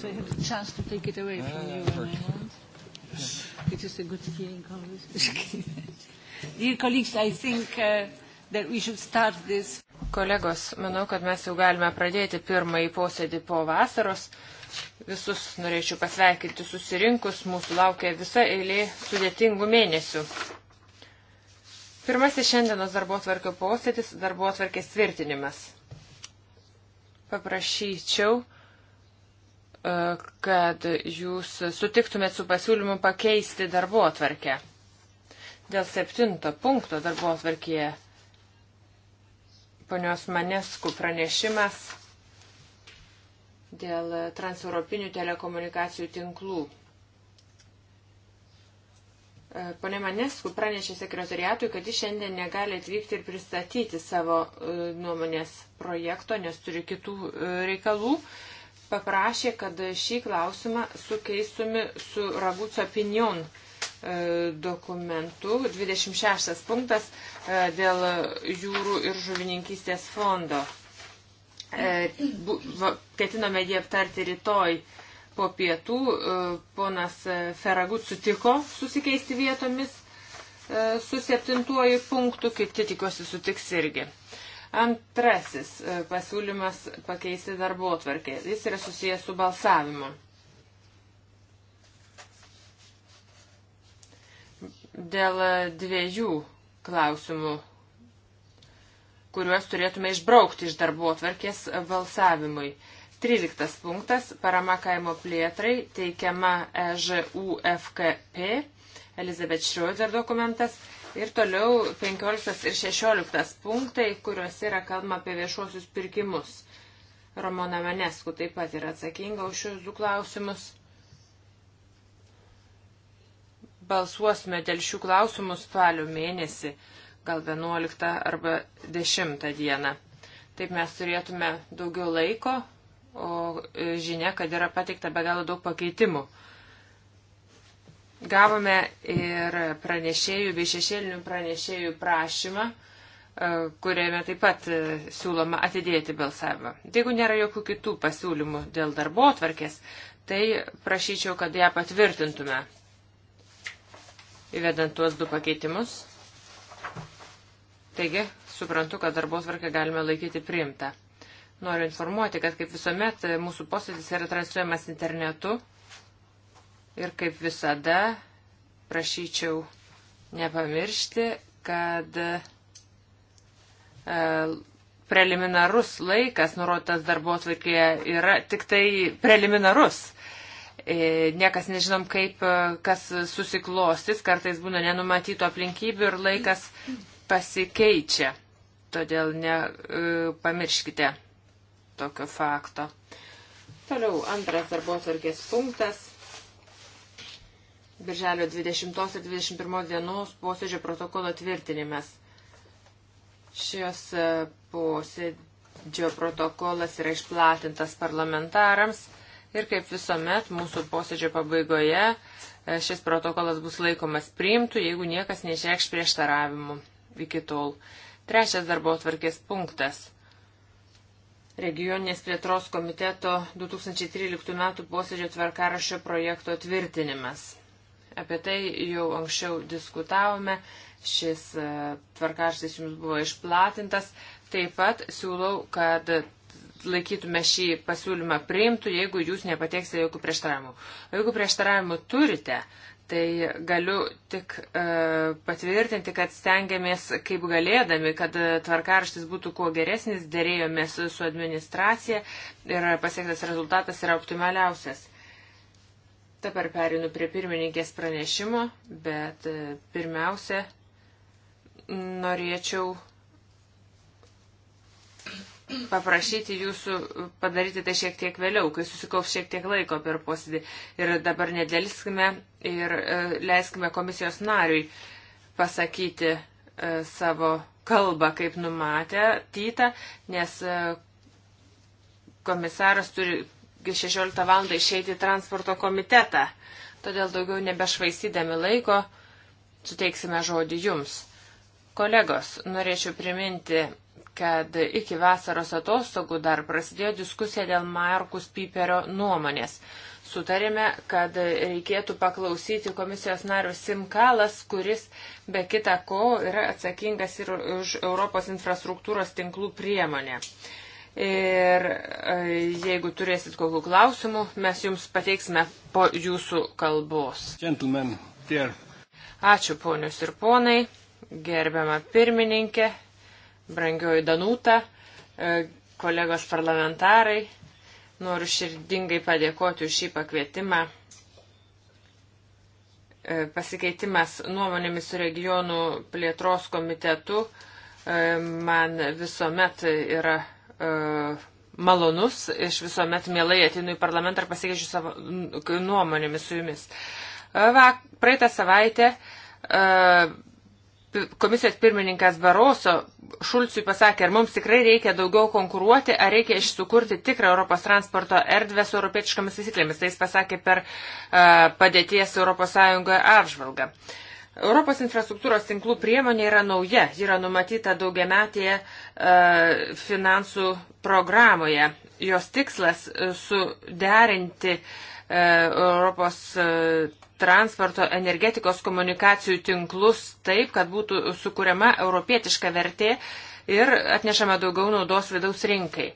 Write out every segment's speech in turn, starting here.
So I have the chance to take it away from ah, you when I want. Yes. It is a good feeling always. Dear colleagues, I think uh, that we should start this. Kolegos, manau, kad mes jau galime pradėti pirmąjį posėdį po vasaros. Visus norėčiau pasveikinti susirinkus, mūsų laukia visa eilė sudėtingų mėnesių. Pirmasis šiandienos darbo atvarkio posėdis - darbo atvarkės tvirtinimas. Paprašyčiau kad jūs sutiktumėt su pasiūlymu pakeisti darbo atvarkę. Dėl septinto punkto darbo atvarkėje ponios Maneskų pranešimas dėl transeuropinių telekomunikacijų tinklų. Pone Maneskų pranešė sekretariatui, kad jis šiandien negali atvykti ir pristatyti savo e, nuomonės projekto, nes turi kitų e, reikalų paprašė, kad šį klausimą sukeistume su Raguco opinion e, dokumentu. 26 punktas e, dėl jūrų ir žuvininkystės fondo. E, Ketinome jį aptarti rytoj po pietų. Ponas Feragut sutiko susikeisti vietomis su septintuoju punktu, kaip tikiuosi sutiks irgi. Antrasis e, pasiūlymas pakeisti darbo atvarkę. Jis yra susijęs su balsavimu. Dėl e, dviejų klausimų, kuriuos turėtume išbraukti iš darbo atvarkės balsavimui. 13 punktas - parama kaimo plėtrai teikiama EŽUFKP, Elizabeth Schroeder dokumentas Ir toliau 15 ir 16 punktai, kuriuose yra kalbama apie viešuosius pirkimus. Romona Manesku taip pat yra atsakinga už šios du klausimus. Balsuosime dėl šių klausimų spalio mėnesį, gal 11 arba 10 dieną. Taip mes turėtume daugiau laiko, o žinia, kad yra pateikta be galo daug pakeitimų. Gavome ir pranešėjų bei šešėlinių pranešėjų prašymą, e, kuriame taip pat e, siūloma atidėti balsavimą. Jeigu nėra jokių kitų pasiūlymų dėl darbo atvarkės, tai prašyčiau, kad ją patvirtintume, įvedant tuos du pakeitimus. Taigi, suprantu, kad darbo atvarkę galime laikyti priimtą. Noriu informuoti, kad kaip visuomet e, mūsų posėdis yra transliuojamas internetu Ir kaip visada, prašyčiau nepamiršti, kad e, preliminarus laikas nurodytas darbos laikėje yra tik tai preliminarus. E, niekas nežinom, kaip e, kas susiklostys, kartais būna nenumatytų aplinkybių ir laikas pasikeičia. Todėl nepamirškite tokio fakto. Toliau antras darbos vargės punktas Birželio 20 ir 21 dienos posėdžio protokolo tvirtinimas. Šios e, posėdžio protokolas yra išplatintas parlamentarams ir kaip visuomet mūsų posėdžio pabaigoje e, šis protokolas bus laikomas priimtų, jeigu niekas neišreikš prieštaravimų iki tol. Trečias darbo atvarkės punktas regioninės plėtros komiteto 2013 m. posėdžio tvarkarašio projekto tvirtinimas. Apie tai jau anksčiau diskutavome. Šis e, tvarkarštis jums buvo išplatintas. Taip pat siūlau, kad laikytume šį pasiūlymą priimtų, jeigu jūs nepateiksite jokių prieštaravimų. O jeigu prieštaravimų turite, tai galiu tik e, patvirtinti, kad stengiamės kaip galėdami, kad e, tvarkaraštis būtų kuo geresnis, dėrėjomės su administracija ir pasiektas rezultatas yra optimaliausias. Dabar perinu prie pirmininkės pranešimo, bet e, pirmiausia, norėčiau paprašyti jūsų padaryti tai šiek tiek vėliau, kai susikaups šiek tiek laiko per posėdį. Ir dabar nedėlskime ir e, leiskime komisijos nariui pasakyti e, savo kalbą, kaip numatė Tyta, nes komisaras turi 16 val. išeiti į transporto komitetą. Todėl daugiau nebešvaistydami laiko suteiksime žodį jums. Kolegos, norėčiau priminti, kad iki vasaros atostogų dar prasidėjo diskusija dėl Markus Piperio nuomonės. Sutarėme, kad reikėtų paklausyti komisijos nario Simkalas, kuris be kita ko yra atsakingas ir už Europos infrastruktūros tinklų priemonę. Uh, Ir e, jeigu turėsit kokių klausimų, mes jums pateiksime po jūsų kalbos. Gentlemen, dear. Ačiū ponius ir ponai, gerbiama pirmininkė, brangioji Danūta, e, kolegos parlamentarai. Noriu širdingai padėkoti už šį pakvietimą. E, pasikeitimas nuomonėmis su regionų plėtros komitetu man visuomet yra E, malonus, iš visuomet mielai atinu į parlamentą ir pasikeičiu savo nuomonėmis su jumis. E, va, praeitą savaitę e, komisijos pirmininkas Baroso Šulcui pasakė, ar mums tikrai reikia daugiau konkuruoti, ar reikia išsukurti tikrą Europos transporto erdvę su europiečiškomis taisyklėmis. Tai jis pasakė per padėties Europos Sąjungoje apžvalgą. Uh, Europos infrastruktūros tinklų priemonė yra nauja, ji yra numatyta daugiametėje e, finansų programoje. Jos tikslas e, suderinti e, Europos e, transporto, energetikos, komunikacijų tinklus taip, kad būtų sukūriama europietiška vertė ir atnešame daugiau naudos vidaus rinkai.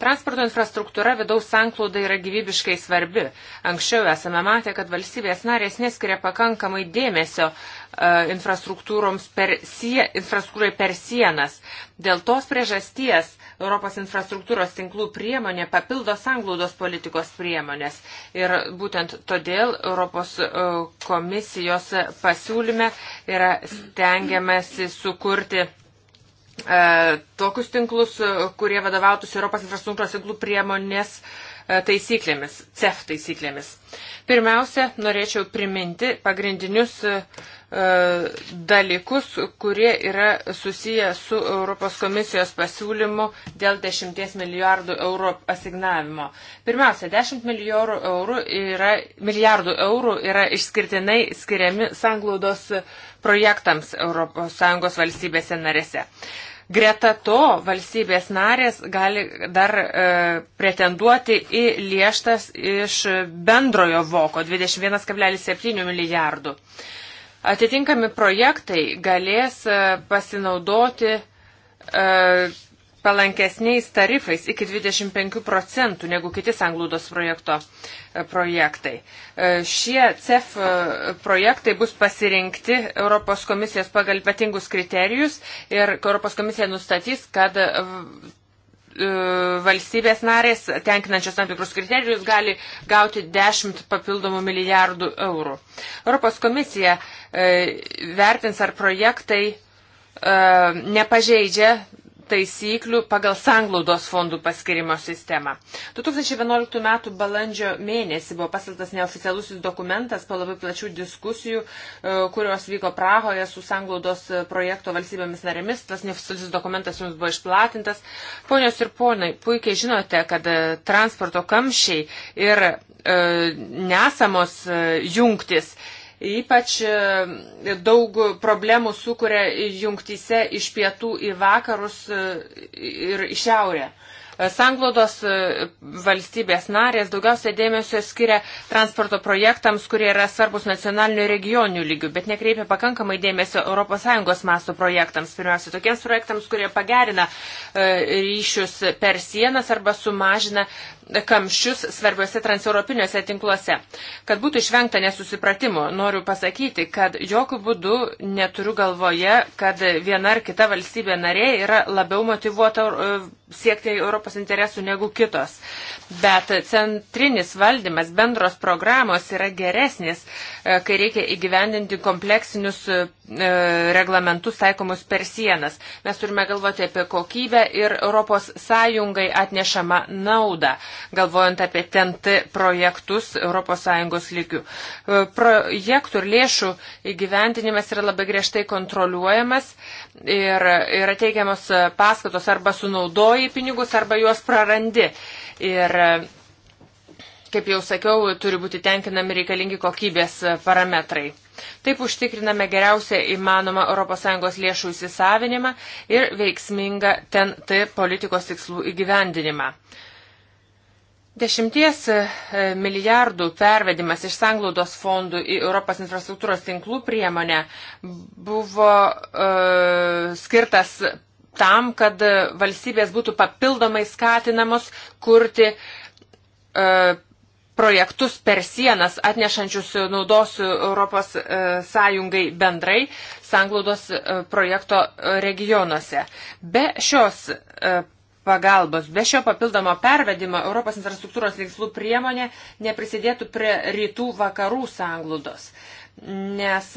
Transporto infrastruktūra vidaus sanklauda yra gyvybiškai svarbi. Anksčiau esame matę, kad valstybės narės neskiria pakankamai dėmesio e, infrastruktūroms per, sie, infrastruktūrai per sienas. Dėl tos priežasties Europos infrastruktūros tinklų priemonė papildo sanglaudos politikos priemonės. Ir būtent todėl Europos e, komisijos pasiūlyme yra stengiamasi sukurti E, tokius tinklus, e, kurie vadovautųsi Europos infrastruktūros tinklų priemonės e, taisyklėmis, CEF taisyklėmis. Pirmiausia, norėčiau priminti pagrindinius dalykus, kurie yra susiję su Europos komisijos pasiūlymu dėl 10 milijardų eurų asignavimo. Pirmiausia, 10 milijardų eurų yra, milijardų eurų yra išskirtinai skiriami sanglaudos projektams ES valstybėse narėse. Greta to valstybės narės gali dar e, pretenduoti į lieštas iš bendrojo voko 21,7 milijardų. Atitinkami projektai galės e, pasinaudoti e, palankesniais tarifais iki 25 procentų negu kiti sanglūdos projekto e, projektai. E, šie CEF e, projektai bus pasirinkti Europos komisijos pagal ypatingus kriterijus ir Europos komisija nustatys, kad valstybės narės, tenkinančios tam tikrus kriterijus, gali gauti 10 papildomų milijardų eurų. Europos komisija vertins, ar projektai nepažeidžia taisyklių pagal sanglaudos fondų paskirimo sistemą. 2011 m. balandžio mėnesį buvo pasiltas neoficialusis dokumentas po labai plačių diskusijų, e, kurios vyko Prahoje su sanglaudos projekto valstybėmis narėmis. Tas neoficialusis dokumentas jums buvo išplatintas. Ponios ir ponai, puikiai žinote, kad e, transporto kamščiai ir e, nesamos jungtis Ypač e, daug problemų sukuria jungtise iš pietų į vakarus e, ir į šiaurę. E, Sanglodos valstybės narės daugiausia dėmesio skiria transporto projektams, kurie yra svarbus nacionalinių regioninių lygių, bet nekreipia pakankamai dėmesio ES masto projektams. Pirmiausia, tokiems projektams, kurie pagerina ryšius per sienas arba sumažina kamščius svarbiuose transeuropiniuose tinkluose. Kad būtų išvengta nesusipratimo, noriu pasakyti, kad jokių būdų neturiu galvoje, kad viena ar kita valstybė narė yra labiau motivuota e, siekti Europos interesų negu kitos. Bet centrinis valdymas, bendros programos yra geresnis, e, kai reikia įgyvendinti kompleksinius E, reglamentus taikomus per sienas. Mes turime galvoti apie kokybę ir ES atnešamą naudą, galvojant apie TNT projektus ES lygių. E, projektų ir lėšų įgyventinimas yra labai griežtai kontroliuojamas ir yra teikiamos paskatos arba sunaudoji pinigus, arba juos prarandi. Ir kaip jau sakiau, turi būti tenkinami reikalingi kokybės parametrai. Taip užtikriname geriausią įmanomą ES lėšų įsisavinimą ir veiksmingą ten T politikos tikslų įgyvendinimą. Dešimties e, milijardų pervedimas iš sanglaudos fondų į Europos infrastruktūros tinklų priemonę buvo uh, skirtas tam, kad valstybės būtų papildomai skatinamos kurti uh, projektus per sienas atnešančius naudos Europos e, Sąjungai bendrai sanglaudos e, projekto regionuose. Be šios e, pagalbos, be šio papildomo pervedimo Europos infrastruktūros tikslų priemonė neprisidėtų prie rytų vakarų sanglaudos. Nes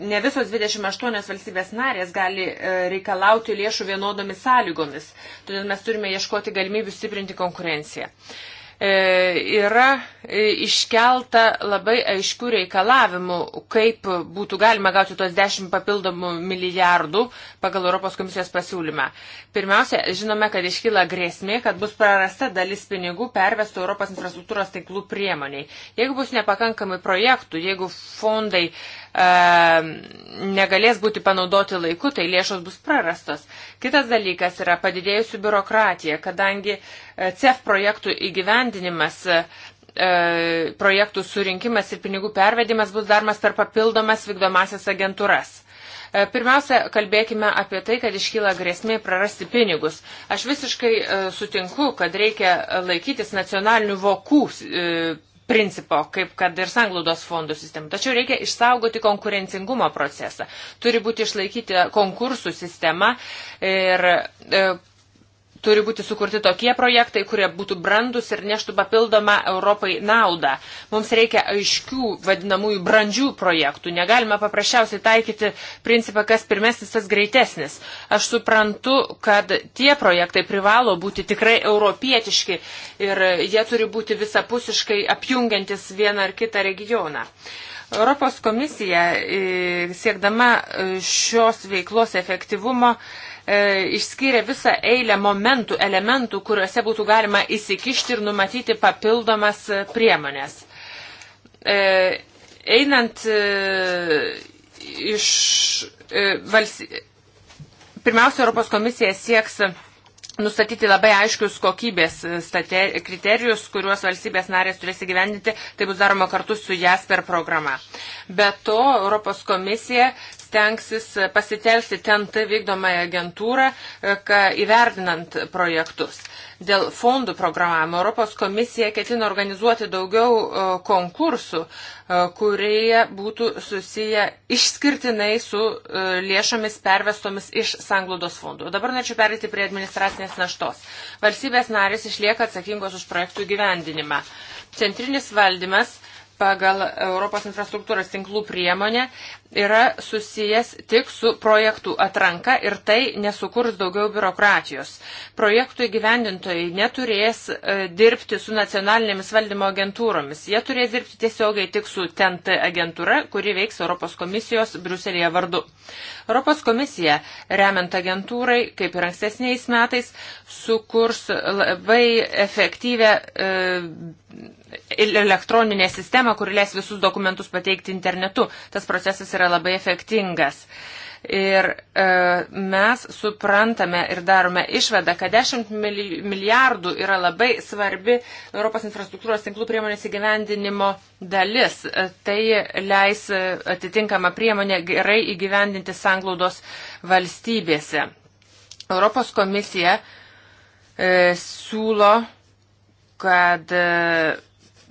ne visos 28 valstybės narės gali reikalauti lėšų vienodomis sąlygomis. Todėl mes turime ieškoti galimybių stiprinti konkurenciją. E, yra e, iškelta labai aiškių reikalavimų, kaip būtų galima gauti tuos 10 papildomų milijardų pagal Europos komisijos pasiūlymą. Pirmiausia, žinome, kad iškyla grėsmė, kad bus prarasta dalis pinigų pervestų Europos infrastruktūros tinklų priemoniai. Jeigu bus nepakankamai projektų, jeigu fondai Ehm, negalės būti panaudoti laiku, tai lėšos bus prarastos. Kitas dalykas yra padidėjusi biurokratija, kadangi e, CEF projektų įgyvendinimas e, projektų surinkimas ir pinigų pervedimas bus darmas per papildomas vykdomasias agentūras. E, pirmiausia, kalbėkime apie tai, kad iškyla grėsmė prarasti pinigus. Aš visiškai sutinku, kad reikia laikytis nacionalinių vokų principo, kaip kad ir sanglaudos fondų sistemų. Tačiau reikia išsaugoti konkurencingumo procesą. Turi būti išlaikyti konkursų sistema ir e, turi būti sukurti tokie projektai, kurie būtų brandus ir neštų papildomą Europai naudą. Mums reikia aiškių vadinamųjų brandžių projektų. Negalime paprasčiausiai taikyti principą, kas pirmesnis, tas greitesnis. Aš suprantu, kad tie projektai privalo būti tikrai europietiški ir jie turi būti visapusiškai apjungiantis vieną ar kitą regioną. Europos komisija e, siekdama e, šios veiklos efektyvumo E, išskyrė visą eilę momentų, elementų, kuriuose būtų galima įsikišti ir numatyti papildomas e, priemonės. E, einant iš valstybės. Pirmiausia, Europos komisija sieks nustatyti labai aiškius kokybės kriterijus, kuriuos valstybės narės turės įgyvendinti, tai bus daroma kartu su JASPER programa. Be to, Europos komisija stengsis pasitelkti TNT vykdomąją agentūrą, e, įvertinant projektus. Dėl fondų programavimo Europos komisija ketina organizuoti daugiau e, konkursų, e, kurie būtų susiję išskirtinai su lėšomis pervestomis iš sanglaudos fondų. Dabar norėčiau perėti prie administracinės naštos. Valstybės narės išlieka atsakingos už projektų gyvendinimą. Centrinis valdymas pagal Europos infrastruktūros tinklų priemonę yra susijęs tik su projektų atranka ir tai nesukurs daugiau biurokratijos. Projektų įgyvendintojai neturės e, dirbti su nacionalinėmis valdymo agentūromis. Jie turės dirbti tiesiogiai tik su TNT agentūra, kuri veiks Europos komisijos Briuselėje vardu. Europos komisija, remiant agentūrai, kaip ir ankstesniais metais, sukurs labai efektyvę e, elektroninę sistemą, kuri leis visus dokumentus pateikti internetu. Tas procesas yra yra labai efektingas. Ir e, mes suprantame ir darome išvadą, kad 10 milijardų yra labai svarbi Europos infrastruktūros tinklų priemonės įgyvendinimo dalis. E, tai leis e, atitinkamą priemonę gerai įgyvendinti sanglaudos valstybėse. Europos komisija e, siūlo, kad. E,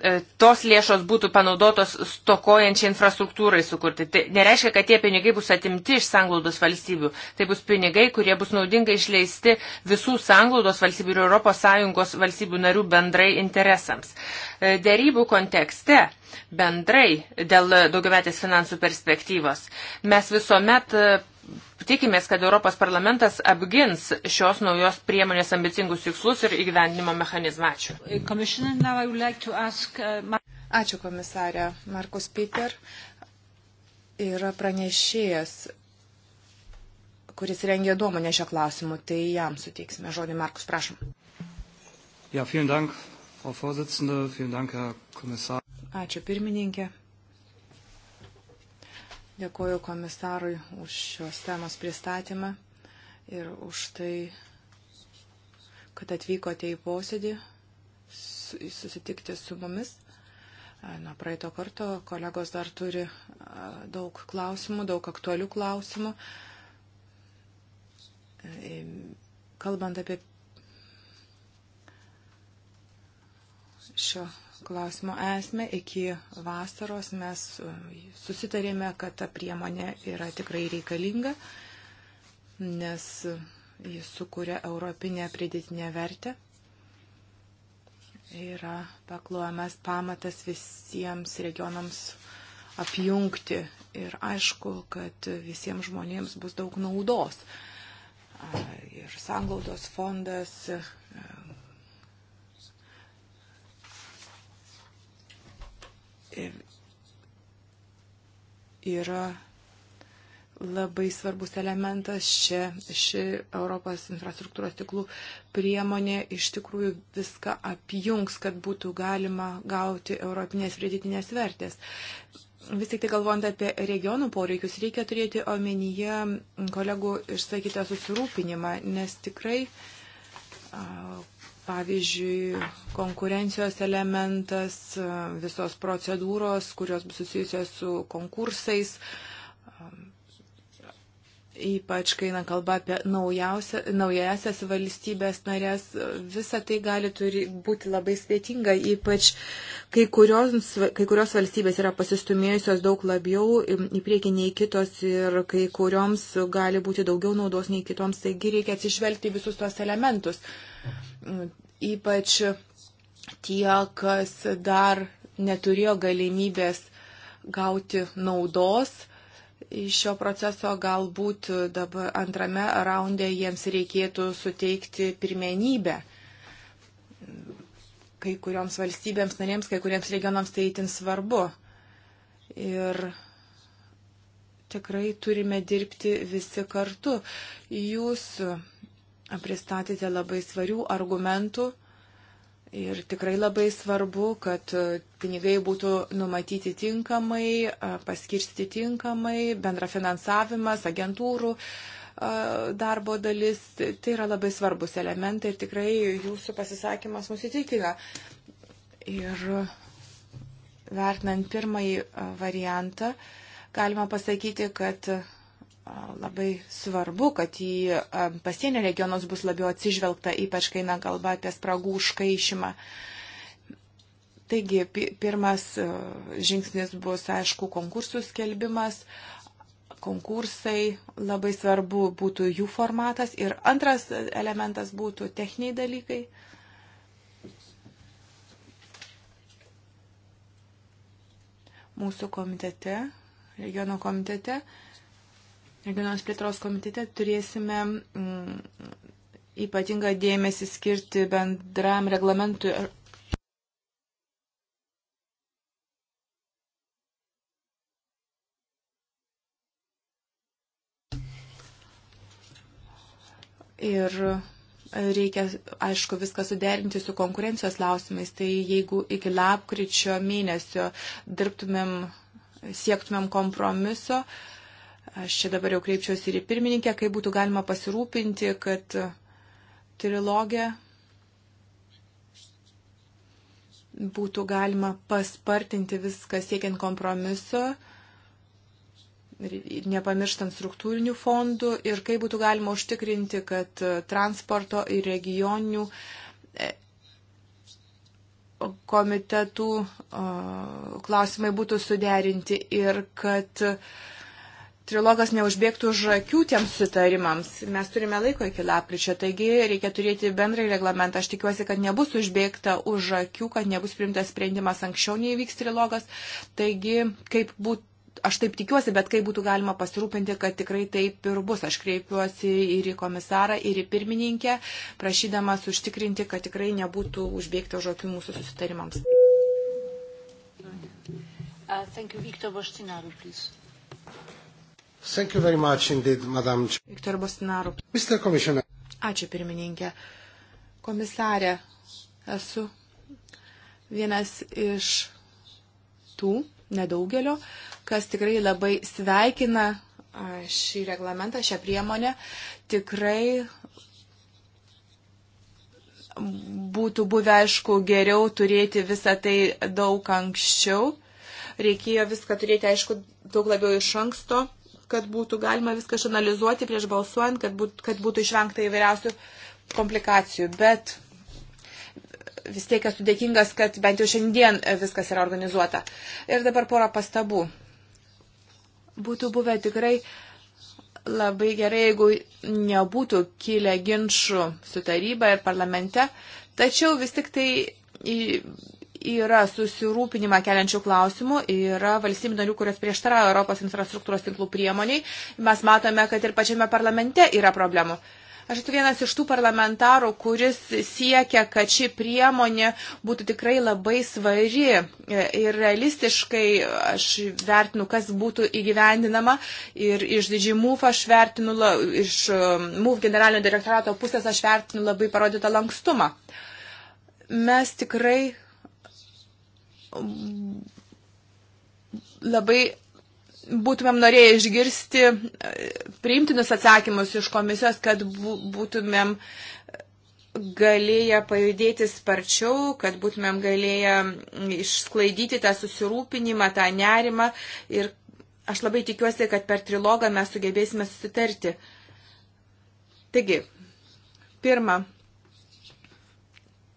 E, tos lėšos būtų panaudotos stokojančiai infrastruktūrai sukurti. Tai nereiškia, kad tie pinigai bus atimti iš sanglaudos valstybių. Tai bus pinigai, kurie bus naudingai išleisti visų sanglaudos valstybių ir ES valstybių narių bendrai interesams. E, dėrybų kontekste bendrai dėl daugiametės finansų perspektyvos mes visuomet e, tikimės, kad Europos parlamentas apgins šios naujos priemonės ambicingus tikslus ir įgyvendinimo mechanizmą. Ačiū. Uh, uh, Ačiū komisarė. Markus Piper yra pranešėjas, kuris rengė duomonę šio klausimu, tai jam suteiksime žodį. Markus, prašom. Ja, vielen Dank, Frau Vorsitzende, vielen Dank, Herr Kommissar. Ačiū pirmininkė. Dėkuoju komisarui už šios temos pristatymą ir už tai, kad atvykote į posėdį susitikti su mumis. Nuo praeito karto kolegos dar turi daug klausimų, daug aktualių klausimų. E, kalbant apie šio klausimo esmę. Iki vasaros mes e, susitarėme, kad ta priemonė yra tikrai reikalinga, nes jis sukuria europinę pridėtinę vertę. Yra pakluojamas pamatas visiems regionams apjungti ir aišku, kad visiems žmonėms bus daug naudos. Ir sanglaudos fondas, yra labai svarbus elementas čia, ši Europos infrastruktūros tiklų priemonė iš tikrųjų viską apjungs, kad būtų galima gauti europinės pridėtinės vertės. Vis tik tai galvojant apie regionų poreikius, reikia turėti omenyje kolegų išsakytą susirūpinimą, nes tikrai pavyzdžiui, konkurencijos elementas, visos procedūros, kurios susijusios su konkursais, ypač kai eina kalba apie naujasias valstybės narės, visa tai gali turi būti labai sveitinga, ypač kai kurios, kai kurios valstybės yra pasistumėjusios daug labiau į priekį nei kitos ir kai kurioms gali būti daugiau naudos nei kitoms, taigi reikia atsižvelgti visus tuos elementus. Uh, ypač tie, kas dar neturėjo galimybės gauti naudos iš šio proceso galbūt dabar antrame raunde jiems reikėtų suteikti pirmenybę. Kai kurioms valstybėms narėms, kai kuriems regionams tai itin svarbu. Ir tikrai turime dirbti visi kartu. Jūs pristatėte labai svarių argumentų. Ir tikrai labai svarbu, kad e, pinigai būtų numatyti tinkamai, e, paskirsti tinkamai, bendrafinansavimas, agentūrų e, darbo dalis. Tai yra labai svarbus elementai ir tikrai jūsų pasisakymas mus įtikina. Ir vertinant pirmąjį variantą, galima pasakyti, kad labai svarbu, kad į pasienio regionus bus labiau atsižvelgta, ypač kai eina kalba apie spragų užkaišimą. Taigi, pirmas žingsnis bus, aišku, konkursų skelbimas. Konkursai labai svarbu būtų jų formatas. Ir antras elementas būtų techniniai dalykai. Mūsų komitete, regiono komitete, uh, regionos plėtros komitete turėsime mm, ypatingą dėmesį skirti bendram reglamentui ir reikia, aišku, viską suderinti su konkurencijos klausimais. Tai jeigu iki lapkričio mėnesio dirbtumėm, siektumėm kompromiso, uh, Aš čia dabar jau kreipčiausi ir į pirmininkę, kaip būtų galima pasirūpinti, kad trilogė būtų galima paspartinti viską siekiant kompromiso ir nepamirštant struktūrinių fondų ir kaip būtų galima užtikrinti, kad transporto ir regioninių e, komitetų klausimai būtų suderinti ir kad uh, trilogas neužbėgtų už akių tiems sutarimams. Mes turime laiko iki lapkričio, taigi reikia turėti bendrai reglamentą. Aš tikiuosi, kad nebus užbėgta už akių, kad nebus primtas sprendimas anksčiau nei vyks trilogas. Taigi, kaip būtų. Aš taip tikiuosi, bet kaip būtų galima pasirūpinti, kad tikrai taip ir bus. Aš kreipiuosi ir į komisarą, ir į pirmininkę, prašydamas užtikrinti, kad tikrai nebūtų užbėgta už akių mūsų susitarimams. Uh, thank you, Viktor Boštinaru, please. Thank you very much indeed, madam. Viktor Bostinaru. Mr. Commissioner. Ačiū pirmininkė. Komisarė, esu vienas iš tų nedaugelio, kas tikrai labai sveikina šį reglamentą, šią priemonę. Tikrai būtų buvę, aišku, geriau turėti visą tai daug anksčiau. Reikėjo viską turėti, aišku, daug labiau iš anksto kad būtų galima viską išanalizuoti prieš balsuojant, kad, būt, kad būtų išvengta įvairiausių komplikacijų. Bet vis tiek esu dėkingas, kad bent jau šiandien viskas yra organizuota. Ir dabar porą pastabų. Būtų buvę tikrai labai gerai, jeigu nebūtų kilę ginčių su taryba ir parlamente, tačiau vis tik tai yra susirūpinimą keliančių klausimų, yra valstybių narių, kurios prieštarauja Europos infrastruktūros tinklų priemoniai. Mes matome, kad ir pačiame parlamente yra problemų. Aš esu vienas iš tų parlamentarų, kuris siekia, kad ši priemonė būtų tikrai labai svari ir realistiškai aš vertinu, kas būtų įgyvendinama ir iš didžiai MUF aš vertinu, iš MUF um, generalinio direktorato pusės aš vertinu labai parodytą lankstumą. Mes tikrai labai būtumėm norėję išgirsti priimtinus atsakymus iš komisijos, kad būtumėm galėję pajudėti sparčiau, kad būtumėm galėję išsklaidyti tą susirūpinimą, tą nerimą. Ir aš labai tikiuosi, kad per trilogą mes sugebėsime susitarti. Taigi, pirma,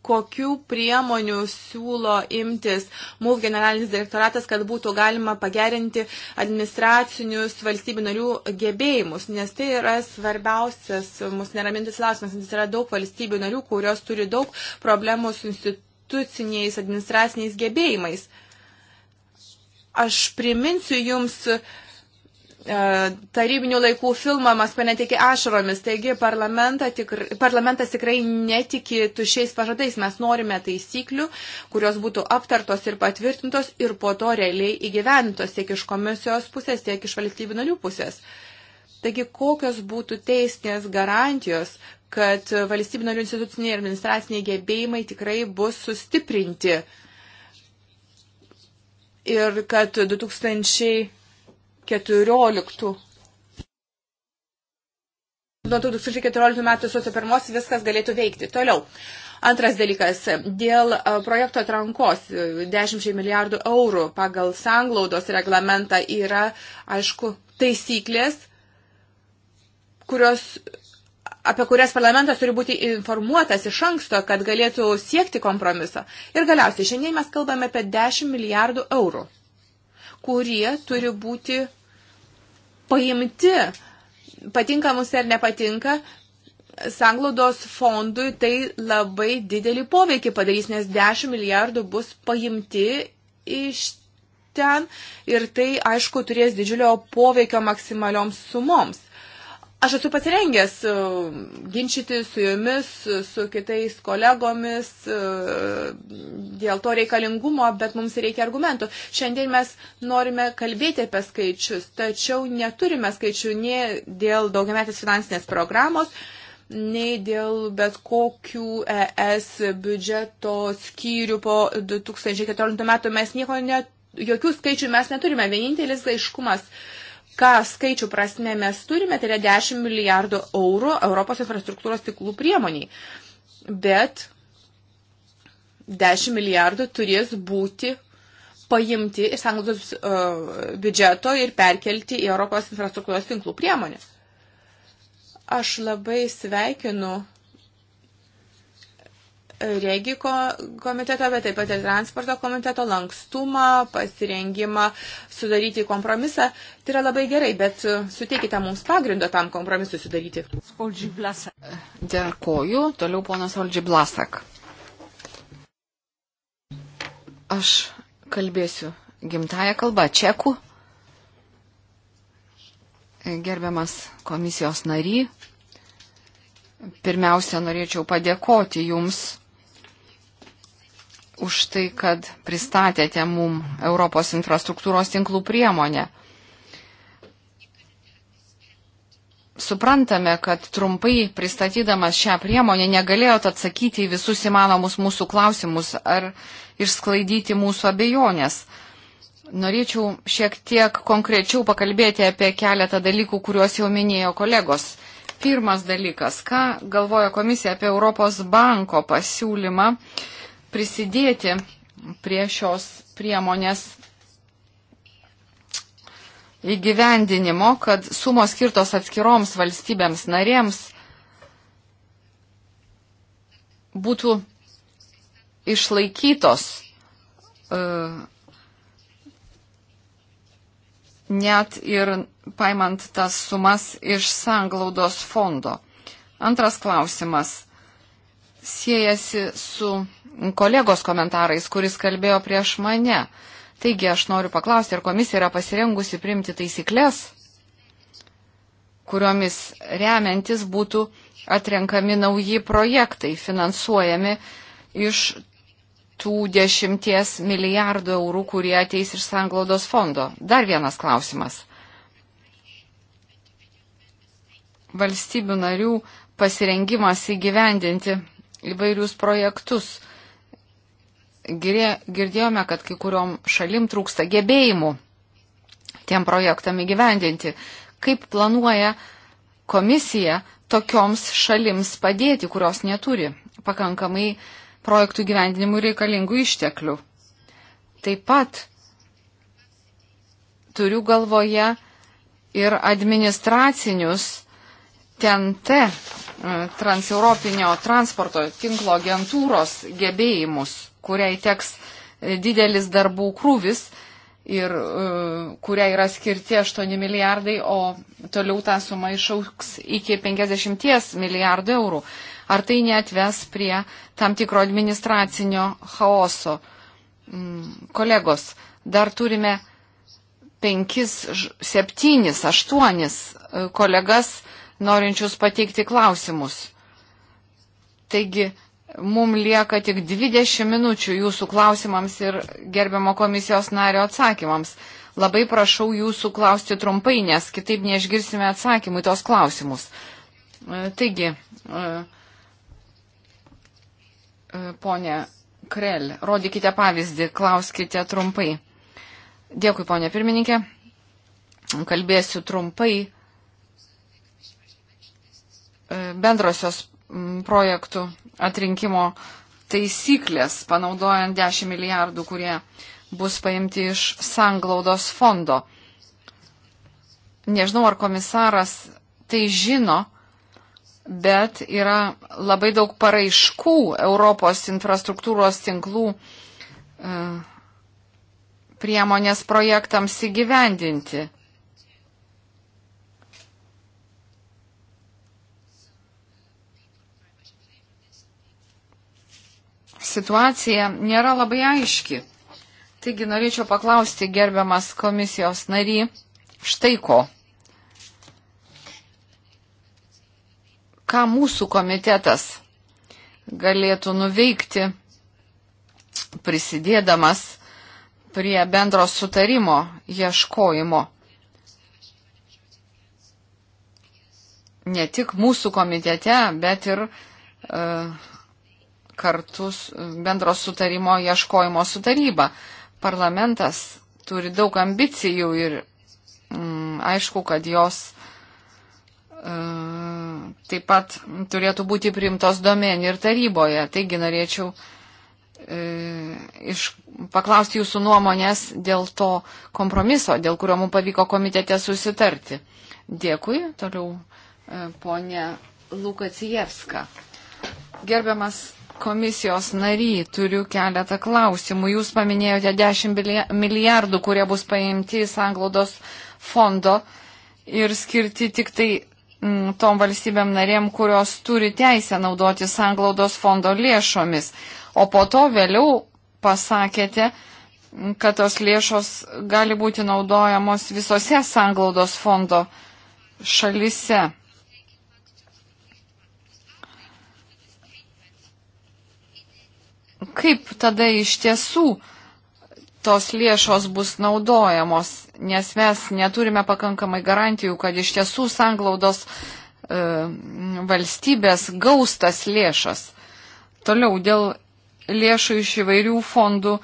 kokių priemonių siūlo imtis MUF generalinis direktoratas, kad būtų galima pagerinti administracinius valstybių narių gebėjimus, nes tai yra svarbiausias mus neramintis klausimas, nes yra daug valstybių narių, kurios turi daug problemų su instituciniais administraciniais gebėjimais. Aš priminsiu jums uh, E, tarybinių laikų filmą Maskva netikė ašaromis. Taigi tikr, parlamentas tikrai netiki tušiais pažadais. Mes norime taisyklių, kurios būtų aptartos ir patvirtintos ir po to realiai įgyventos tiek iš komisijos pusės, tiek iš valstybių narių pusės. Taigi kokios būtų teisinės garantijos, kad valstybių narių instituciniai ir administraciniai gebėjimai tikrai bus sustiprinti ir kad 2000 14 nuo 2014 metų sausio pirmos viskas galėtų veikti. Toliau. Antras dalykas, dėl projekto atrankos 10 milijardų eurų pagal sanglaudos reglamentą yra, aišku, taisyklės, kurios, apie kurias parlamentas turi būti informuotas iš anksto, kad galėtų siekti kompromiso. Ir galiausiai, šiandien mes kalbame apie 10 milijardų eurų kurie turi būti paimti, patinka mums ar nepatinka, sanglaudos fondui tai labai didelį poveikį padarys, nes 10 milijardų bus paimti iš ten ir tai, aišku, turės didžiulio poveikio maksimalioms sumoms. Aš esu pasirengęs e, ginčyti su jumis, su kitais kolegomis e, dėl to reikalingumo, bet mums reikia argumentų. Šiandien mes norime kalbėti apie skaičius, tačiau neturime skaičių nei dėl daugiametės finansinės programos, nei dėl bet kokių ES biudžeto skyrių po 2014 metų mes nieko net, jokių skaičių mes neturime. Vienintelis aiškumas, uh, ką skaičių prasme mes turime, tai yra 10 milijardų eurų Europos infrastruktūros tiklų priemoniai. Bet 10 milijardų turės būti paimti iš sanglaudos uh, e, biudžeto ir perkelti į Europos infrastruktūros tinklų priemonę. Aš labai sveikinu regiko komiteto, bet taip pat ir transporto komiteto lankstumą, pasirengimą sudaryti kompromisą. Tai yra labai gerai, bet suteikite mums pagrindo tam kompromisui sudaryti. Dėkoju. Toliau ponas Oldži Blasak. Aš kalbėsiu gimtają kalbą čekų. Gerbiamas komisijos nary, Pirmiausia, norėčiau padėkoti Jums už tai, kad pristatėte mum Europos infrastruktūros tinklų priemonę. Suprantame, kad trumpai pristatydamas šią priemonę negalėjot atsakyti į visus įmanomus mūsų klausimus ar išsklaidyti mūsų abejonės. Norėčiau šiek tiek konkrečiau pakalbėti apie keletą dalykų, kuriuos jau minėjo kolegos. Pirmas dalykas, ką galvoja komisija apie Europos banko pasiūlymą uh, prisidėti prie šios priemonės įgyvendinimo, kad sumos skirtos atskiroms valstybėms narėms būtų išlaikytos uh, net ir paimant tas sumas iš sanglaudos fondo. Antras klausimas siejasi su kolegos komentarais, kuris kalbėjo prieš mane. Taigi aš noriu paklausti, ar komisija yra pasirengusi priimti taisyklės, kuriomis remiantis būtų atrenkami nauji projektai, finansuojami iš tų dešimties milijardų eurų, kurie ateis iš sanglaudos fondo. Dar vienas klausimas. Valstybių narių pasirengimas įgyvendinti įvairius projektus. Girdėjome, kad kai kuriom šalim trūksta gebėjimų tiem projektam įgyvendinti. Kaip planuoja komisija tokioms šalims padėti, kurios neturi pakankamai projektų gyvendinimų reikalingų išteklių. Taip pat turiu galvoje ir administracinius TNT E, transeuropinio transporto tinklo agentūros gebėjimus, kuriai teks e, didelis darbų krūvis ir uh, kuriai yra skirti 8 milijardai, o toliau tą sumą išauks iki 50 milijardų eurų. Ar tai netves prie tam tikro administracinio chaoso? Mm, kolegos, dar turime 5, 7, 8 kolegas norinčius pateikti klausimus. Taigi, mums lieka tik 20 minučių jūsų klausimams ir gerbiamo komisijos nario atsakymams. Labai prašau jūsų klausti trumpai, nes kitaip neišgirsime atsakymų į tos klausimus. E, taigi, e, e, ponė Krell, rodykite pavyzdį, klauskite trumpai. Dėkui, ponė pirmininkė. Kalbėsiu trumpai E, bendrosios projektų atrinkimo taisyklės, panaudojant 10 milijardų, kurie bus paimti iš sanglaudos fondo. Nežinau, ar komisaras tai žino, bet yra labai daug paraiškų Europos infrastruktūros tinklų e, priemonės projektams įgyvendinti. situacija nėra labai aiški. Taigi norėčiau paklausti gerbiamas komisijos nary štai ko. Ką mūsų komitetas galėtų nuveikti, prisidėdamas prie bendro sutarimo ieškojimo. Ne tik mūsų komitete, bet ir uh, kartus bendro sutarimo ieškojimo su taryba. Parlamentas turi daug ambicijų ir mm, aišku, kad jos mm, taip pat turėtų būti priimtos domenį ir taryboje. Taigi norėčiau e, iš, paklausti jūsų nuomonės dėl to kompromiso, dėl kurio mums pavyko komitete susitarti. Dėkui, toliau e, ponė Lukacijevska. Gerbiamas komisijos nary, turiu keletą klausimų. Jūs paminėjote 10 milijardų, kurie bus paimti į sanglaudos fondo ir skirti tik tai m, mm, tom valstybėm narėm, kurios turi teisę naudoti sanglaudos fondo lėšomis. O po to vėliau pasakėte, mm, kad tos lėšos gali būti naudojamos visose sanglaudos fondo šalise. kaip tada iš tiesų tos lėšos bus naudojamos, nes mes neturime pakankamai garantijų, kad iš tiesų sanglaudos e, valstybės gaustas lėšas. Toliau dėl lėšų iš įvairių fondų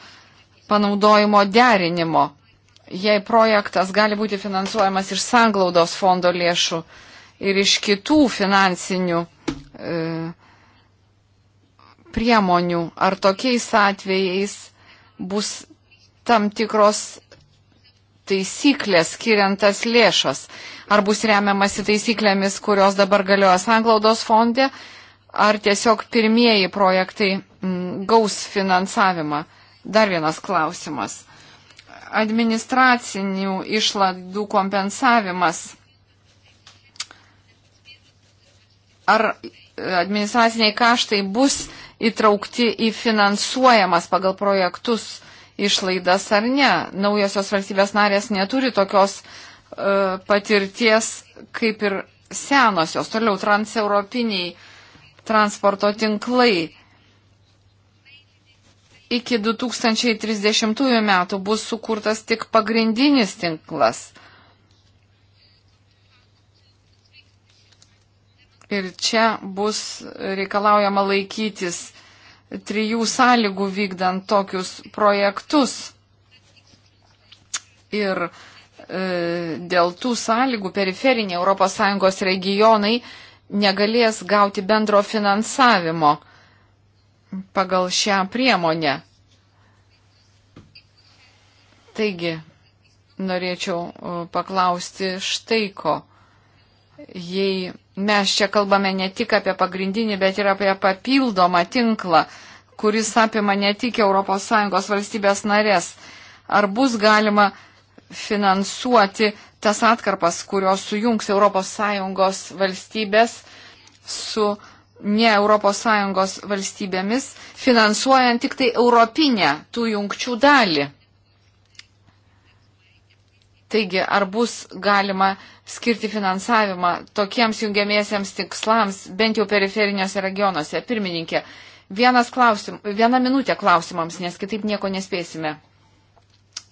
panaudojimo derinimo. Jei projektas gali būti finansuojamas iš sanglaudos fondo lėšų ir iš kitų finansinių e, priemonių. Ar tokiais atvejais bus tam tikros taisyklės skiriantas lėšas? Ar bus remiamasi taisyklėmis, kurios dabar galioja sanglaudos fonde, ar tiesiog pirmieji projektai m, mm, gaus finansavimą? Dar vienas klausimas. Administracinių išlaidų kompensavimas. Ar administraciniai kaštai bus įtraukti į finansuojamas pagal projektus išlaidas ar ne. Naujosios valstybės narės neturi tokios uh, patirties kaip ir senosios. Toliau transeuropiniai transporto tinklai. Iki 2030 metų bus sukurtas tik pagrindinis tinklas. Ir čia bus reikalaujama laikytis trijų sąlygų vykdant tokius projektus. Ir e, dėl tų sąlygų periferiniai ES regionai negalės gauti bendro finansavimo pagal šią priemonę. Taigi, norėčiau e, paklausti štai ko. Jei Mes čia kalbame ne tik apie pagrindinį, bet ir apie papildomą tinklą, kuris apima ne tik ES valstybės narės. Ar bus galima finansuoti tas atkarpas, kurios sujungs ES valstybės su ne ES valstybėmis, finansuojant tik tai europinę tų jungčių dalį. Taigi, ar bus galima skirti finansavimą tokiems jungiamiesiems tikslams, bent jau periferiniuose regionuose. Pirmininkė, klausim, viena minutė klausimams, nes kitaip nieko nespėsime.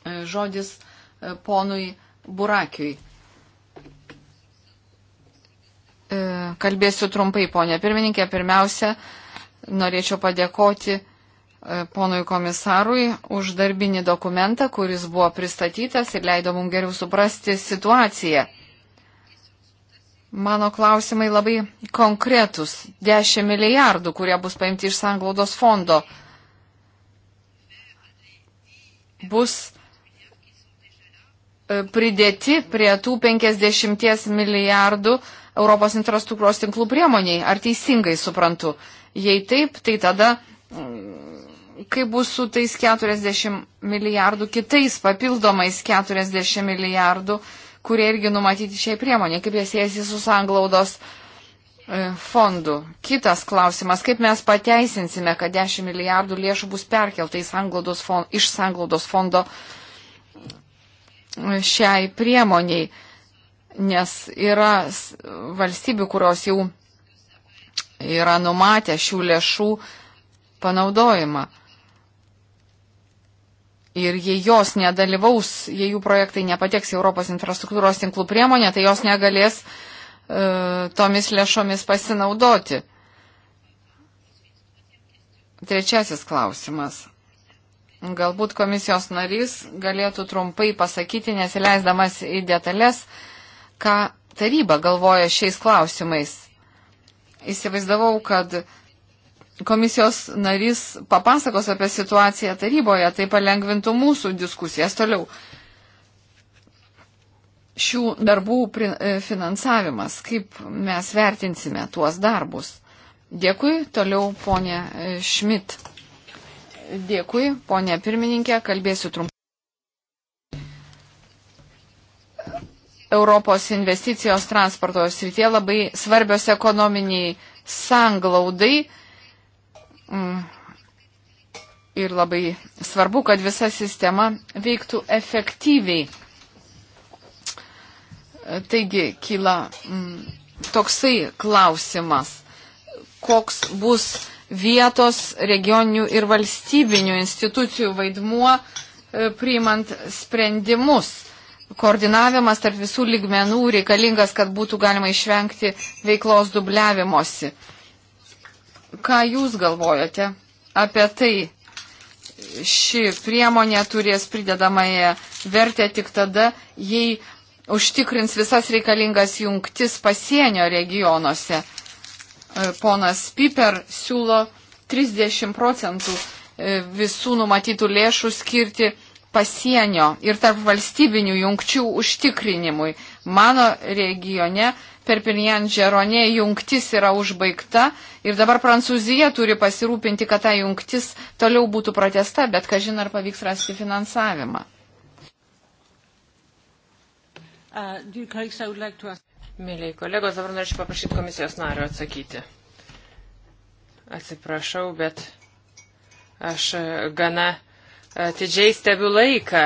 E, žodis e, ponui Burakiui. E, kalbėsiu trumpai, ponė pirmininkė. Pirmiausia, norėčiau padėkoti ponui komisarui už darbinį dokumentą, kuris buvo pristatytas ir leido mums geriau suprasti situaciją. Mano klausimai labai konkretus. 10 milijardų, kurie bus paimti iš sanglaudos fondo, bus e, pridėti prie tų 50 milijardų Europos infrastruktūros tinklų priemoniai. Ar teisingai suprantu? Jei taip, tai tada mm, kaip bus su tais 40 milijardų kitais papildomais 40 milijardų? kurie irgi numatyti šiai priemonė, kaip jie siejasi su sanglaudos e, fondu. Kitas klausimas, kaip mes pateisinsime, kad 10 milijardų lėšų bus perkelta sanglaudos fond, iš sanglaudos fondo e, šiai priemoniai, nes yra valstybių, kurios jau yra numatę šių lėšų panaudojimą ir jei jos nedalyvaus, jei jų projektai nepateks į Europos infrastruktūros tinklų priemonę, tai jos negalės e, tomis lėšomis pasinaudoti. Trečiasis klausimas. Galbūt komisijos narys galėtų trumpai pasakyti, nesileisdamas į detalės, ką taryba galvoja šiais klausimais. Įsivaizdavau, kad komisijos narys papasakos apie situaciją taryboje, tai palengvintų mūsų diskusijas toliau. Šių darbų e, finansavimas, kaip mes vertinsime tuos darbus. Dėkui, toliau ponė e, Šmit. Dėkui, ponė pirmininkė, kalbėsiu trumpai. Europos investicijos transporto srityje labai svarbios ekonominiai sanglaudai Mm. Ir labai svarbu, kad visa sistema veiktų efektyviai. Taigi kyla mm, toksai klausimas, koks bus vietos regioninių ir valstybinių institucijų vaidmuo e, priimant sprendimus. Koordinavimas tarp visų ligmenų reikalingas, kad būtų galima išvengti veiklos dubliavimosi. Ką Jūs galvojate apie tai? Ši priemonė turės pridedamąją vertę tik tada, jei užtikrins visas reikalingas jungtis pasienio regionuose. E, ponas Piper siūlo 30 procentų e, visų numatytų lėšų skirti pasienio ir tarp valstybinių jungčių užtikrinimui. Mano regione Perpinjan Žeronė jungtis yra užbaigta ir dabar Prancūzija turi pasirūpinti, kad ta jungtis toliau būtų protesta, bet kažin ar pavyks rasti finansavimą. Uh, like to... Mėlyi kolegos, dabar norėčiau paprašyti komisijos nario atsakyti. Atsiprašau, bet aš e, gana e, atidžiai stebiu laiką,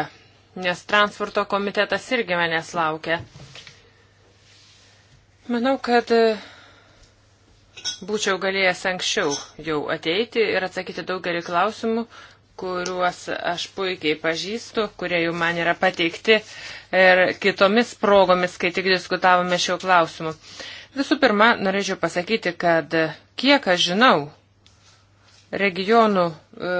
nes transporto komitetas irgi manęs laukia. Uh, Manau, kad e, būčiau galėjęs anksčiau jau ateiti ir atsakyti daugelį klausimų, kuriuos aš puikiai pažįstu, kurie jau man yra pateikti ir kitomis progomis, kai tik diskutavome šio klausimu. Visų pirma, norėčiau pasakyti, kad e, kiek aš žinau, regionų, e,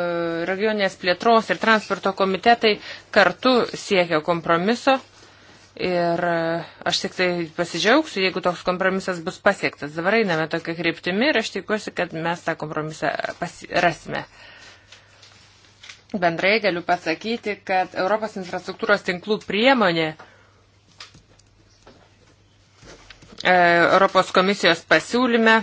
regionės plėtros ir transporto komitetai kartu siekia kompromiso Ir aš tik tai pasidžiaugsiu, jeigu toks kompromisas bus pasiektas. Dabar einame tokia kryptimi ir aš tikiuosi, kad mes tą kompromisą rasime. Bendrai galiu pasakyti, kad Europos infrastruktūros tinklų priemonė e, Europos komisijos pasiūlyme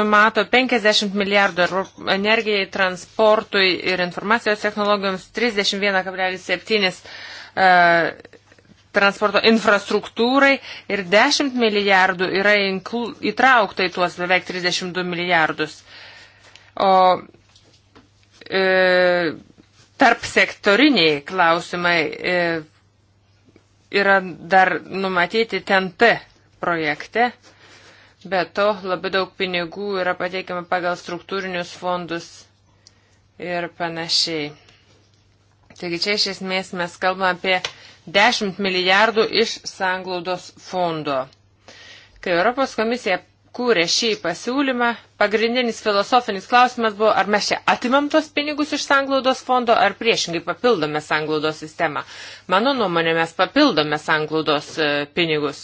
numato 50 milijardų energijai, transportui ir informacijos technologijoms 31,7 transporto infrastruktūrai ir 10 milijardų yra inklu, įtraukta į tuos beveik 32 milijardus. O e, tarp sektoriniai klausimai e, yra dar numatyti TNT projekte. Be to, labai daug pinigų yra pateikiama pagal struktūrinius fondus ir panašiai. Taigi čia iš esmės mes kalbame apie 10 milijardų iš sanglaudos fondo. Kai Europos komisija kūrė šį pasiūlymą, pagrindinis filosofinis klausimas buvo, ar mes čia atimam tos pinigus iš sanglaudos fondo, ar priešingai papildome sanglaudos sistemą. Mano nuomonė, mes papildome sanglaudos e, pinigus.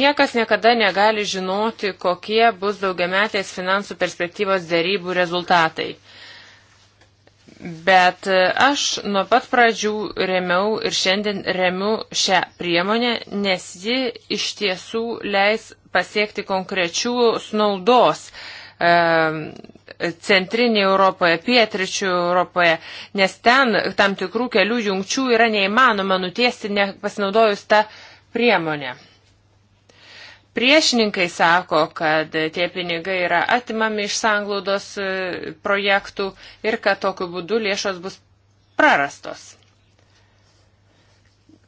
Niekas niekada negali žinoti, kokie bus daugiametės finansų perspektyvos dėrybų rezultatai. Bet e, aš nuo pat pradžių remiau ir šiandien remiu šią priemonę, nes ji iš tiesų leis pasiekti konkrečių naudos e, centrinėje Europoje, pietričių Europoje, nes ten tam tikrų kelių jungčių yra neįmanoma nutiesti, nepasinaudojus tą priemonę. Priešininkai sako, kad tie pinigai yra atimami iš sanglaudos e, projektų ir kad tokiu būdu lėšos bus prarastos.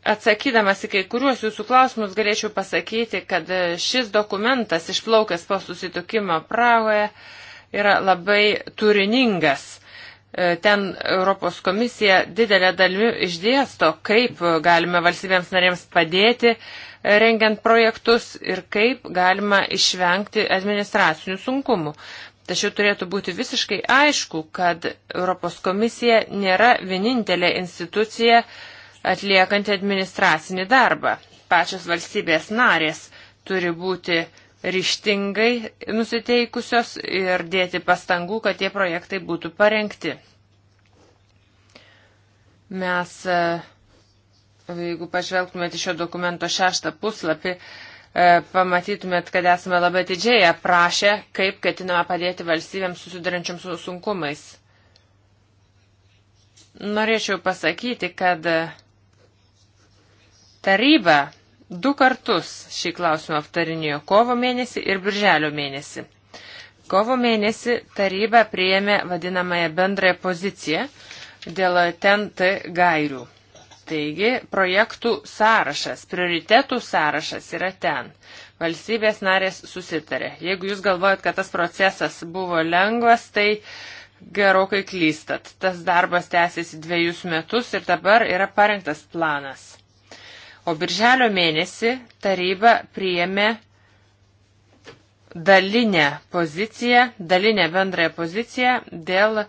Atsakydamas į kai kuriuos jūsų klausimus galėčiau pasakyti, kad šis dokumentas išplaukęs po susitikimo Pragoje yra labai turiningas. E, ten Europos komisija didelė dalimi išdėsto, kaip galime valstybėms narėms padėti, rengiant projektus ir kaip galima išvengti administracinių sunkumų. Tačiau turėtų būti visiškai aišku, kad Europos komisija nėra vienintelė institucija atliekanti administracinį darbą. Pačios valstybės narės turi būti ryštingai nusiteikusios ir dėti pastangų, kad tie projektai būtų parengti. Mes uh, Jeigu pažvelgtumėte šio dokumento šeštą puslapį, e, pamatytumėt, kad esame labai atidžiai aprašę, kaip ketiname padėti valstybėms susidurančiams su sunkumais. Norėčiau pasakyti, kad taryba du kartus šį klausimą aptarinėjo kovo mėnesį ir birželio mėnesį. Kovo mėnesį taryba prieėmė vadinamąją bendrąją poziciją dėl TNT gairių. Taigi, projektų sąrašas, prioritetų sąrašas yra ten. Valstybės narės susitarė. Jeigu jūs galvojat, kad tas procesas buvo lengvas, tai gerokai klystat. Tas darbas tęsiasi dviejus metus ir dabar yra parengtas planas. O birželio mėnesį taryba priėmė dalinę poziciją, dalinę bendrąją poziciją dėl e,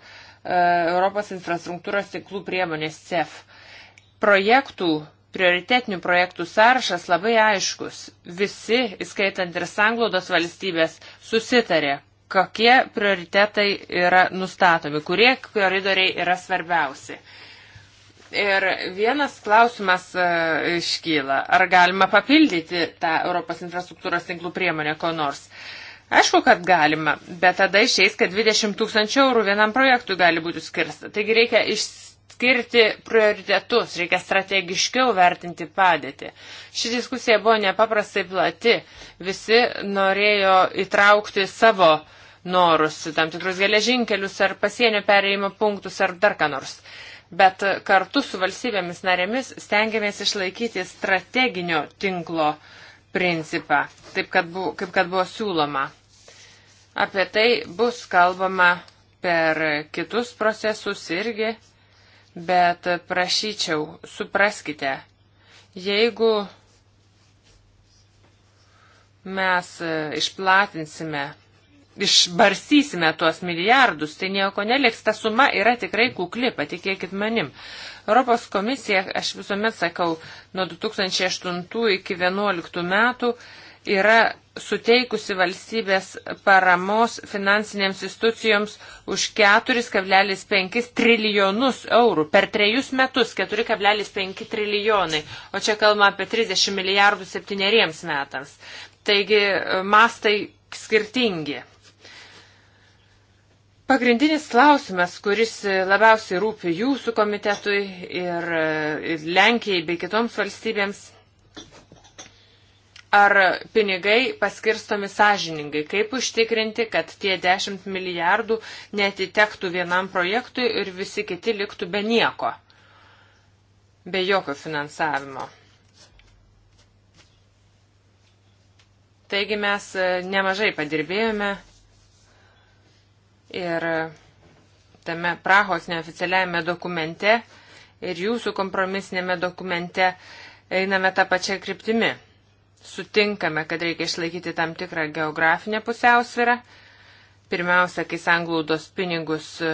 Europos infrastruktūros tinklų priemonės CEF. E, projektų, prioritetinių projektų sąrašas labai aiškus. Visi, įskaitant ir sanglaudos valstybės, susitarė, kokie prioritetai yra nustatomi, kurie koridoriai yra svarbiausi. Ir vienas klausimas e, iškyla, ar galima papildyti tą Europos infrastruktūros tinklų priemonę ko nors. Aišku, kad galima, bet tada išeis, kad 20 tūkstančių eurų vienam projektui gali būti skirsta. Taigi reikia išsiaiškinti skirti prioritetus, reikia strategiškiau vertinti padėtį. Ši diskusija buvo nepaprastai plati, visi norėjo įtraukti savo norus, tam tikrus geležinkelius ar pasienio perėjimo punktus ar dar ką nors. Bet kartu su valstybėmis narėmis stengiamės išlaikyti strateginio tinklo principą, taip kad buvo, kaip kad buvo siūloma. Apie tai bus kalbama per kitus procesus irgi Bet prašyčiau, supraskite, jeigu mes e, išplatinsime, išbarsysime tuos milijardus, tai nieko neliks. Ta suma yra tikrai kukli, patikėkit manim. Europos komisija, aš visuomet sakau, nuo 2008 iki 2011 metų yra suteikusi valstybės paramos finansinėms institucijoms už 4,5 trilijonus eurų. Per trejus metus 4,5 trilijonai, o čia kalbama apie 30 milijardų septyneriems metams. Taigi e, mastai skirtingi. Pagrindinis klausimas, kuris labiausiai rūpi jūsų komitetui ir, e, ir Lenkijai bei kitoms valstybėms ar pinigai paskirstomi sąžiningai, kaip užtikrinti, kad tie 10 milijardų netitektų vienam projektui ir visi kiti liktų be nieko, be jokio finansavimo. Taigi mes e, nemažai padirbėjome ir e, tame Prahos neoficialiajame dokumente ir jūsų kompromisinėme dokumente einame tą pačią kryptimį sutinkame, kad reikia išlaikyti tam tikrą geografinę pusiausvyrą. Pirmiausia, kai sanglaudos pinigus e,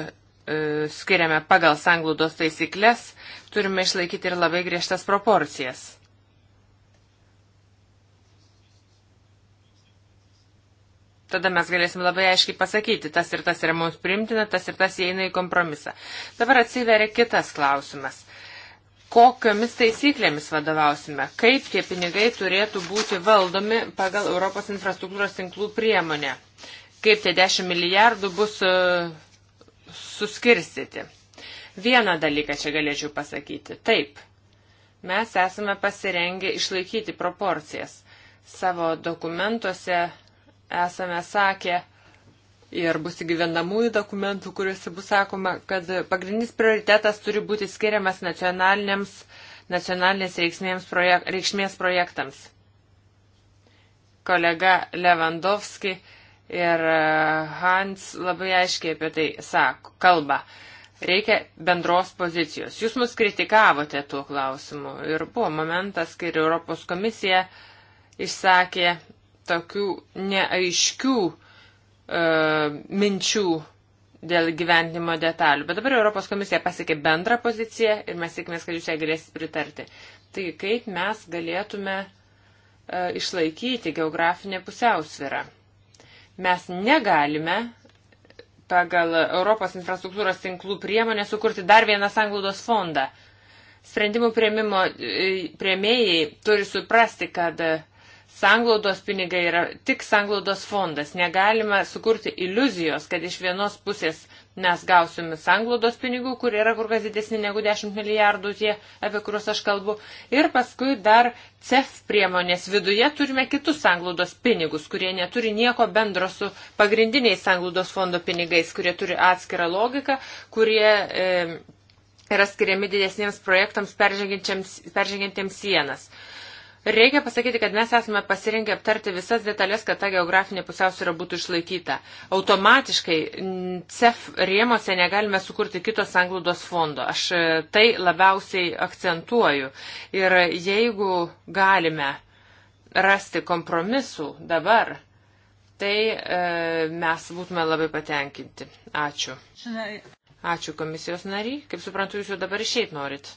skiriame pagal sanglaudos taisyklės, turime išlaikyti ir labai griežtas proporcijas. Tada mes galėsim labai aiškiai pasakyti, tas ir tas yra mums primtina, tas ir tas įeina į kompromisą. Dabar atsiveria kitas klausimas kokiomis taisyklėmis vadovausime, kaip tie pinigai turėtų būti valdomi pagal Europos infrastruktūros tinklų priemonę, kaip tie 10 milijardų bus e, suskirstyti. Vieną dalyką čia galėčiau pasakyti. Taip, mes esame pasirengę išlaikyti proporcijas. Savo dokumentuose esame sakę, ir bus įgyvenamųjų dokumentų, kuriuose bus sakoma, kad pagrindinis prioritetas turi būti skiriamas nacionalinėms, nacionalinės reikšmės, projek, reikšmės projektams. Kolega Levandovski ir e, Hans labai aiškiai apie tai sako, kalba. Reikia bendros pozicijos. Jūs mus kritikavote tuo klausimu ir buvo momentas, kai Europos komisija išsakė tokių neaiškių uh, E, minčių dėl gyvendimo detalių. Bet dabar Europos komisija pasiekė bendrą poziciją ir mes tikimės, kad jūs ją galėsit pritarti. Tai kaip mes galėtume e, išlaikyti geografinę pusiausvyrą? Mes negalime pagal Europos infrastruktūros tinklų priemonę sukurti dar vieną sanglaudos fondą. Sprendimų prieimimo e, prieimėjai turi suprasti, kad e, Sanglaudos pinigai yra tik sanglaudos fondas. Negalime sukurti iliuzijos, kad iš vienos pusės mes gausime sanglaudos pinigų, kur yra kur kas didesni negu 10 milijardų tie, apie kuriuos aš kalbu. Ir paskui dar CEF priemonės viduje turime kitus sanglaudos pinigus, kurie neturi nieko bendro su pagrindiniais sanglaudos fondo pinigais, kurie turi atskirą logiką, kurie. E, yra skiriami didesniems projektams peržengiantiems sienas. Reikia pasakyti, kad mes esame pasirinkę aptarti visas detalės, kad ta geografinė pusiausvyrą būtų išlaikyta. Automatiškai CEF rėmose negalime sukurti kitos sanglaudos fondo. Aš e, tai labiausiai akcentuoju. Ir jeigu galime rasti kompromisų dabar, tai e, mes būtume labai patenkinti. Ačiū. Ačiū komisijos nariai. Kaip suprantu, jūs jau dabar išeit norit.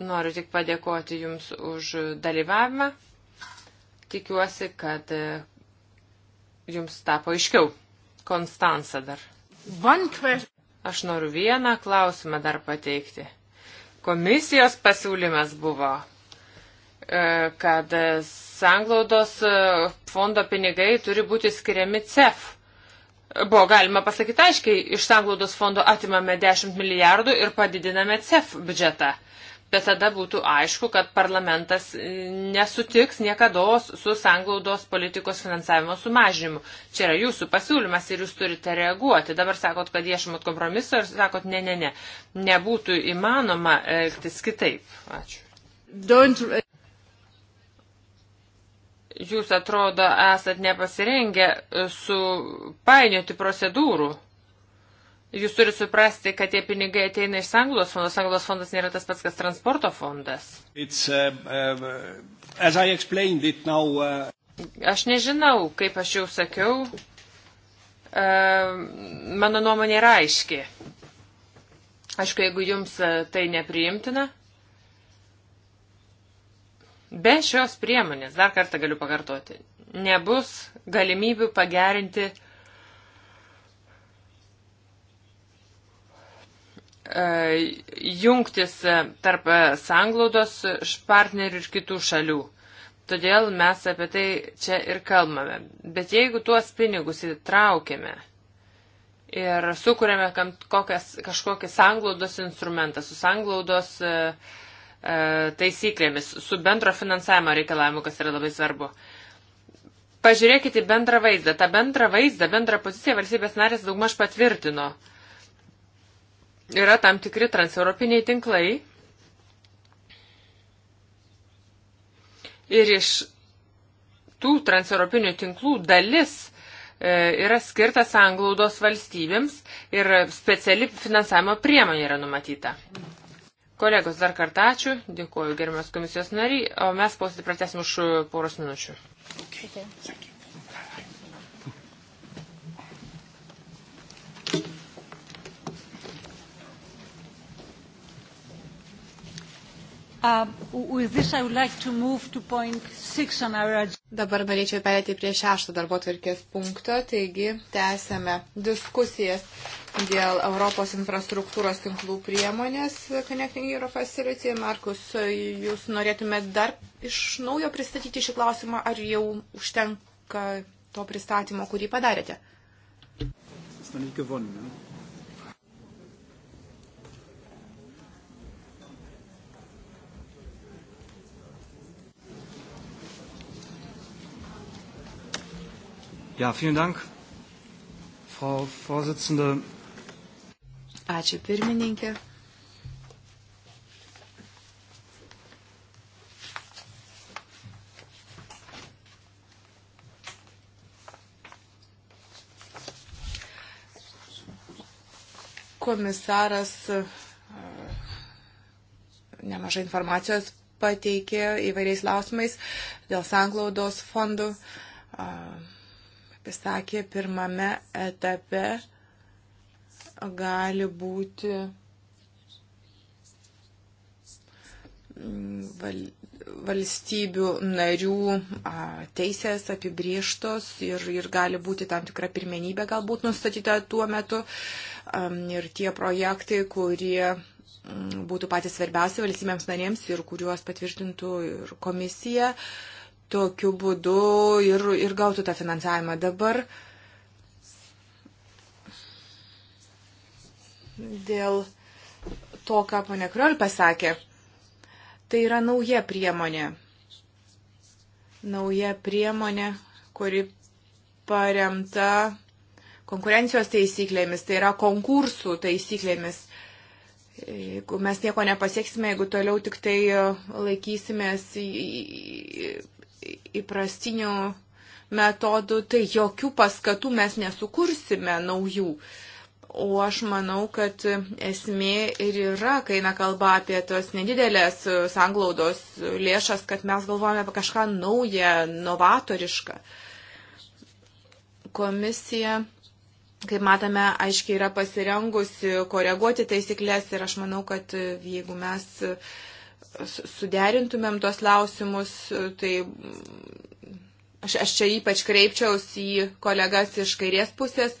Noriu tik padėkoti Jums už dalyvavimą. Tikiuosi, kad e, Jums tapo aiškiau. Konstanca dar. Aš noriu vieną klausimą dar pateikti. Komisijos pasiūlymas buvo, e, kad sanglaudos e, fondo pinigai turi būti skiriami CEF buvo galima pasakyti aiškiai, iš sanglaudos fondo atimame 10 milijardų ir padidiname CEF biudžetą. Bet tada būtų aišku, kad parlamentas e, nesutiks niekada su sanglaudos politikos finansavimo sumažinimu. Čia yra jūsų pasiūlymas ir jūs turite reaguoti. Dabar sakot, kad iešmot kompromiso ir sakot, ne, ne, ne, nebūtų įmanoma elgtis kitaip. Ačiū. Don't... Jūs atrodo esat nepasirengę supainioti procedūrų. Jūs turite suprasti, kad tie pinigai ateina iš Anglos fondos. Anglos fondas nėra tas pats, kas transporto fondas. It's, uh, uh, it now, uh... Aš nežinau, kaip aš jau sakiau, uh, mano nuomonė yra aiški. Aišku, jeigu jums uh, tai nepriimtina, be šios priemonės, dar kartą galiu pakartoti, nebus galimybių pagerinti uh, E, jungtis tarp sanglaudos partnerių ir kitų šalių. Todėl mes apie tai čia ir kalbame. Bet jeigu tuos pinigus įtraukėme ir sukūrėme kokias, kažkokį sanglaudos instrumentą su sanglaudos e, e, taisyklėmis, su bendro finansavimo reikalavimu, kas yra labai svarbu. Pažiūrėkite bendrą vaizdą. Ta bendrą vaizdą, bendrą poziciją valstybės narės daugmaž patvirtino. Uh, yra tam tikri transeuropiniai tinklai ir iš tų transeuropinių tinklų dalis e, yra skirtas anglaudos valstybėms ir speciali finansavimo priemonė yra numatyta. Kolegos, dar kartą ačiū, dėkuoju gerbiamas komisijos nariai, o mes posėdį pratesim už poros minučių. Okay. Okay. Uh, Dabar norėčiau perėti prie šešto darbo tvarkės punkto, taigi tęsėme diskusijas dėl Europos infrastruktūros tinklų priemonės Connecting Europe Facility. Markus, jūs norėtumėt dar iš naujo pristatyti šį klausimą, ar jau užtenka to pristatymo, kurį padarėte? Das ist noch nicht gewonnen, ne? Ja, vielen Dank, Frau Vorsitzende. Ačiū pirmininkė. Komisaras e, nemažai informacijos pateikė įvairiais klausimais dėl sanglaudos fondų. Uh, sakė, pirmame etape gali būti mm, val, valstybių narių a, teisės apibrieštos ir, ir gali būti tam tikra pirmenybė galbūt nustatyta tuo metu. A, ir tie projektai, kurie mm, būtų patys svarbiausi valstybėms narėms ir kuriuos patvirtintų ir komisija. A, tokiu būdu ir, ir gautų tą finansavimą. Dabar dėl to, ką ponė Kriol pasakė, tai yra nauja priemonė. Nauja priemonė, kuri paremta konkurencijos taisyklėmis, tai yra konkursų taisyklėmis. Jeigu mes nieko nepasieksime, jeigu toliau tik tai laikysimės įprastinių metodų, tai jokių paskatų mes nesukursime naujų. O aš manau, kad esmė ir yra, kai eina kalba apie tos nedidelės sanglaudos lėšas, kad mes galvojame apie kažką naują, novatorišką. Komisija, kaip matome, aiškiai yra pasirengusi koreguoti taisyklės ir aš manau, kad jeigu mes uh, suderintumėm tos klausimus, tai aš, aš čia ypač kreipčiausi į kolegas iš kairės pusės.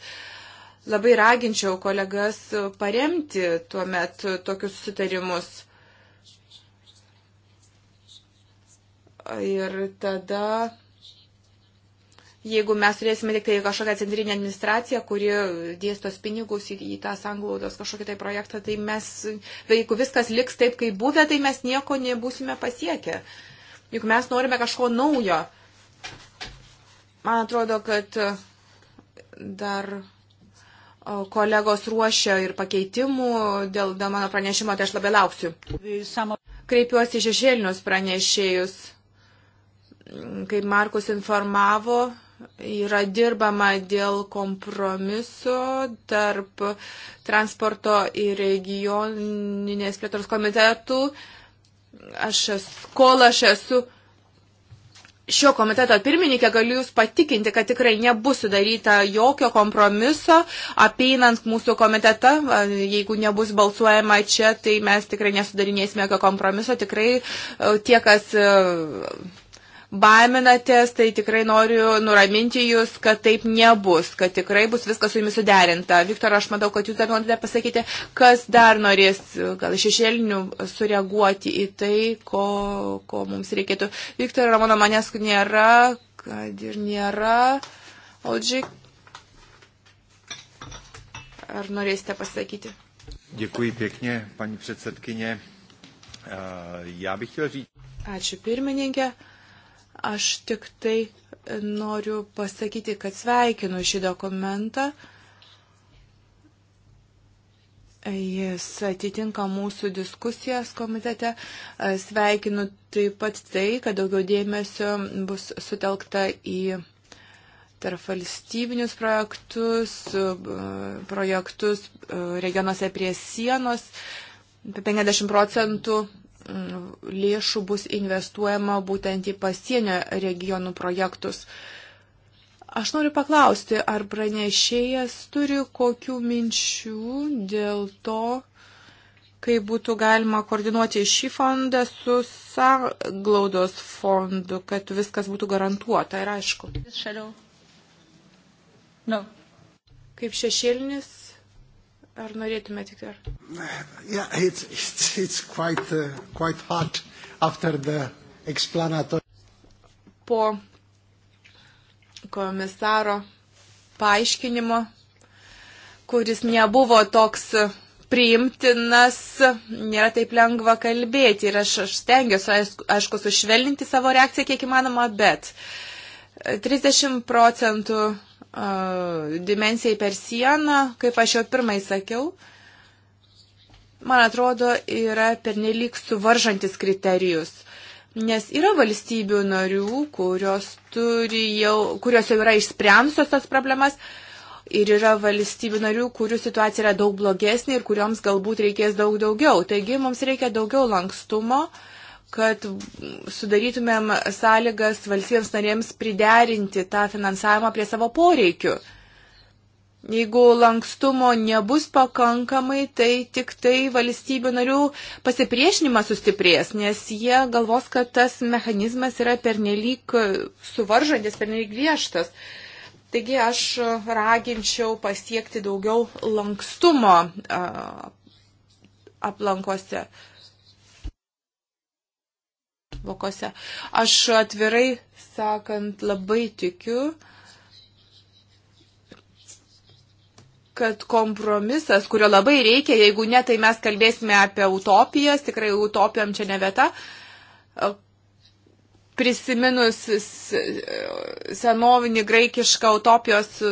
Labai raginčiau kolegas paremti tuo metu tokius sutarimus. Ir tada jeigu mes turėsime tik tai kažkokią centrinę administraciją, kuri dėstos pinigus į, į tą sanglaudos kažkokį tai projektą, tai mes, jeigu viskas liks taip, kaip buvę, tai mes nieko nebūsime pasiekę. Juk mes norime kažko naujo. Man atrodo, kad e, dar e, kolegos ruošia ir pakeitimų dėl, dėl mano pranešimo, tai aš labai lauksiu. Kreipiuosi šešėlinius pranešėjus kaip Markus informavo, yra dirbama dėl kompromiso tarp transporto ir regioninės plėtros komitetų. Aš esu, kol aš esu šio komiteto pirmininkė, galiu Jūs patikinti, kad tikrai nebus sudaryta jokio kompromiso, apeinant mūsų komitetą. Jeigu nebus balsuojama čia, tai mes tikrai nesudarinėsime jokio kompromiso. Tikrai e, tie, kas e, baiminatės, tai tikrai noriu nuraminti jūs, kad taip nebus, kad tikrai bus viskas su jumis suderinta. Viktor, aš matau, kad jūs dar norite pasakyti, kas dar norės, gal šešėlinių, sureaguoti į tai, ko, ko mums reikėtų. Viktor, Ramona, manęs nėra, kad ir nėra. Odžiai, ar norėsite pasakyti? Děkuji pěkně, paní předsedkyně. Eh, já bych chtěl říct. Ačiū pirmininkė. Aš tik tai noriu pasakyti, kad sveikinu šį dokumentą. Jis atitinka mūsų diskusijas komitete. Sveikinu taip pat tai, kad daugiau dėmesio bus sutelkta į tarp valstybinius projektus, projektus regionuose prie sienos. 50 procentų lėšų bus investuojama būtent į pasienio regionų projektus. Aš noriu paklausti, ar pranešėjas turi kokių minčių dėl to, kaip būtų galima koordinuoti šį fondą su sąglaudos fondu, kad viskas būtų garantuota ir aišku. No. Kaip šešėlinis Ar norėtumėte tik dar? Yeah, it's, it's, it's quite, uh, quite hot after the explanatory. Po komisaro paaiškinimo, kuris nebuvo toks priimtinas, nėra taip lengva kalbėti ir aš, aš stengiuosi, aišku, sušvelninti savo reakciją kiek įmanoma, bet 30 e, procentų dimensijai per sieną, kaip aš jau pirmai sakiau, man atrodo, yra pernelyg suvaržantis kriterijus. Nes yra valstybių narių, kurios, jau, kurios jau yra išsprendsios tas problemas ir yra valstybių narių, kurių situacija yra daug blogesnė ir kurioms galbūt reikės daug daugiau. Taigi mums reikia daugiau lankstumo. Uh, kad sudarytumėm sąlygas valstybėms narėms priderinti tą finansavimą prie savo poreikių. Jeigu lankstumo nebus pakankamai, tai tik tai valstybių narių pasipriešinimas sustiprės, nes jie galvos, kad tas mechanizmas yra pernelyg suvaržantis, pernelyg griežtas. Taigi aš raginčiau pasiekti daugiau lankstumo aplankose blokose. Aš atvirai sakant labai tikiu, kad kompromisas, kurio labai reikia, jeigu ne, tai mes kalbėsime apie utopijas, tikrai utopijam čia ne vieta. Prisiminus senovinį graikišką utopijos e,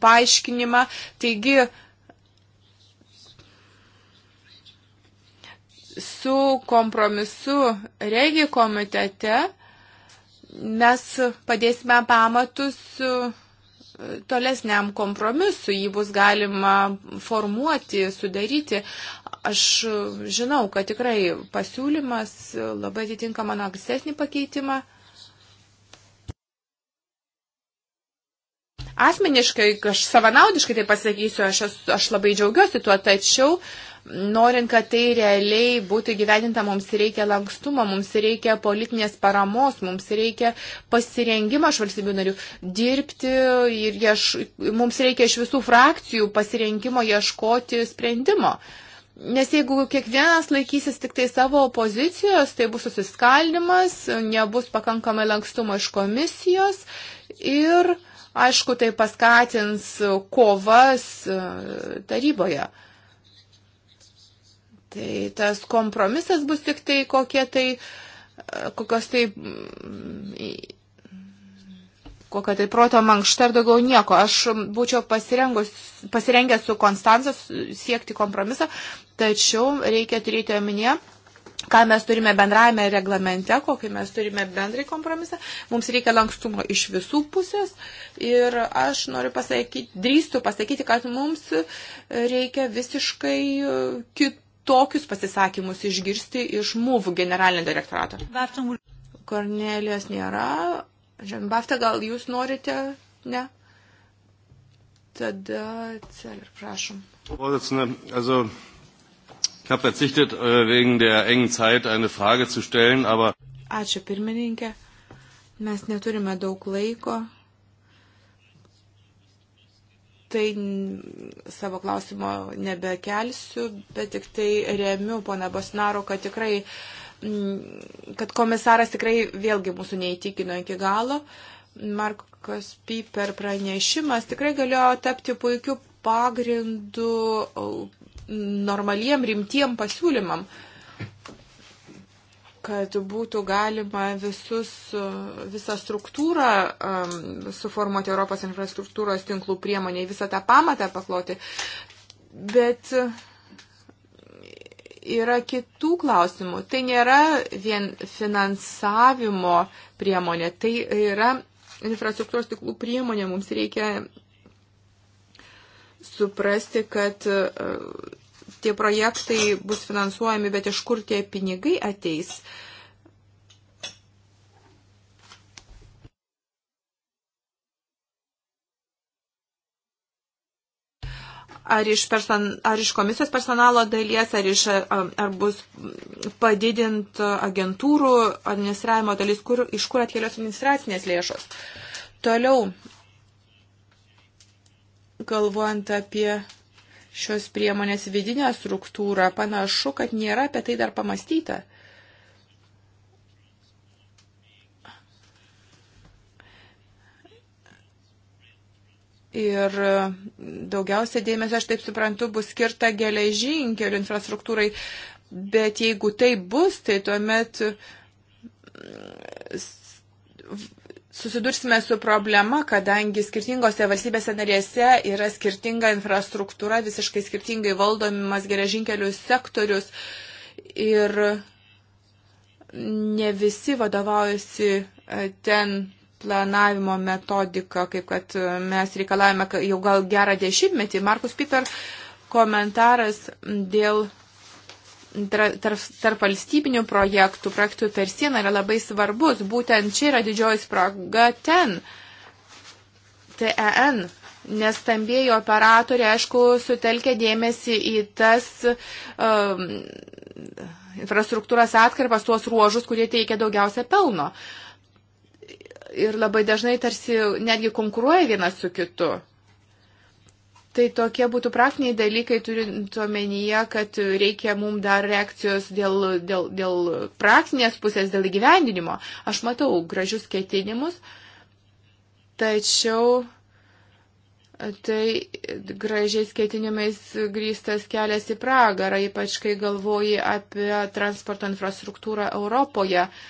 paaiškinimą, taigi su kompromisu regi komitete mes padėsime pamatus e, tolesniam kompromisu, jį bus galima formuoti, sudaryti. Aš žinau, kad tikrai pasiūlymas labai atitinka mano ankstesnį pakeitimą. Asmeniškai, aš savanaudiškai tai pasakysiu, aš, aš labai džiaugiuosi tuo, tačiau uh, norint, kad tai realiai būtų gyveninta, mums reikia lankstumo, mums reikia politinės paramos, mums reikia pasirengimo iš valstybių narių dirbti ir ieš, mums reikia iš visų frakcijų pasirengimo ieškoti sprendimo. Nes jeigu kiekvienas laikysis tik tai savo pozicijos, tai bus susiskaldimas, nebus pakankamai lankstumo iš komisijos ir, aišku, tai paskatins kovas e, taryboje. Tai tas kompromisas bus tik tai kokie tai, e, kokios tai, mm, kokia tai proto mankšta ir daugiau nieko. Aš būčiau pasirengęs su Konstantas siekti kompromisą, tačiau reikia turėti omenyje ką mes turime bendrajame reglamente, kokį mes turime bendrai kompromisą. Mums reikia lankstumo iš visų pusės ir aš noriu pasakyti, drįstu pasakyti, kad mums reikia visiškai kitų tokius pasisakymus išgirsti iš MUV generalinio direktorato. Kornelijos nėra. Žembafta, gal jūs norite? Ne? Tada, Celer, prašom. Also, ich habe verzichtet, äh, wegen der engen Zeit eine Frage zu stellen, aber. Ačiū, pirmininkė. Mes neturime daug laiko tai savo klausimo nebekelsiu, bet tik tai remiu pana Bosnaro, kad tikrai, kad komisaras tikrai vėlgi mūsų neįtikino iki galo. Markas Piper pranešimas tikrai galėjo tapti puikiu pagrindu normaliem rimtiem pasiūlymam. Uh, kad būtų galima visus, visą struktūrą um, suformuoti Europos infrastruktūros tinklų priemoniai, visą tą pamatą pakloti. Bet uh, yra kitų klausimų. Tai nėra vien finansavimo priemonė, tai yra infrastruktūros tiklų priemonė. Mums reikia suprasti, kad uh, tie projektai bus finansuojami, bet iš kur tie pinigai ateis. Ar iš, person, ar iš komisijos personalo dalies, ar, iš, ar bus padidint agentūrų administravimo dalis, kur, iš kur atkelios administracinės lėšos. Toliau, galvojant apie šios priemonės vidinę struktūrą, panašu, kad nėra apie tai dar pamastyta. Ir daugiausia dėmesio, aš taip suprantu, bus skirta geležinkelių infrastruktūrai, bet jeigu tai bus, tai tuomet susidursime su problema, kadangi skirtingose valstybėse narėse yra skirtinga infrastruktūra, visiškai skirtingai valdomimas geležinkelių sektorius ir ne visi vadovaujasi e, ten planavimo metodika, kaip kad e, mes reikalavome jau gal gerą dešimtmetį. Markus Piper komentaras dėl tarp, tarp valstybinių projektų, projektų per sieną yra labai svarbus. Būtent čia yra didžioji spraga ten, TEN. Nes stambėjai operatoriai, aišku, sutelkia dėmesį į tas um, infrastruktūras atkarpas, tuos ruožus, kurie teikia daugiausia pelno. Ir labai dažnai tarsi netgi konkuruoja vienas su kitu. Tai tokie būtų praktiniai dalykai, turint omenyje, kad reikia mums dar reakcijos dėl, dėl, dėl praktinės pusės, dėl įgyvendinimo. Aš matau gražius ketinimus, tačiau tai gražiais ketinimais grįstas kelias į pragarą, ypač kai galvoji apie transporto infrastruktūrą Europoje. Uh,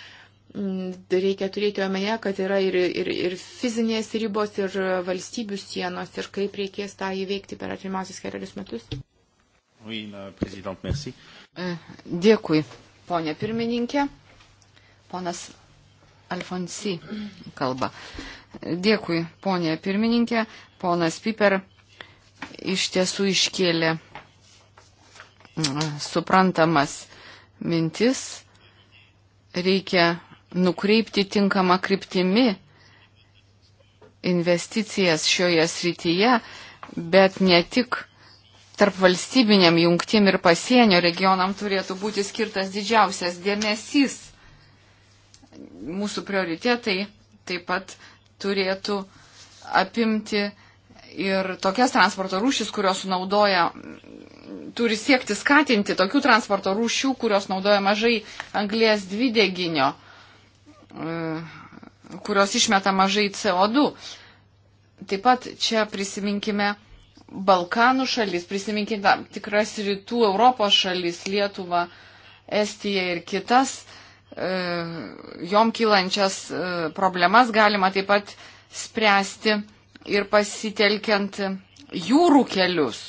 Mm, reikia turėti omenyje, kad yra ir, ir, ir fizinės ribos, ir valstybių sienos, ir kaip reikės tą įveikti per artimiausius kelius metus. Oui, e, Dėkui, ponė pirmininkė. Ponas Alfonsi kalba. Dėkui, ponė pirmininkė. Ponas Piper iš tiesų iškėlė mm, suprantamas mintis. Reikia nukreipti tinkamą kryptimi investicijas šioje srityje, bet ne tik tarp valstybiniam jungtim ir pasienio regionam turėtų būti skirtas didžiausias dėmesys. Mūsų prioritetai taip pat turėtų apimti ir tokias transporto rūšis, kurios sunaudoja, turi siekti skatinti tokių transporto rūšių, kurios naudoja mažai anglės dvideginio. E, kurios išmeta mažai CO2. Taip pat čia prisiminkime Balkanų šalis, prisiminkime tikras rytų Europos šalis, Lietuvą, Estiją ir kitas. E, jom kylančias e, problemas galima taip pat spręsti ir pasitelkiant jūrų kelius.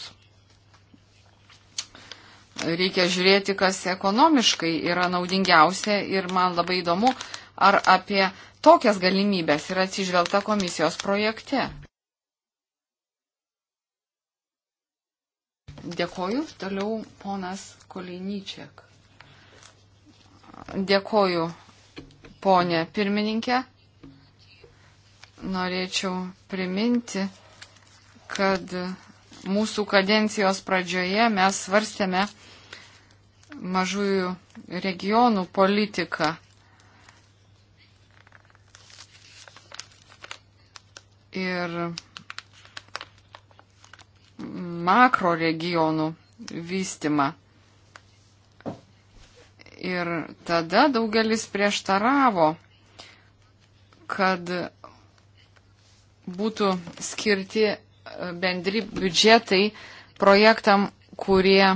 Reikia žiūrėti, kas ekonomiškai yra naudingiausia ir man labai įdomu, Ar apie tokias galimybės yra atsižvelgta komisijos projekte? Dėkoju. Toliau ponas Kolinyčiak. Dėkoju, ponė pirmininkė. Norėčiau priminti, kad mūsų kadencijos pradžioje mes svarstėme mažųjų regionų politiką. ir makro regionų vystimą. Ir tada daugelis prieštaravo, kad būtų skirti bendri biudžetai projektam, kurie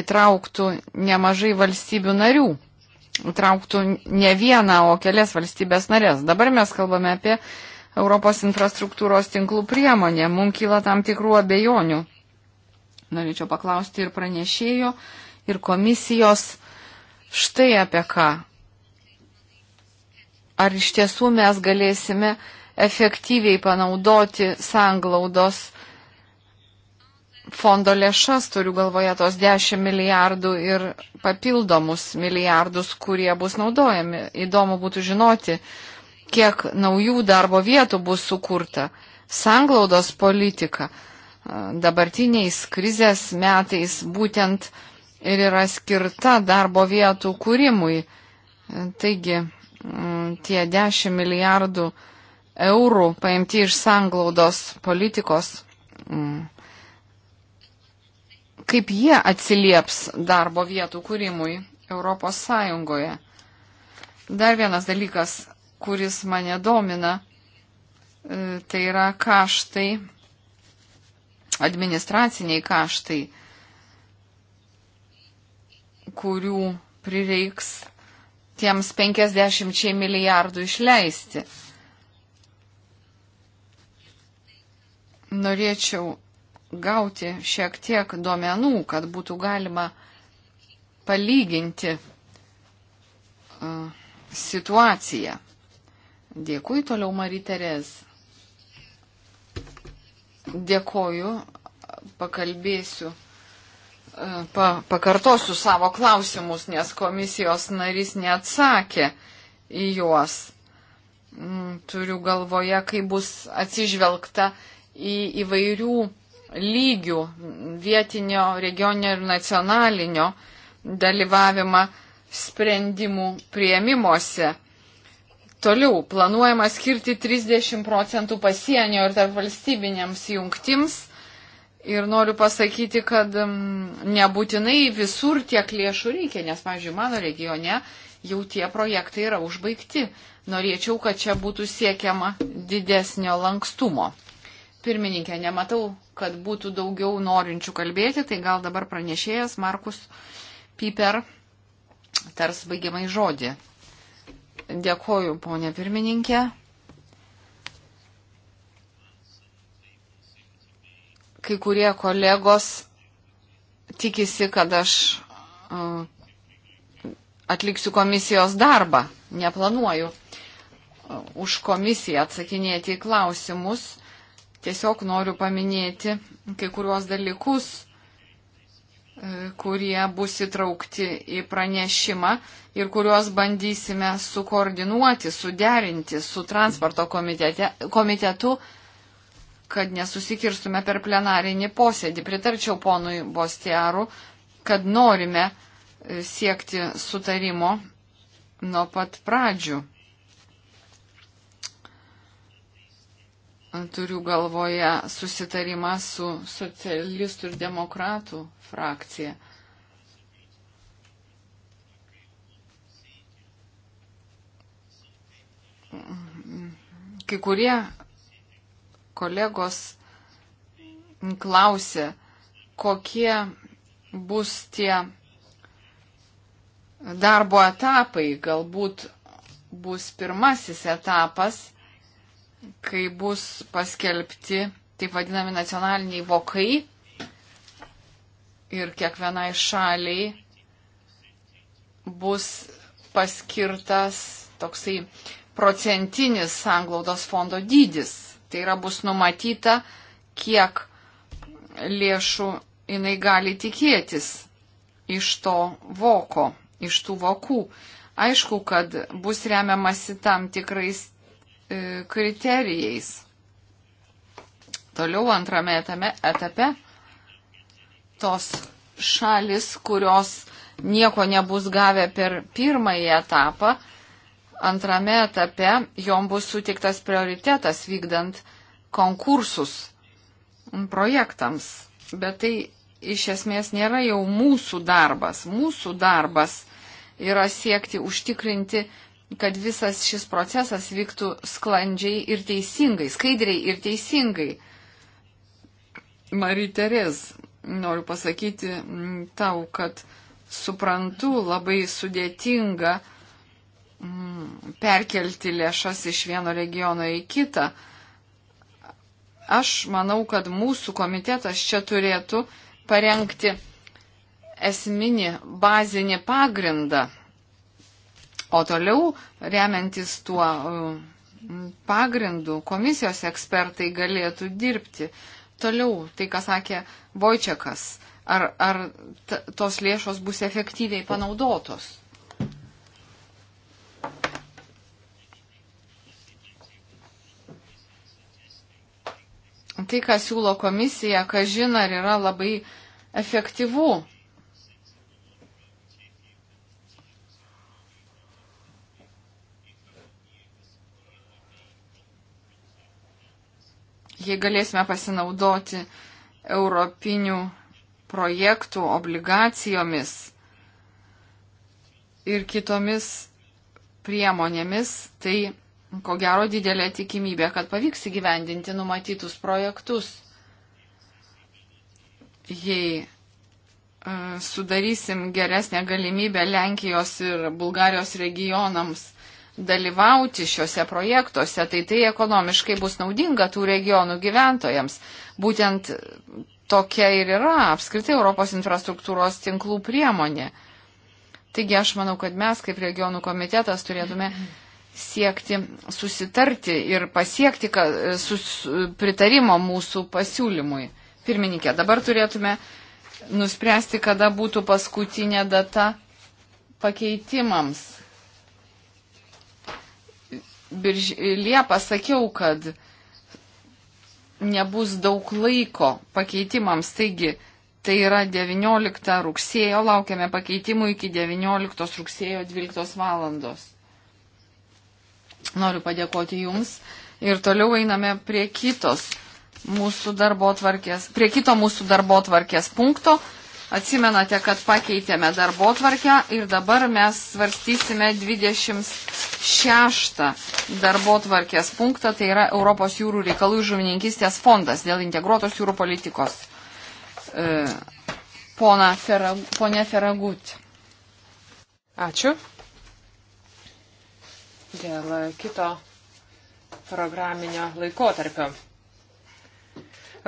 įtrauktų nemažai valstybių narių, įtrauktų ne vieną, o kelias valstybės narės. Dabar mes kalbame apie Europos infrastruktūros tinklų priemonė. Mums kyla tam tikrų abejonių. Norėčiau paklausti ir pranešėjo, ir komisijos štai apie ką. Ar iš tiesų mes galėsime efektyviai panaudoti sanglaudos fondo lėšas, turiu galvoje tos 10 milijardų ir papildomus milijardus, kurie bus naudojami. Įdomu būtų žinoti, uh, kiek naujų darbo vietų bus sukurta. Sanglaudos politika dabartiniais krizės metais būtent ir yra skirta darbo vietų kūrimui. Taigi tie 10 milijardų eurų paimti iš sanglaudos politikos, kaip jie atsilieps darbo vietų kūrimui Europos Sąjungoje. Dar vienas dalykas kuris mane domina, e, tai yra kaštai, administraciniai kaštai, kurių prireiks tiems 50 milijardų išleisti. Norėčiau gauti šiek tiek duomenų, kad būtų galima palyginti uh, situaciją. Dėkui toliau, Marija Terez. Dėkoju, pakalbėsiu e, pa, pakartosiu savo klausimus, nes komisijos narys neatsakė į juos. Mm, turiu galvoje, kai bus atsižvelgta į įvairių lygių vietinio, regioninio ir nacionalinio dalyvavimą sprendimų prieimimuose. Toliau planuojama skirti 30 procentų pasienio ir tarp valstybinėms jungtims. Ir noriu pasakyti, kad mm, nebūtinai visur tiek lėšų reikia, nes, pavyzdžiui, mano regione jau tie projektai yra užbaigti. Norėčiau, kad čia būtų siekiama didesnio lankstumo. Pirmininkė, nematau, kad būtų daugiau norinčių kalbėti, tai gal dabar pranešėjas Markus Piper tars baigiamai žodį. Dėkoju, ponė pirmininkė. Kai kurie kolegos tikisi, kad aš atliksiu komisijos darbą. Neplanuoju už komisiją atsakinėti į klausimus. Tiesiog noriu paminėti kai kuriuos dalykus, E, kurie bus įtraukti į pranešimą ir kuriuos bandysime sukoordinuoti, suderinti su transporto komitete, komitetu, kad nesusikirstume per plenarinį posėdį. Pritarčiau ponui Bostiaru, kad norime e, siekti sutarimo nuo pat pradžių. Turiu galvoje susitarimą su socialistų ir demokratų frakcija. Kai kurie kolegos klausė, kokie bus tie darbo etapai. Galbūt bus pirmasis etapas kai bus paskelbti taip vadinami nacionaliniai vokai ir kiekvienai šaliai bus paskirtas toksai procentinis sanglaudos fondo dydis. Tai yra bus numatyta, kiek lėšų jinai gali tikėtis iš to voko, iš tų vokų. Aišku, kad bus remiamasi tam tikrais E, kriterijais. Toliau antrame etame, etape tos šalis, kurios nieko nebus gavę per pirmąjį etapą, antrame etape jom bus sutiktas prioritetas vykdant konkursus projektams. Bet tai iš esmės nėra jau mūsų darbas. Mūsų darbas yra siekti užtikrinti kad visas šis procesas vyktų sklandžiai ir teisingai, skaidriai ir teisingai. Marie Terez, noriu pasakyti mm, tau, kad suprantu labai sudėtinga mm, perkelti lėšas iš vieno regiono į kitą. Aš manau, kad mūsų komitetas čia turėtų parengti esminį bazinį pagrindą O toliau, remiantis tuo um, pagrindu, komisijos ekspertai galėtų dirbti. Toliau, tai ką sakė Vojčiakas, ar, ar tos lėšos bus efektyviai panaudotos? Tai, ką siūlo komisija, ką žina, ar yra labai efektyvu jei galėsime pasinaudoti europinių projektų obligacijomis ir kitomis priemonėmis, tai ko gero didelė tikimybė, kad pavyks įgyvendinti numatytus projektus. Jei e, sudarysim geresnę galimybę Lenkijos ir Bulgarijos regionams dalyvauti šiuose projektuose, tai tai ekonomiškai bus naudinga tų regionų gyventojams. Būtent tokia ir yra apskritai Europos infrastruktūros tinklų priemonė. Taigi aš manau, kad mes kaip regionų komitetas turėtume siekti susitarti ir pasiekti kad, sus, pritarimo mūsų pasiūlymui. Pirmininkė, dabar turėtume nuspręsti, kada būtų paskutinė data pakeitimams birž... Liepą sakiau, kad nebus daug laiko pakeitimams, taigi tai yra 19 rugsėjo, laukiame pakeitimų iki 19 rugsėjo 12 valandos. Noriu padėkoti Jums ir toliau einame prie kitos mūsų darbo tvarkės, prie kito mūsų darbo tvarkės punkto. Atsimenate, kad pakeitėme darbo tvarkę ir dabar mes svarstysime 26 darbo tvarkės punktą, tai yra Europos jūrų reikalų žuvininkistės fondas dėl integruotos jūrų politikos. E, pona Ferag, ponė Feragut. Ačiū. Dėl kito programinio laikotarpio.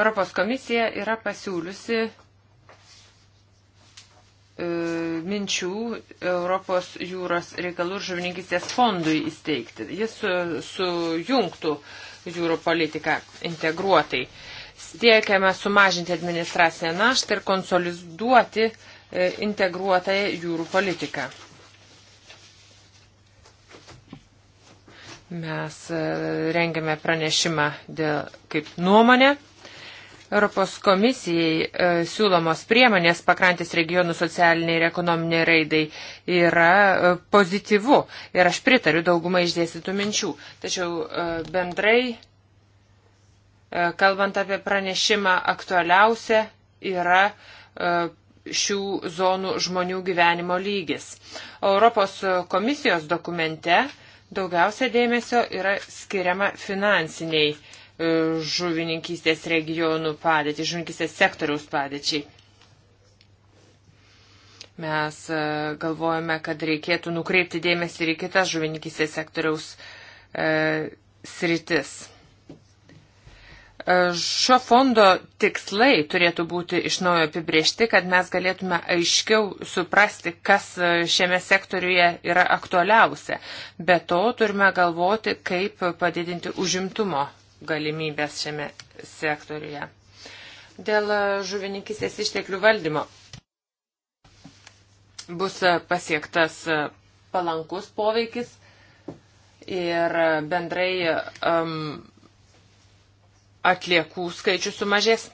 Europos komisija yra pasiūliusi E, minčių Europos jūros reikalų ir žuvininkistės fondui įsteigti. Jis sujungtų su jūrų politiką integruotai. Stiekiame sumažinti administracinę naštą ir konsoliduoti e, integruotą jūrų politiką. Mes e, rengiame pranešimą dėl, kaip nuomonę Europos komisijai e, siūlomos priemonės pakrantės regionų socialiniai ir ekonominiai raidai yra e, pozityvu ir aš pritariu daugumą išdėstytų minčių. Tačiau e, bendrai, e, kalbant apie pranešimą, aktualiausia yra e, šių zonų žmonių gyvenimo lygis. Europos komisijos dokumente daugiausia dėmesio yra skiriama finansiniai E, žuvininkystės regionų padėtį, žuvininkystės sektoriaus padėčiai. Mes e, galvojame, kad reikėtų nukreipti dėmesį ir į kitas žuvininkystės sektoriaus e, sritis. E, šio fondo tikslai turėtų būti iš naujo apibriešti, kad mes galėtume aiškiau suprasti, kas šiame sektoriuje yra aktualiausia. Be to turime galvoti, kaip padidinti užimtumo galimybės šiame sektoriuje. Dėl žuvininkistės išteklių valdymo bus pasiektas palankus poveikis ir bendrai um, atliekų skaičius sumažės.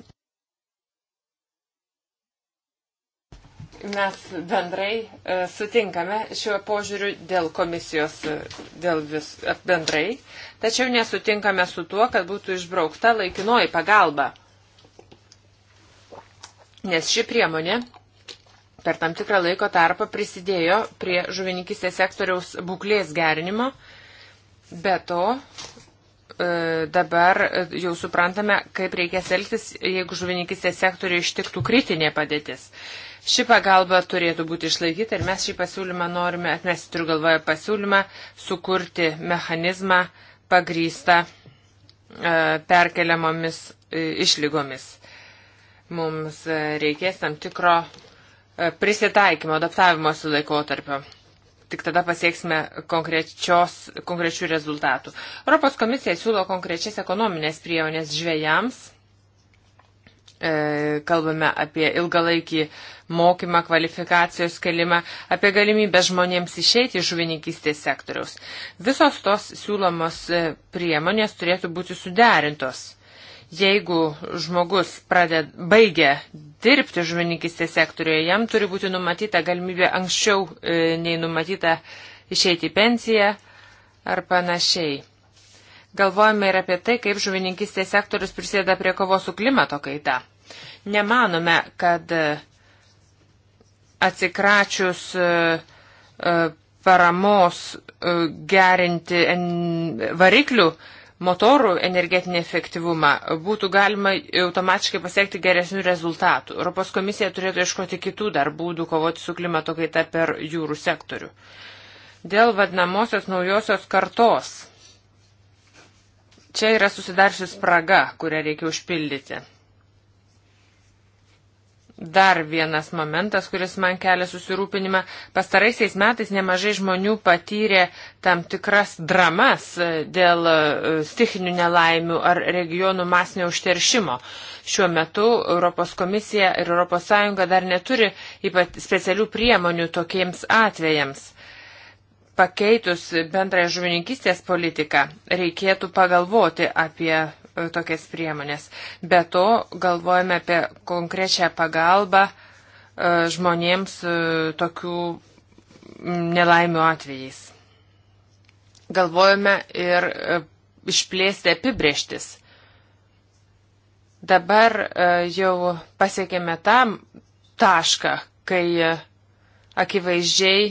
mes bendrai e, sutinkame šiuo požiūriu dėl komisijos, e, dėl vis e, bendrai, tačiau nesutinkame su tuo, kad būtų išbraukta laikinoji pagalba. Nes ši priemonė per tam tikrą laiko tarpą prisidėjo prie žuvininkistės sektoriaus būklės gerinimo, be to dabar jau suprantame, kaip reikės elgtis, jeigu žuvininkistės sektoriui ištiktų kritinė padėtis. Ši pagalba turėtų būti išlaikyta ir mes šį pasiūlymą norime, mes turiu galvoje pasiūlymą, sukurti mechanizmą pagrystą e, perkeliamomis e, išlygomis. Mums e, reikės tam tikro prisitaikymo, adaptavimosi laikotarpio. Tik tada pasieksime konkrečių rezultatų. Europos komisija siūlo konkrečias ekonominės priemonės žvėjams E, kalbame apie ilgalaikį mokymą, kvalifikacijos kelimą, apie galimybę žmonėms išeiti iš žuvininkystės sektoriaus. Visos tos siūlomos e, priemonės turėtų būti suderintos. Jeigu žmogus praded, baigia dirbti žuvininkystės sektoriuje, jam turi būti numatyta galimybė anksčiau e, nei numatyta išeiti į pensiją ar panašiai. Galvojame ir apie tai, kaip žuvininkistės sektorius prisėda prie kovos su klimato kaita. Nemanome, kad e, atsikračius e, e, paramos gerinti variklių motorų energetinį efektyvumą būtų galima automatiškai pasiekti geresnių rezultatų. Europos komisija turėtų ieškoti kitų dar būdų kovoti su klimato kaita per jūrų sektorių. Dėl vadinamosios naujosios kartos Čia yra susidaršis spraga, kurią reikia užpildyti. Dar vienas momentas, kuris man kelia susirūpinimą. Pastaraisiais metais nemažai žmonių patyrė tam tikras dramas e, dėl e, stichinių nelaimių ar regionų masinio užteršimo. Šiuo metu Europos komisija ir ES dar neturi ypat specialių priemonių tokiems atvejams pakeitus bendrąją žuvininkystės politiką reikėtų pagalvoti apie e, tokias priemonės. Be to galvojame apie konkrečią pagalbą e, žmonėms e, tokių nelaimių atvejais. Galvojame ir išplėsti apibrieštis. Dabar jau pasiekėme tam tašką, kai akivaizdžiai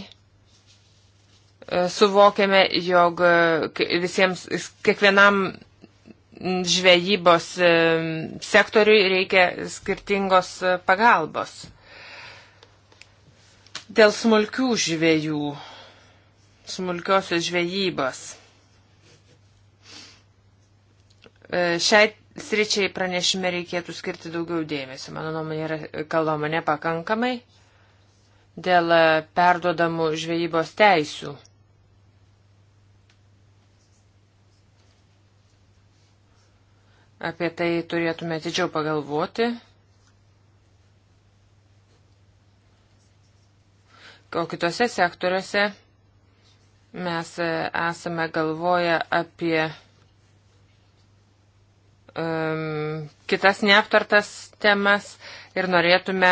suvokiame, jog e, visiems, kiekvienam žvejybos e, sektoriui reikia skirtingos e, pagalbos. Dėl smulkių žvėjų, smulkiosios žvejybos. Šiai sričiai pranešime reikėtų skirti daugiau dėmesio. Mano nuomonė yra kalbama nepakankamai dėl perduodamų žvejybos teisių. Apie tai turėtume atidžiau pagalvoti. O kitose sektoriuose mes e, esame galvoję apie um, kitas neaptartas temas ir norėtume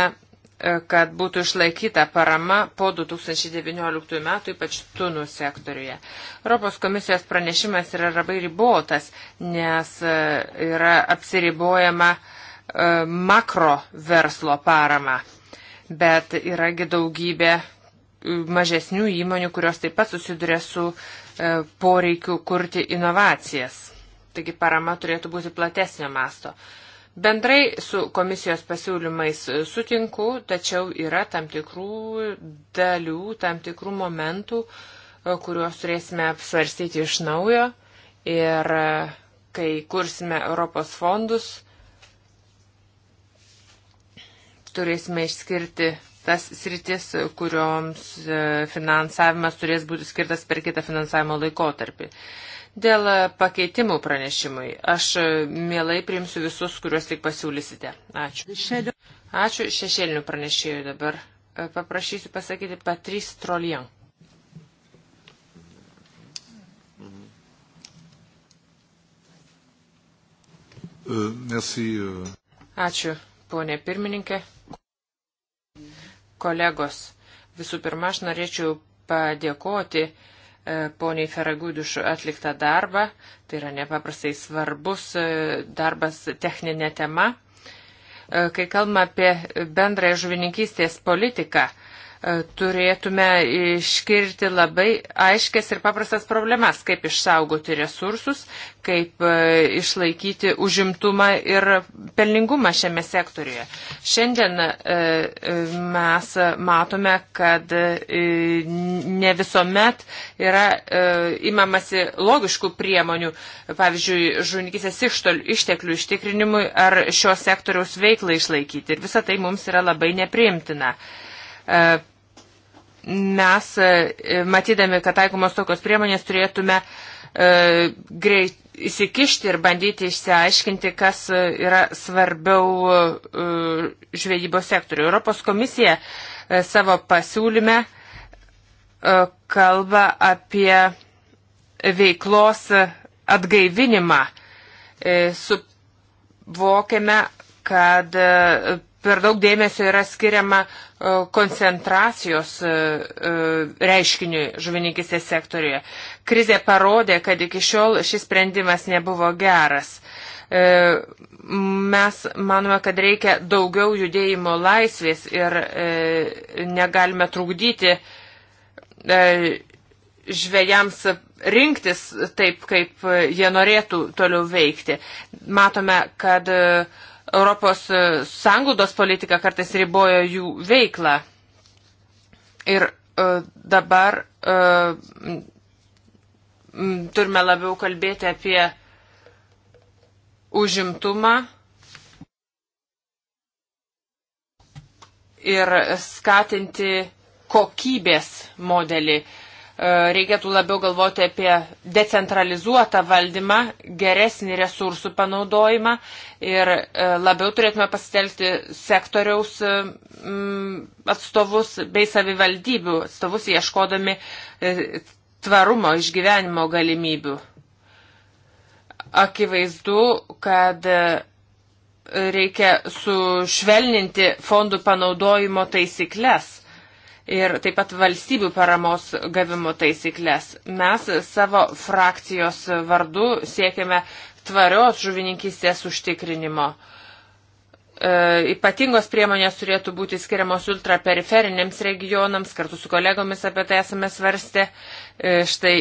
E, kad būtų išlaikyta parama po 2019 metų, ypač tunų sektoriuje. Europos komisijos pranešimas yra labai ribotas, nes e, yra apsiribojama e, makro verslo parama, bet yragi daugybė mažesnių įmonių, kurios taip pat susiduria su poreikiu kurti inovacijas. Taigi parama turėtų būti platesnio masto. Bendrai su komisijos pasiūlymais e, sutinku, tačiau yra tam tikrų dalių, tam tikrų momentų, e, kuriuos turėsime apsvarstyti iš naujo. Ir e, kai kursime Europos fondus, turėsime išskirti tas sritis, kurioms finansavimas turės būti skirtas per kitą finansavimo laikotarpį. Dėl pakeitimų pranešimui aš mielai priimsiu visus, kuriuos tik pasiūlysite. Ačiū. Ačiū šešėlinių pranešėjų dabar. E, Paprašysiu pasakyti Patrys Trolien. E, e. Ačiū, ponė pirmininkė. Kolegos, visų pirma, aš norėčiau padėkoti uh, E, poniai Feragudiš atliktą darbą. Tai yra nepaprastai svarbus e, darbas techninė tema. E, kai kalbame apie bendrąją žuvininkystės politiką, E, turėtume iškirti labai aiškės ir paprastas problemas, kaip išsaugoti resursus, kaip e, išlaikyti užimtumą ir pelningumą šiame sektoriuje. Šiandien e, mes matome, kad ne visuomet yra imamasi logiškų priemonių, pavyzdžiui, žunikisės išteklių ištikrinimui ar šio sektoriaus veiklai išlaikyti. Ir visa tai mums yra labai nepriimtina. E, mes, e, matydami, kad taikomos tokios priemonės, turėtume e, greit įsikišti ir bandyti išsiaiškinti, kas yra svarbiau žvejybos sektoriu. Europos komisija savo pasiūlyme kalba apie veiklos atgaivinimą. Suvokiame, kad per daug dėmesio yra skiriama e, koncentracijos e, e, reiškiniui žuvininkistės sektoriuje. Krizė parodė, kad iki šiol šis sprendimas nebuvo geras. Mes manome, kad reikia daugiau judėjimo laisvės ir negalime trukdyti žvėjams rinktis taip, kaip jie norėtų toliau veikti. Matome, kad uh, Europos e, sanglaudos politika kartais ribojo jų veiklą. Ir e, dabar e, turime labiau kalbėti apie užimtumą ir skatinti kokybės modelį. E, reikėtų labiau galvoti apie decentralizuotą valdymą, geresnį resursų panaudojimą ir e, labiau turėtume pasitelkti sektoriaus e, atstovus bei savivaldybių atstovus ieškodami tvarumo išgyvenimo galimybių. Akivaizdu, kad reikia sušvelninti fondų panaudojimo taisyklės ir taip pat valstybių paramos gavimo taisyklės. Mes savo frakcijos vardu siekiame tvarios žuvininkystės užtikrinimo. E, ypatingos priemonės turėtų būti skiriamos ultraperiferinėms regionams, kartu su kolegomis apie tai esame svarstę. E, štai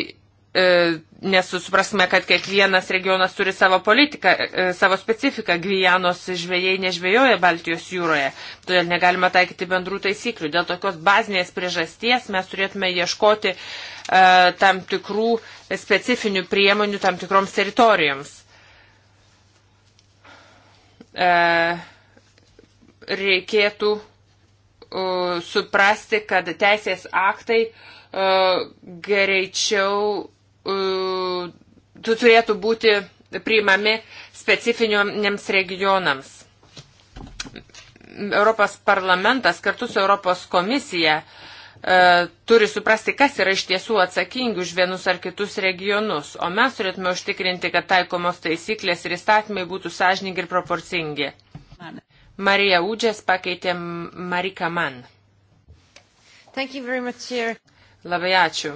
E, nes suprasme, kad kiekvienas regionas turi savo politiką, e, savo specifiką. Gvijanos žvėjai nežvėjoja Baltijos jūroje, todėl negalima taikyti bendrų taisyklių. Dėl tokios bazinės priežasties mes turėtume ieškoti e, tam tikrų specifinių priemonių tam tikroms teritorijoms. E, reikėtų e, suprasti, kad teisės aktai e, greičiau turėtų būti priimami specifiniams regionams. Europos parlamentas kartu su Europos komisija e, turi suprasti, kas yra iš tiesų atsakingi už vienus ar kitus regionus, o mes turėtume užtikrinti, kad taikomos taisyklės ir įstatymai būtų sąžiningi ir proporcingi. Marija Udžės pakeitė Marika Man. Labai ačiū.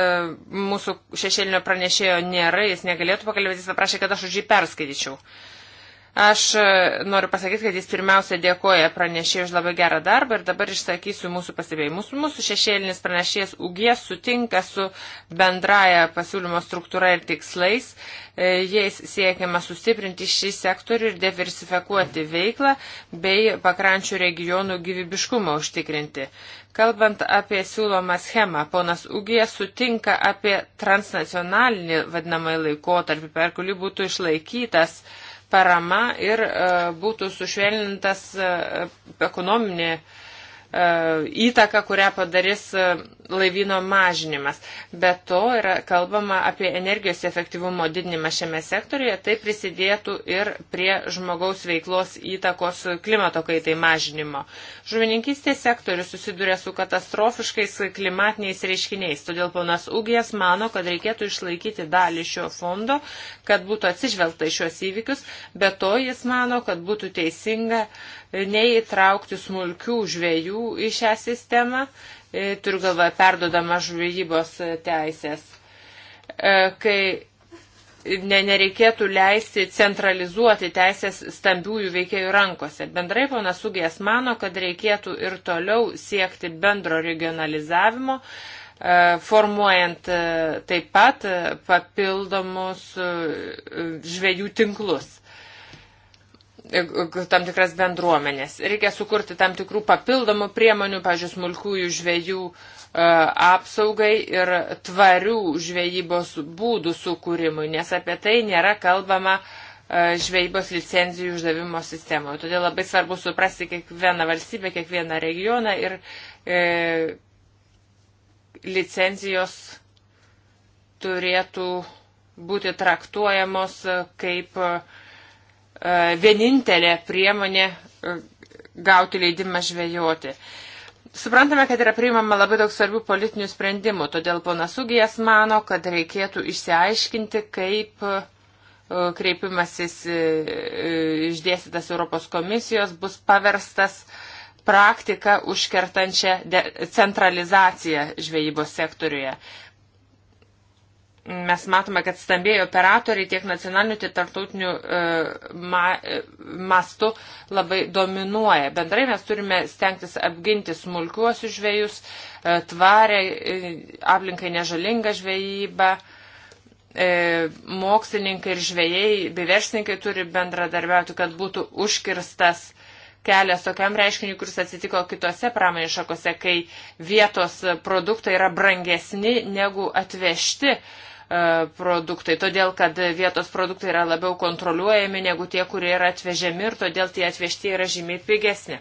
E, mūsų šešėlinio pranešėjo nėra, jis negalėtų pakalbėti, jis paprašė, kad aš už jį perskaityčiau. Uh, Aš e, noriu pasakyti, kad jis pirmiausia dėkoja pranešėjai už labai gerą darbą ir dabar išsakysiu mūsų pasibėjimus. Mūsų šešėlinis pranešėjas UGS sutinka su bendraja pasiūlymo struktūra ir tikslais. E, jais siekiama sustiprinti šį sektorių ir diversifikuoti veiklą bei pakrančių regionų gyvybiškumą užtikrinti. Kalbant apie siūlomą schemą, ponas Ugija sutinka apie transnacionalinį vadinamąjį laikotarpį, per kurį būtų išlaikytas uh, parama ir e, būtų sušvelnintas e, ekonominė e, įtaka, kurią padarys laivyno mažinimas. Be to yra kalbama apie energijos efektyvumo didinimą šiame sektoriuje, tai prisidėtų ir prie žmogaus veiklos įtakos klimato kaitai mažinimo. Žuvininkystės sektorius susiduria su katastrofiškais klimatiniais reiškiniais, todėl ponas Ugijas mano, kad reikėtų išlaikyti dalį šio fondo, kad būtų atsižvelgta į šios įvykius, be to jis mano, kad būtų teisinga neįtraukti smulkių žvėjų į šią sistemą E, turiu galvoje perdodama žvejybos teisės, e, kai ne, nereikėtų leisti centralizuoti teisės stambiųjų veikėjų rankose. Bendrai ponas Sugės mano, kad reikėtų ir toliau siekti bendro regionalizavimo, e, formuojant taip pat papildomus žvejų tinklus. E, tam tikras bendruomenės. Reikia sukurti tam tikrų papildomų priemonių, pažiūrėjau, smulkųjų žvėjų e, apsaugai ir tvarių žvėjybos būdų sukūrimui, nes apie tai nėra kalbama e, žvejybos licenzijų uždavimo sistemoje. Todėl labai svarbu suprasti kiekvieną valstybę, kiekvieną regioną ir e, licenzijos turėtų būti traktuojamos kaip e, vienintelė priemonė e, gauti leidimą žvejoti. Suprantame, kad yra priimama labai daug svarbių politinių sprendimų, todėl ponas Ugijas mano, kad reikėtų išsiaiškinti, kaip e, kreipimasis e, išdėstytas Europos komisijos bus paverstas praktiką užkertančią centralizaciją žvejybos sektoriuje mes matome, kad stambėjo operatoriai tiek nacionaliniu, tiek tartautiniu e, ma, e, mastu labai dominuoja. Bendrai mes turime stengtis apginti smulkiuosius žvėjus, e, tvarę, aplinkai nežalingą žvejybą. Mokslininkai ir žvėjai bei verslininkai turi bendradarbiauti, kad būtų užkirstas kelias tokiam reiškiniui, kuris atsitiko kitose pramonės šakose, kai vietos produktai yra brangesni negu atvežti. Uh, E, produktai, todėl kad vietos produktai yra labiau kontroliuojami negu tie, kurie yra atvežiami ir todėl tie atvežti yra žymiai pigesni.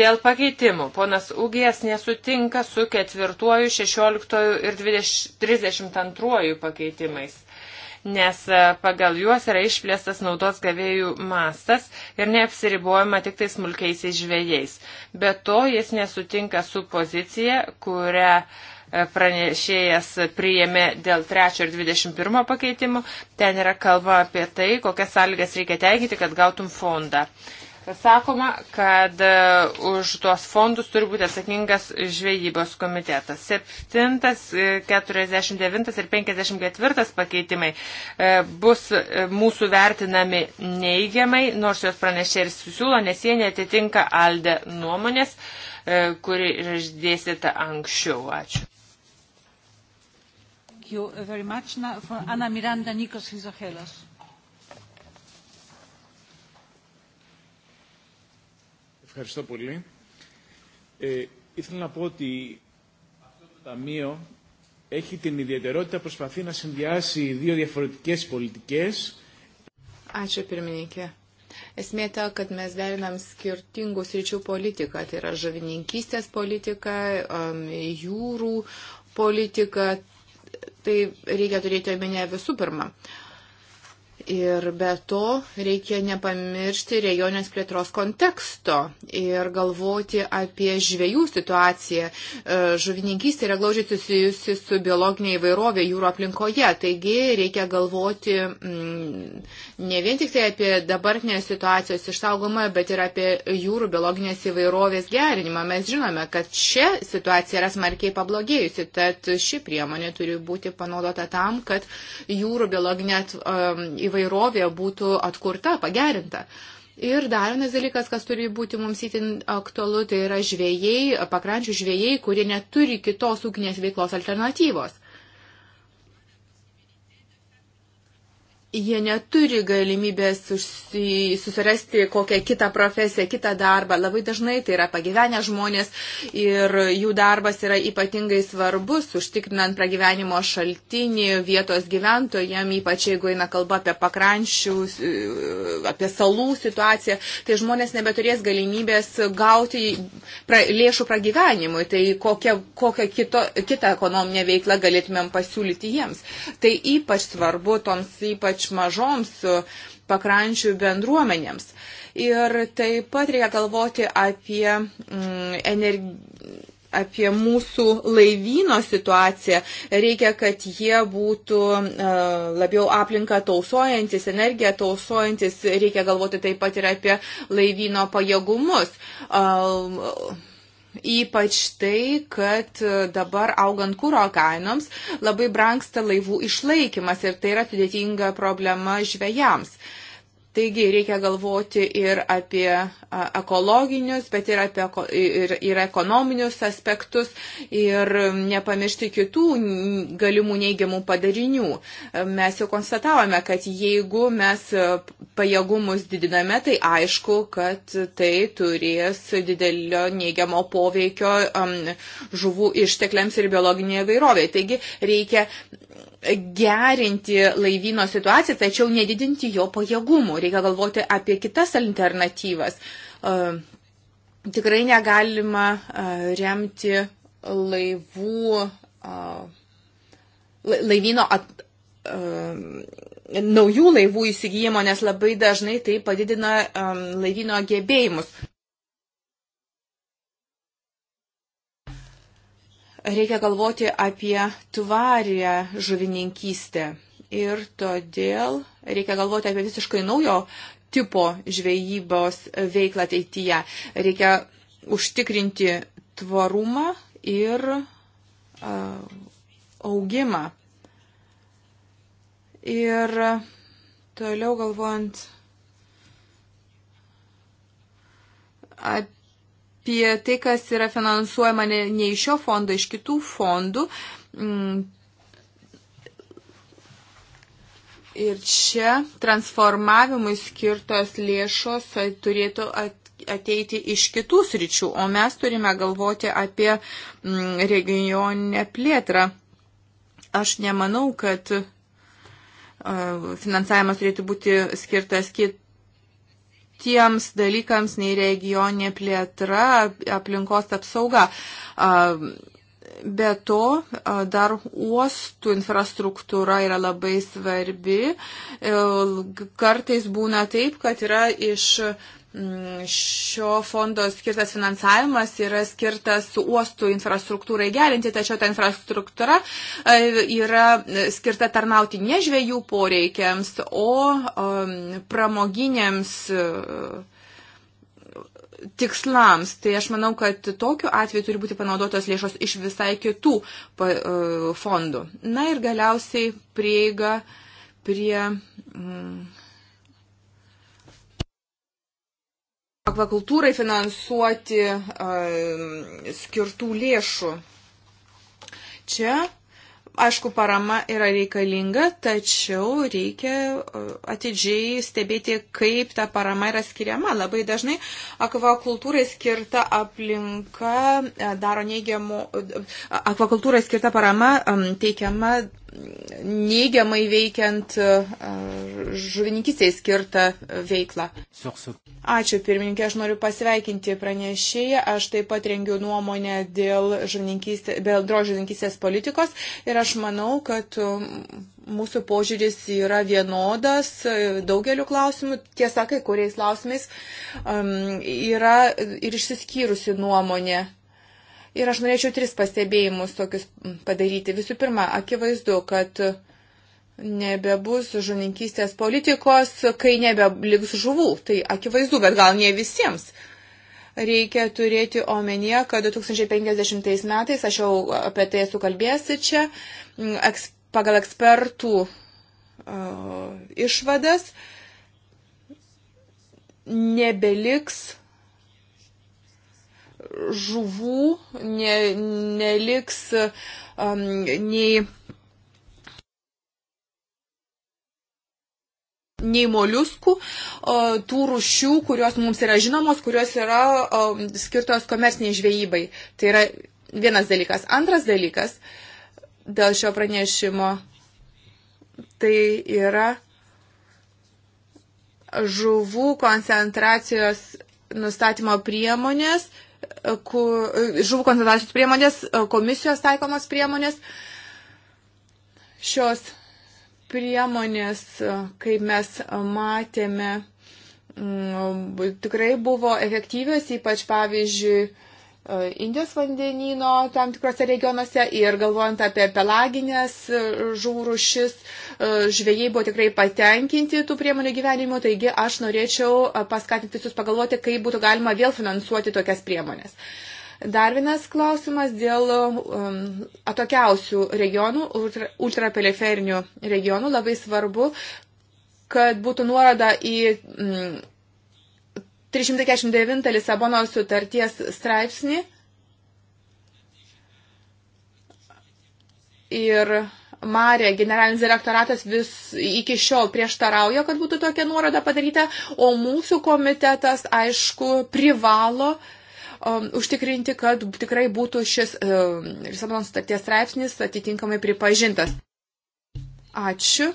Dėl pakeitimų ponas Ūgijas nesutinka su ketvirtuoju, šešioliktuoju ir trisdešimt antruoju pakeitimais, nes e, pagal juos yra išplėstas naudos gavėjų mastas ir neapsiribuojama tik tai smulkiaisiais žvėjais. Be to jis nesutinka su pozicija, kurią uh, pranešėjas priėmė dėl 3 ir 21 pakeitimų. Ten yra kalba apie tai, kokias sąlygas reikia teikyti, kad gautum fondą. Sakoma, kad e, už tuos fondus turi būti atsakingas žvejybos komitetas. 7, 49 e, ir 54 pakeitimai e, bus mūsų vertinami neigiamai, nors jos pranešė ir susiūlo, nes jie netitinka Alde nuomonės, kuri išdėsite anksčiau. Ačiū. Thank you very much. Now for Ana Miranda Nikos Chrysohelos. Ευχαριστώ πολύ. Ε, ήθελα να πω ότι αυτό το Ταμείο έχει την ιδιαιτερότητα προσπαθεί να συνδυάσει δύο διαφορετικές πολιτικές. Ačiū pirmininkė. Esmė ta, kad mes derinam skirtingų sričių politiką, tai yra žavininkystės politika, um, jūrų politika, Tai reikia turėti omenyje visų pirma. Uh, Ir be to reikia nepamiršti regionės plėtros konteksto ir galvoti apie žvėjų situaciją. E, žuvininkystė yra glaudžiai susijusi su biologinė įvairovė jūro aplinkoje. Taigi reikia galvoti m, mm, ne vien tik tai apie dabartinę situacijos išsaugomą, bet ir apie jūrų biologinės įvairovės gerinimą. Mes žinome, kad čia situacija yra smarkiai pablogėjusi, tad ši priemonė turi būti panaudota tam, kad jūrų biologinė įvairovė įvairovė būtų atkurta, pagerinta. Ir dar vienas dalykas, kas turi būti mums įtin aktualu, tai yra žvėjai, pakrančių žvėjai, kurie neturi kitos ūkinės veiklos alternatyvos. jie neturi galimybės susirasti kokią kitą profesiją, kitą darbą. Labai dažnai tai yra pagyvenę žmonės ir jų darbas yra ypatingai svarbus, užtikrinant pragyvenimo šaltinį vietos gyventojam, ypač jeigu eina kalba apie pakrančių, apie salų situaciją, tai žmonės nebeturės galimybės gauti pra, lėšų pragyvenimui. Tai kokią, kokią kito, kitą ekonominę veiklą galėtumėm pasiūlyti jiems. Tai ypač svarbu toms ypač ypač mažoms pakrančių bendruomenėms. Ir taip pat reikia galvoti apie mm, energiją apie mūsų laivyno situaciją. Reikia, kad jie būtų e, labiau aplinką tausojantis, energiją tausojantis. Reikia galvoti taip pat ir apie laivyno pajėgumus. Ypač tai, kad e, dabar augant kūro kainoms labai branksta laivų išlaikymas ir tai yra sudėtinga problema žvėjams. Uh, Taigi reikia galvoti ir apie ekologinius, bet ir, apie, ir, ir ekonominius aspektus ir nepamiršti kitų galimų neigiamų padarinių. Mes jau konstatavome, kad jeigu mes pajėgumus didiname, tai aišku, kad tai turės didelio neigiamo poveikio žuvų ištekliams ir biologinėje vairoviai. Taigi reikia gerinti laivyno situaciją, tačiau nedidinti jo pajėgumų. Reikia galvoti apie kitas alternatyvas. E, tikrai negalima e, remti laivų, e, laivyno at, naujų laivų įsigijimo, nes labai dažnai tai padidina laivyno gebėjimus. reikia galvoti apie tvarę žuvininkystę. Ir todėl reikia galvoti apie visiškai naujo tipo žvejybos veiklą ateityje. Reikia užtikrinti tvarumą ir uh, augimą. Ir toliau galvojant apie apie tai, kas yra finansuojama ne, ne iš šio fondo, iš kitų fondų. Mm. Ir čia transformavimui skirtos lėšos turėtų ateiti iš kitų sričių, o mes turime galvoti apie mm, regioninę plėtrą. Aš nemanau, kad finansavimas turėtų būti skirtas kitų tiems dalykams nei regioninė plėtra, aplinkos apsauga. Be to, dar uostų infrastruktūra yra labai svarbi. E, kartais būna taip, kad yra iš Mm, šio fondo skirtas finansavimas yra skirtas uostų infrastruktūrai gerinti, tačiau ta infrastruktūra e, yra skirta tarnauti ne žvėjų poreikiams, o pramoginėms e, tikslams. Tai aš manau, kad tokiu atveju turi būti panaudotos lėšos iš visai kitų e, fondų. Na ir galiausiai prieiga prie mm, akvakultūrai finansuoti uh, skirtų lėšų. Čia, aišku, parama yra reikalinga, tačiau reikia e, atidžiai stebėti, kaip ta parama yra skiriama. Labai dažnai akvakultūrai skirta aplinka e, daro neigiamų, e, akvakultūrai skirta parama um, teikiama neigiamai veikiant e, žuvininkystėje skirtą veiklą. Ačiū pirmininkė, aš noriu pasveikinti pranešėją. Aš taip pat rengiu nuomonę dėl bendros žuvininkystės politikos ir aš manau, kad mūsų požiūris yra vienodas e, daugeliu klausimų. Tiesa, kai kuriais klausimais um, yra ir išsiskyrusi nuomonė Ir aš norėčiau tris pastebėjimus tokius padaryti. Visų pirma, akivaizdu, kad nebebus žuvininkystės politikos, kai nebeliks žuvų. Tai akivaizdu, bet gal ne visiems. Reikia turėti omenyje, kad 2050 metais, aš jau apie tai esu kalbėjęs čia, eks, pagal ekspertų uh, išvadas nebeliks žuvų ne, neliks um, nei. nei moliuskų, tų rušių, kurios mums yra žinomos, kurios yra um, skirtos komerciniai žvejybai. Tai yra vienas dalykas. Antras dalykas dėl šio pranešimo tai yra žuvų koncentracijos nustatymo priemonės, žuvų konservacijos priemonės, komisijos taikomos priemonės. Šios priemonės, kaip mes matėme, tikrai buvo efektyvios, ypač pavyzdžiui, E, Indijos vandenino tam tikrose regionuose ir galvojant apie pelaginės e, žūrušis, e, žvėjai buvo tikrai patenkinti tų priemonių gyvenimu, taigi aš norėčiau paskatinti jūs pagalvoti, kaip būtų galima vėl finansuoti tokias priemonės. Dar vienas klausimas dėl um, atokiausių regionų, ultraperiferinių regionų. Labai svarbu, kad būtų nuoroda į mm, 349 Lisabonos sutarties straipsnį ir Marė, generalinis direktoratas vis iki šiol prieštarauja, kad būtų tokia nuoroda padaryta, o mūsų komitetas, aišku, privalo um, užtikrinti, kad tikrai būtų šis um, Lisabonos sutarties straipsnis atitinkamai pripažintas. Ačiū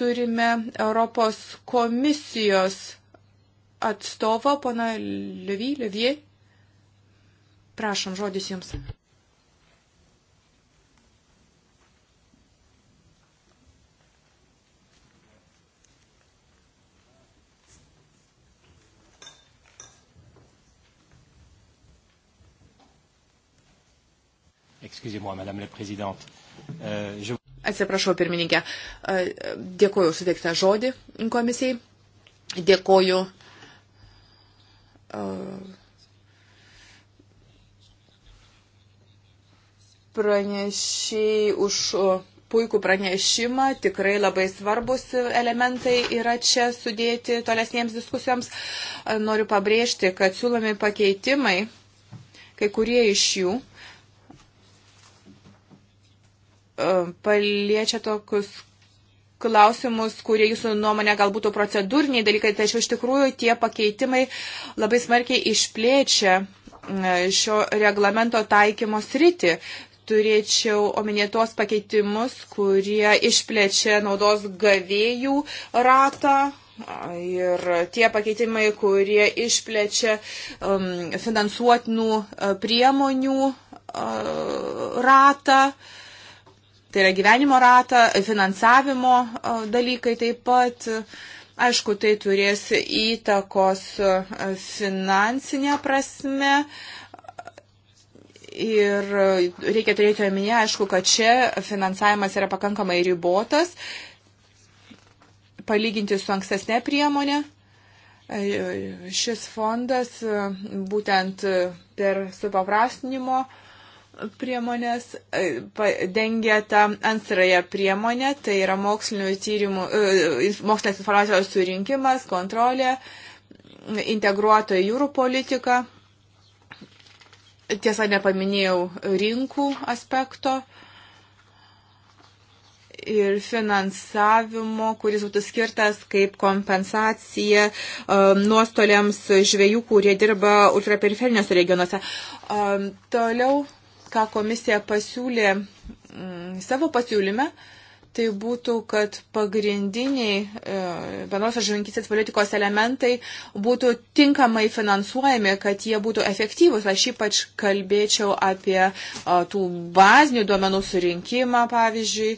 turime Europos komisijos atstovą, pana Liuvy, Liuvy. Prašom, žodis jums. Excusez-moi, Madame la Présidente. Euh, je... Atsiprašau, pirmininkė, dėkoju suteiktą žodį komisijai, dėkoju pranešiai už puikų pranešimą, tikrai labai svarbus elementai yra čia sudėti tolesniems diskusijoms. Noriu pabrėžti, kad siūlomi pakeitimai, kai kurie iš jų paliečia tokius klausimus, kurie jūsų nuomonė gal būtų procedūriniai dalykai, tačiau iš tikrųjų tie pakeitimai labai smarkiai išplėčia šio reglamento taikymo sritį. Turėčiau omenyje tos pakeitimus, kurie išplečia naudos gavėjų ratą. Ir tie pakeitimai, kurie išplečia um, finansuotinų e, priemonių uh, ratą. Uh, Tai yra gyvenimo ratą, finansavimo dalykai taip pat. Aišku, tai turės įtakos finansinė prasme. Ir reikia turėti omenyje, aišku, kad čia finansavimas yra pakankamai ribotas, palyginti su ankstesnė priemonė. E, šis fondas e, būtent per supaprastinimo uh, priemonės e, dengia tą antrąją priemonę, tai yra mokslinių tyrimų, e, mokslinės informacijos surinkimas, kontrolė, integruota jūrų politika. Tiesa, nepaminėjau rinkų aspekto ir finansavimo, kuris būtų skirtas kaip kompensacija um, nuostoliams žvėjų, kurie dirba ultraperiferinėse regionuose. Um, toliau ką komisija pasiūlė mm, savo pasiūlyme, tai būtų, kad pagrindiniai bendrosios e, žuvinkistės politikos elementai būtų tinkamai finansuojami, kad jie būtų efektyvūs. Aš ypač kalbėčiau apie tų bazinių duomenų surinkimą, pavyzdžiui.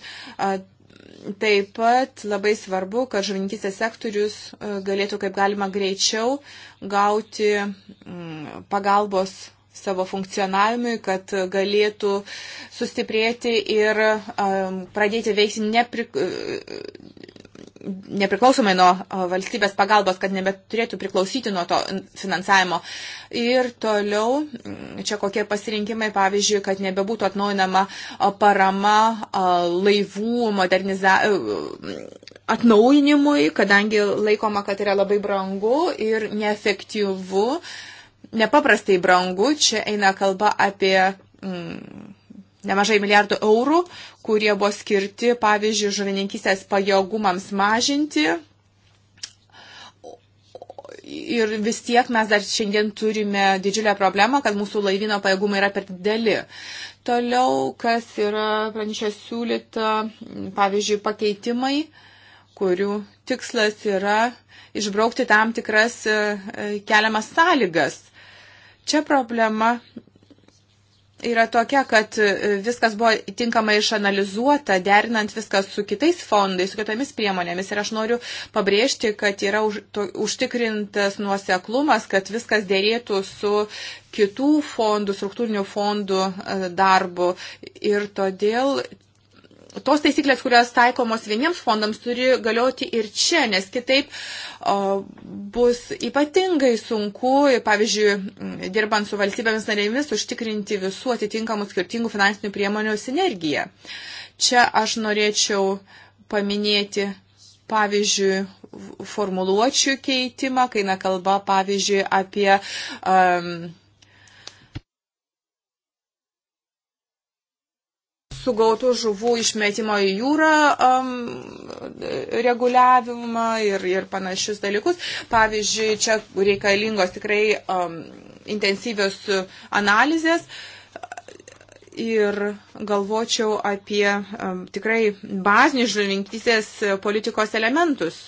Taip pat labai svarbu, kad žuvininkistės sektorius e, galėtų kaip galima greičiau gauti mm, pagalbos savo funkcionavimui, kad galėtų sustiprėti ir um, pradėti veikti nepri, nepriklausomai nuo uh, valstybės pagalbos, kad nebeturėtų priklausyti nuo to finansavimo. Ir toliau mm, čia kokie pasirinkimai, pavyzdžiui, kad nebebūtų atnaujinama uh, parama uh, laivų moderniza... atnaujinimui, kadangi laikoma, kad yra labai brangu ir neefektyvu. Uh, nepaprastai brangu. Čia eina kalba apie mm, nemažai milijardų eurų, kurie buvo skirti, pavyzdžiui, žuvininkystės pajėgumams mažinti. Ir vis tiek mes dar šiandien turime didžiulę problemą, kad mūsų laivyno pajėgumai yra per dideli. Toliau, kas yra pranešė siūlyta, pavyzdžiui, pakeitimai, kurių tikslas yra išbraukti tam tikras e, keliamas sąlygas Čia problema yra tokia, kad viskas buvo tinkamai išanalizuota, derinant viską su kitais fondais, su kitomis priemonėmis. Ir aš noriu pabrėžti, kad yra už, to, užtikrintas nuoseklumas, kad viskas dėrėtų su kitų fondų, struktūrinių fondų e, darbu. Ir todėl tos taisyklės, kurios taikomos vieniems fondams, turi galioti ir čia, nes kitaip o, bus ypatingai sunku, pavyzdžiui, dirbant su valstybėmis narėmis, užtikrinti visų atitinkamų skirtingų finansinių priemonių sinergiją. Čia aš norėčiau paminėti, pavyzdžiui, formuluočių keitimą, kai na kalba, pavyzdžiui, apie um, sugautų žuvų išmetimo į jūrą um, reguliavimą ir, ir panašius dalykus. Pavyzdžiui, čia reikalingos tikrai um, intensyvios analizės. Ir galvočiau apie um, tikrai bazinius žuvininkystės politikos elementus.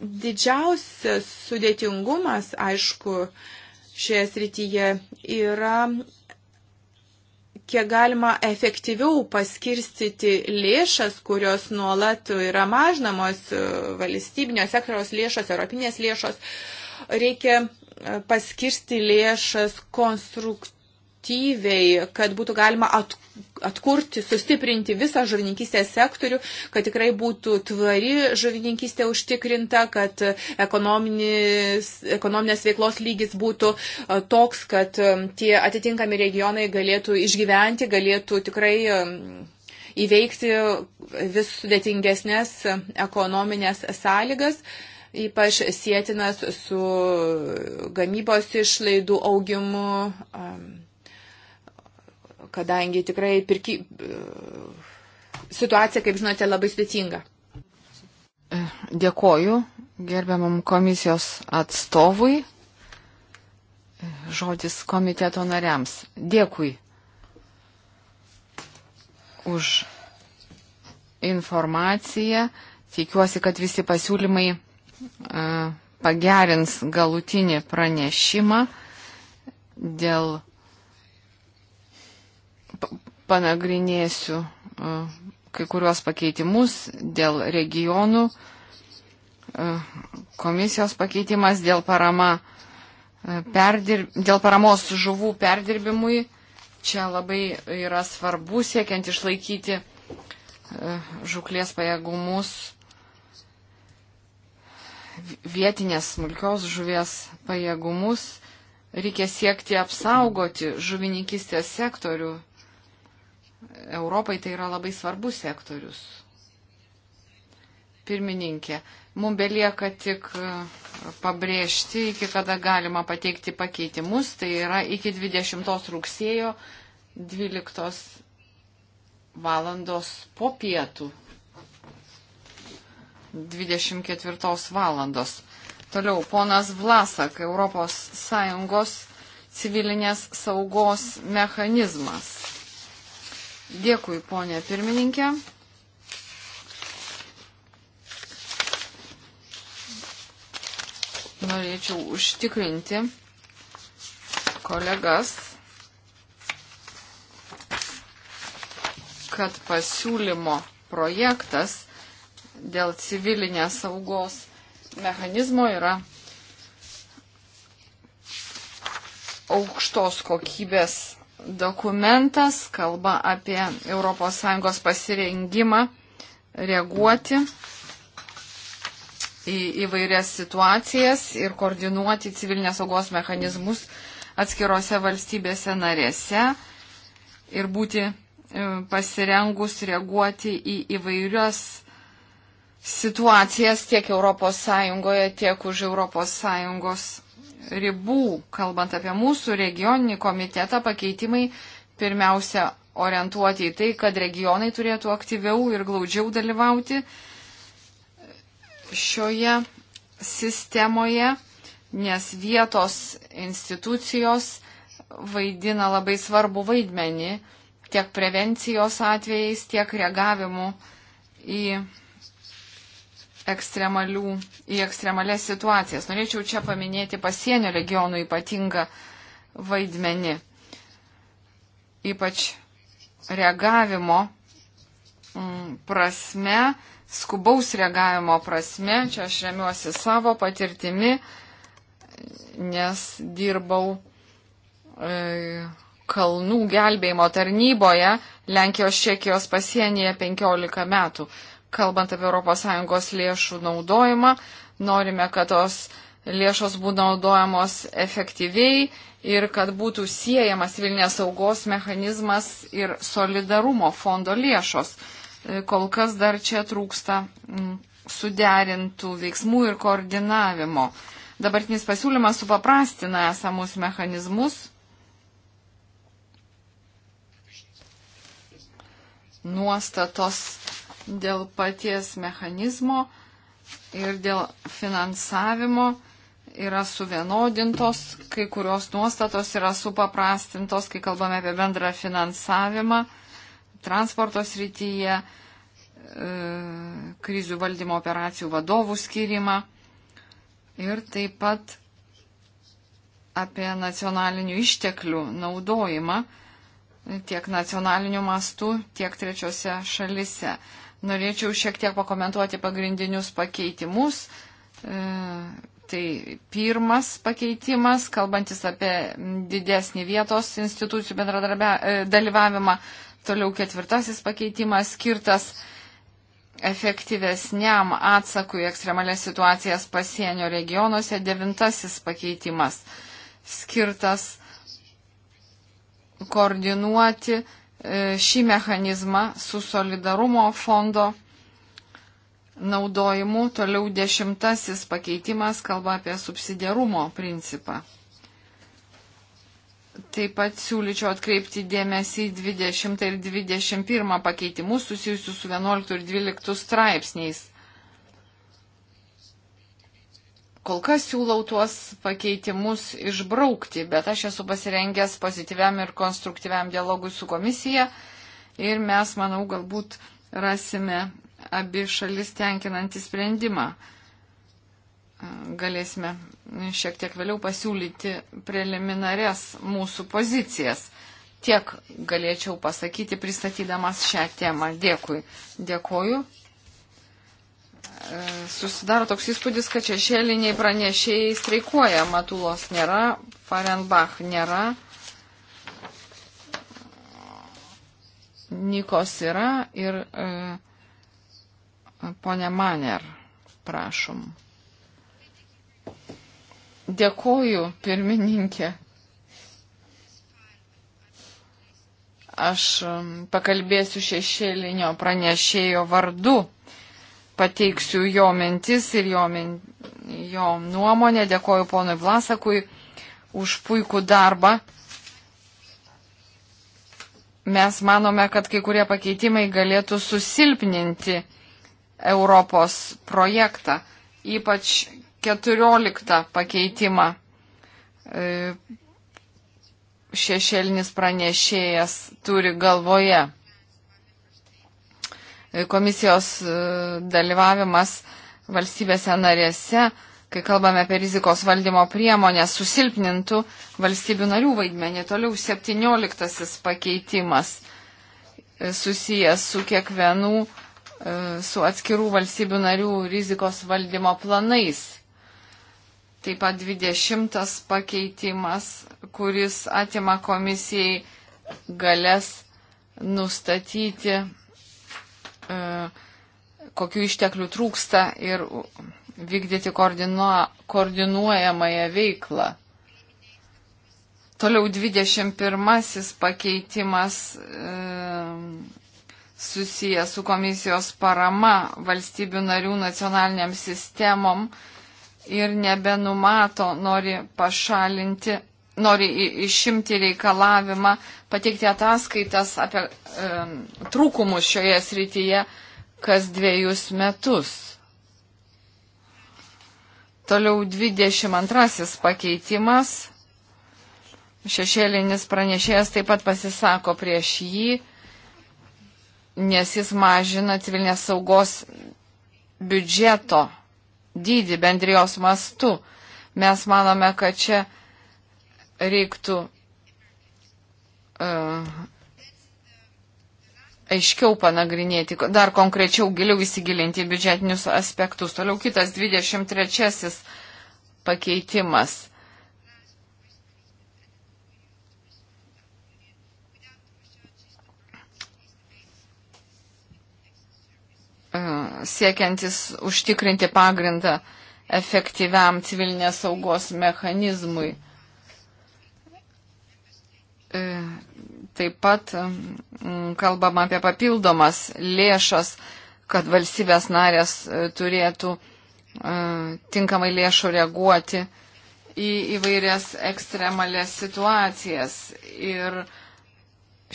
Didžiausias sudėtingumas, aišku, šioje srityje yra kiek galima efektyviau paskirstyti lėšas, kurios nuolat yra mažnamos e, valstybinio sektoriaus lėšos, europinės lėšos. Reikia e, paskirsti lėšas konstruktyviai aktyviai, kad būtų galima atkurti, sustiprinti visą žuvininkystės sektorių, kad tikrai būtų tvari žuvininkystė užtikrinta, kad ekonominės veiklos lygis būtų e, toks, kad e, tie atitinkami regionai galėtų išgyventi, galėtų tikrai e, įveikti vis sudėtingesnės ekonominės sąlygas, ypač sėtinas su gamybos išlaidų augimu, kadangi tikrai pirki... situacija, kaip žinote, labai sudėtinga. Dėkoju gerbiamam komisijos atstovui. Žodis komiteto nariams. Dėkui už informaciją. Tikiuosi, kad visi pasiūlymai e, pagerins galutinį pranešimą dėl panagrinėsiu e, kai kuriuos pakeitimus dėl regionų, e, komisijos pakeitimas dėl, parama, e, perdirb, dėl paramos žuvų perdirbimui. Čia labai yra svarbu siekiant išlaikyti žuklės pajėgumus vietinės smulkios žuvies pajėgumus reikia siekti apsaugoti žuvininkistės sektorių Europai tai yra labai svarbus sektorius. Pirmininkė, mums belieka tik e, pabrėžti, iki kada galima pateikti pakeitimus, tai yra iki 20 rugsėjo 12 valandos po pietų. 24 valandos. Toliau, ponas Vlasak, ES civilinės saugos mechanizmas. Dėkui, ponė pirmininkė. Norėčiau užtikrinti kolegas, kad pasiūlymo projektas dėl civilinės saugos mechanizmo yra aukštos kokybės dokumentas kalba apie ES pasirengimą reaguoti į įvairias situacijas ir koordinuoti civilinės saugos mechanizmus atskirose valstybėse narėse ir būti e, pasirengus reaguoti į įvairias situacijas tiek ES, tiek už ES ribų, kalbant apie mūsų regioninį komitetą, pakeitimai pirmiausia orientuoti į tai, kad regionai turėtų aktyviau ir glaudžiau dalyvauti šioje sistemoje, nes vietos institucijos vaidina labai svarbu vaidmenį tiek prevencijos atvejais, tiek reagavimu į ekstremalių, į ekstremalias situacijas. Norėčiau čia paminėti pasienio regionų ypatingą vaidmenį, ypač reagavimo mm, prasme, skubaus reagavimo prasme, čia aš remiuosi savo patirtimi, nes dirbau e, kalnų gelbėjimo tarnyboje Lenkijos Čekijos pasienyje 15 metų kalbant apie ES lėšų naudojimą, norime, kad tos lėšos būtų naudojamos efektyviai ir kad būtų siejamas Vilnės saugos mechanizmas ir solidarumo fondo lėšos. E, kol kas dar čia trūksta mm, suderintų veiksmų ir koordinavimo. Dabartinis pasiūlymas supaprastina esamus mechanizmus, nuostatos dėl paties mechanizmo ir dėl finansavimo yra suvienodintos, kai kurios nuostatos yra supaprastintos, kai kalbame apie bendrą finansavimą transporto srityje, e, krizių valdymo operacijų vadovų skirimą ir taip pat apie nacionalinių išteklių naudojimą tiek nacionaliniu mastu, tiek trečiose šalise. Norėčiau šiek tiek pakomentuoti pagrindinius pakeitimus. E, tai pirmas pakeitimas, kalbantis apie didesnį vietos institucijų bendradarbia e, dalyvavimą. Toliau ketvirtasis pakeitimas skirtas efektyvesniam atsakui ekstremalias situacijas pasienio regionuose. Devintasis pakeitimas skirtas koordinuoti E, šį mechanizmą su solidarumo fondo naudojimu. Toliau dešimtasis pakeitimas kalba apie subsidiarumo principą. Taip pat siūlyčiau atkreipti dėmesį į 20 ir 21 pakeitimus susijusius su 11 ir 12 straipsniais. kol kas siūlau tuos pakeitimus išbraukti, bet aš esu pasirengęs pozityviam ir konstruktyviam dialogui su komisija ir mes, manau, galbūt rasime abi šalis tenkinantį sprendimą. Galėsime šiek tiek vėliau pasiūlyti preliminarias mūsų pozicijas. Tiek galėčiau pasakyti pristatydamas šią temą. Dėkui. Dėkoju. E, susidaro toks įspūdis, kad šešėliniai pranešėjai streikuoja. Matulos nėra, Farenbach nėra, Nikos yra ir e, ponė Maner, prašom. Dėkoju, pirmininkė. Aš pakalbėsiu šešėlinio pranešėjo vardu pateiksiu jo mintis ir jo, min, jo nuomonę. Dėkoju ponui Vlasakui už puikų darbą. Mes manome, kad kai kurie pakeitimai galėtų susilpninti Europos projektą, ypač 14 pakeitimą. E, šešėlinis pranešėjas turi galvoje komisijos e, dalyvavimas valstybėse narėse, kai kalbame apie rizikos valdymo priemonės, susilpnintų valstybių narių vaidmenį. Toliau 17 pakeitimas e, susijęs su kiekvienų, e, su atskirų valstybių narių rizikos valdymo planais. Taip pat 20 pakeitimas, kuris atima komisijai galės nustatyti E, kokių išteklių trūksta ir vykdyti koordinuojamąją veiklą. Toliau 21 pakeitimas e, susijęs su komisijos parama valstybių narių nacionaliniam sistemom ir nebenumato, nori pašalinti nori išimti reikalavimą pateikti ataskaitas apie e, trūkumus šioje srityje kas dviejus metus. Toliau 22 pakeitimas. Šešėlinis pranešėjas taip pat pasisako prieš jį, nes jis mažina civilinės saugos biudžeto dydį bendrijos mastu. Mes manome, kad čia reiktų uh, aiškiau panagrinėti, dar konkrečiau giliau įsigilinti į biudžetinius aspektus. Toliau kitas 23 pakeitimas. siekiantis užtikrinti pagrindą efektyviam civilinės saugos mechanizmui. Taip pat kalbama apie papildomas lėšas, kad valstybės narės e, turėtų e, tinkamai lėšų reaguoti į įvairias ekstremalės situacijas. Ir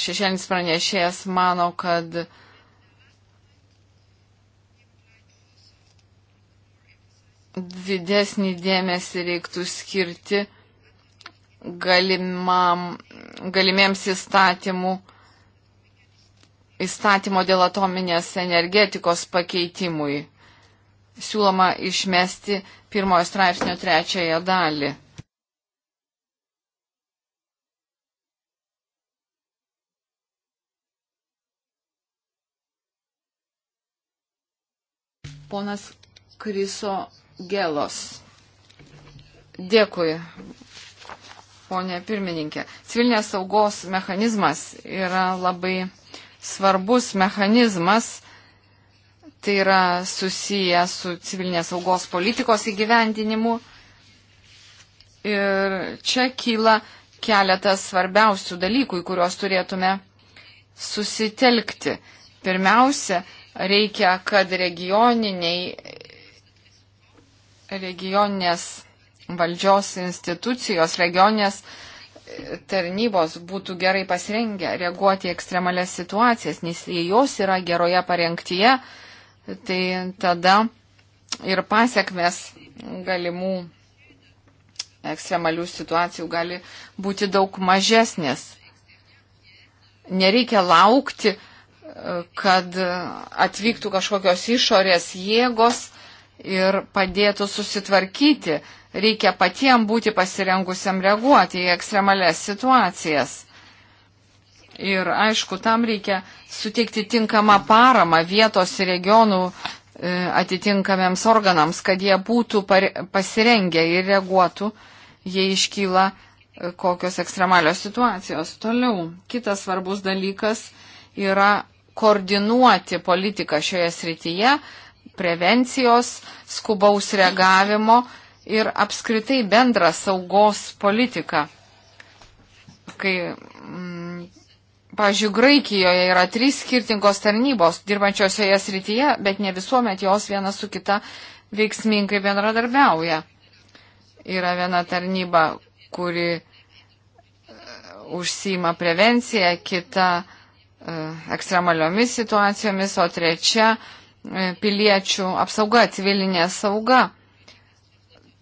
šešėlis pranešėjas mano, kad didesnį dėmesį reiktų skirti galimam, galimiems įstatymų, įstatymo dėl atominės energetikos pakeitimui. Siūloma išmesti pirmojo straipsnio trečiąją dalį. Ponas Kriso Gelos. Dėkui, ponė pirmininkė. Civilinės saugos mechanizmas yra labai svarbus mechanizmas. Tai yra susiję su civilinės saugos politikos įgyvendinimu. Ir čia kyla keletas svarbiausių dalykų, į kuriuos turėtume susitelkti. Pirmiausia, reikia, kad regioniniai, regioninės valdžios institucijos, regionės tarnybos būtų gerai pasirengę reaguoti į ekstremalias situacijas, nes jei jos yra geroje parengtyje, tai tada ir pasiekmes galimų ekstremalių situacijų gali būti daug mažesnės. Nereikia laukti, kad atvyktų kažkokios išorės jėgos ir padėtų susitvarkyti reikia patiem būti pasirengusiam reaguoti į ekstremales situacijas. Ir aišku, tam reikia suteikti tinkamą paramą vietos ir regionų e, atitinkamiems organams, kad jie būtų pasirengę ir reaguotų, jei iškyla e, kokios ekstremalios situacijos. Toliau, kitas svarbus dalykas yra koordinuoti politiką šioje srityje, prevencijos, skubaus reagavimo ir apskritai bendrą saugos politiką. Kai, mm, pažiūrėjau, Graikijoje yra trys skirtingos tarnybos dirbančios joje srityje, bet ne visuomet jos viena su kita veiksmingai bendradarbiauja. Yra viena tarnyba, kuri e, užsima prevenciją, kita e, ekstremaliomis situacijomis, o trečia e, piliečių apsauga, civilinė sauga.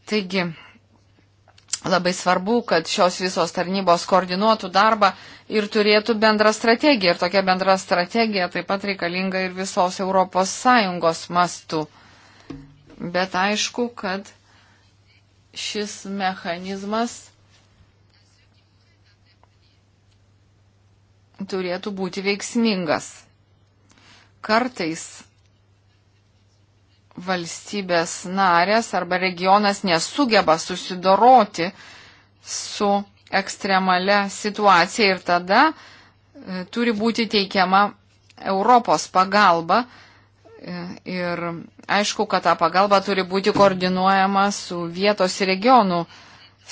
Taigi, labai svarbu, kad šios visos tarnybos koordinuotų darbą ir turėtų bendrą strategiją. Ir tokia bendra strategija taip pat reikalinga ir visos ES mastu. Bet aišku, kad šis mechanizmas turėtų būti veiksmingas. Kartais valstybės narės arba regionas nesugeba susidoroti su ekstremale situacija ir tada e, turi būti teikiama Europos pagalba. E, ir aišku, kad ta pagalba turi būti koordinuojama su vietos ir regionų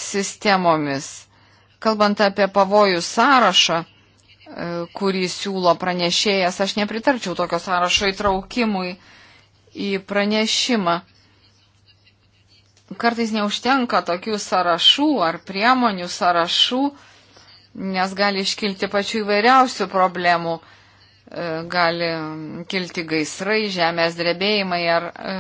sistemomis. Kalbant apie pavojų sąrašą, e, kurį siūlo pranešėjas, aš nepritarčiau tokio sąrašo įtraukimui į pranešimą. Kartais neužtenka tokių sąrašų ar priemonių sąrašų, nes gali iškilti pačių įvairiausių problemų. E, gali kilti gaisrai, žemės drebėjimai ar e,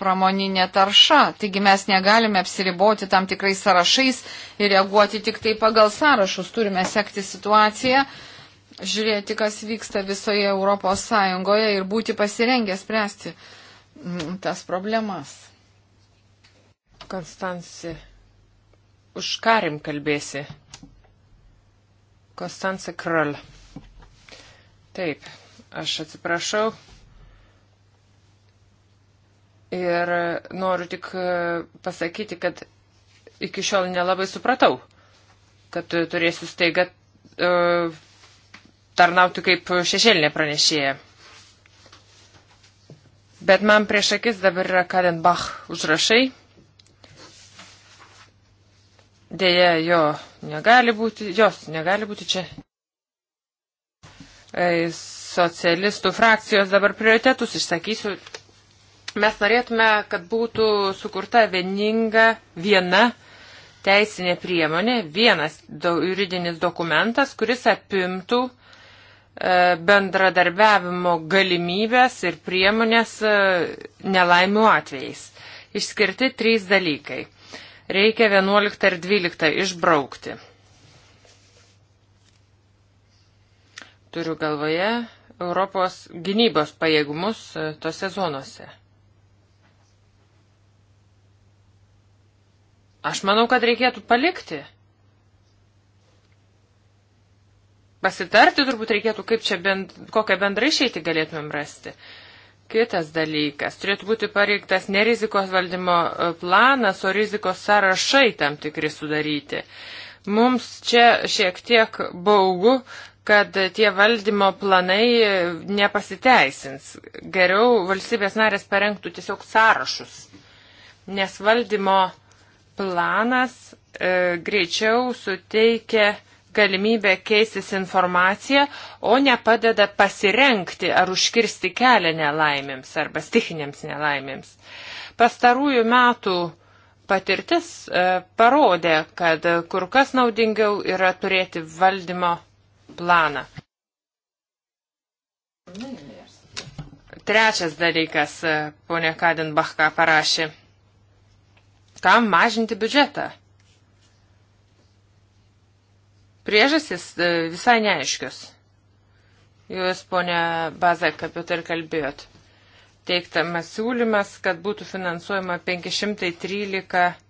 pramoninė tarša. Taigi mes negalime apsiriboti tam tikrais sąrašais ir reaguoti tik tai pagal sąrašus. Turime sekti situaciją, žiūrėti, kas vyksta visoje Europos Sąjungoje ir būti pasirengę spręsti Mm, tas problemas. Konstanci, už karim kalbėsi. Konstanci Kral. Taip, aš atsiprašau. Ir noriu tik e, pasakyti, kad iki šiol nelabai supratau, kad e, turėsiu staiga e, tarnauti kaip šešėlinė pranešėja. Bet man prieš akis dabar yra Kalenbach užrašai. Deja, jo negali būti, jos negali būti čia. E, socialistų frakcijos dabar prioritetus išsakysiu. Mes norėtume, kad būtų sukurta vieninga viena teisinė priemonė, vienas do, juridinis dokumentas, kuris apimtų uh, E, bendradarbiavimo galimybės ir priemonės e, nelaimių atvejais. Išskirti trys dalykai. Reikia 11 ir 12 išbraukti. Turiu galvoje Europos gynybos pajėgumus e, tose zonose. Aš manau, kad reikėtų palikti pasitarti turbūt reikėtų, kaip čia bend, kokią bendrą išeitį galėtumėm rasti. Kitas dalykas, turėtų būti pareiktas ne rizikos valdymo e, planas, o rizikos sąrašai tam tikri sudaryti. Mums čia šiek tiek baugu, kad tie valdymo planai e, nepasiteisins. Geriau valstybės narės parengtų tiesiog sąrašus, nes valdymo planas e, greičiau suteikia galimybę keistis informaciją, o nepadeda pasirenkti ar užkirsti kelią nelaimėms arba stichinėms nelaimėms. Pastarųjų metų patirtis e, parodė, kad kur kas naudingiau yra turėti valdymo planą. Trečias dalykas, e, ponė Kadinbach ką parašė. Kam mažinti biudžetą? Priežasis e, visai neaiškios. Jūs, ponia Bazek, apie tai ir kalbėjot. Teiktamas siūlymas, kad būtų finansuojama 513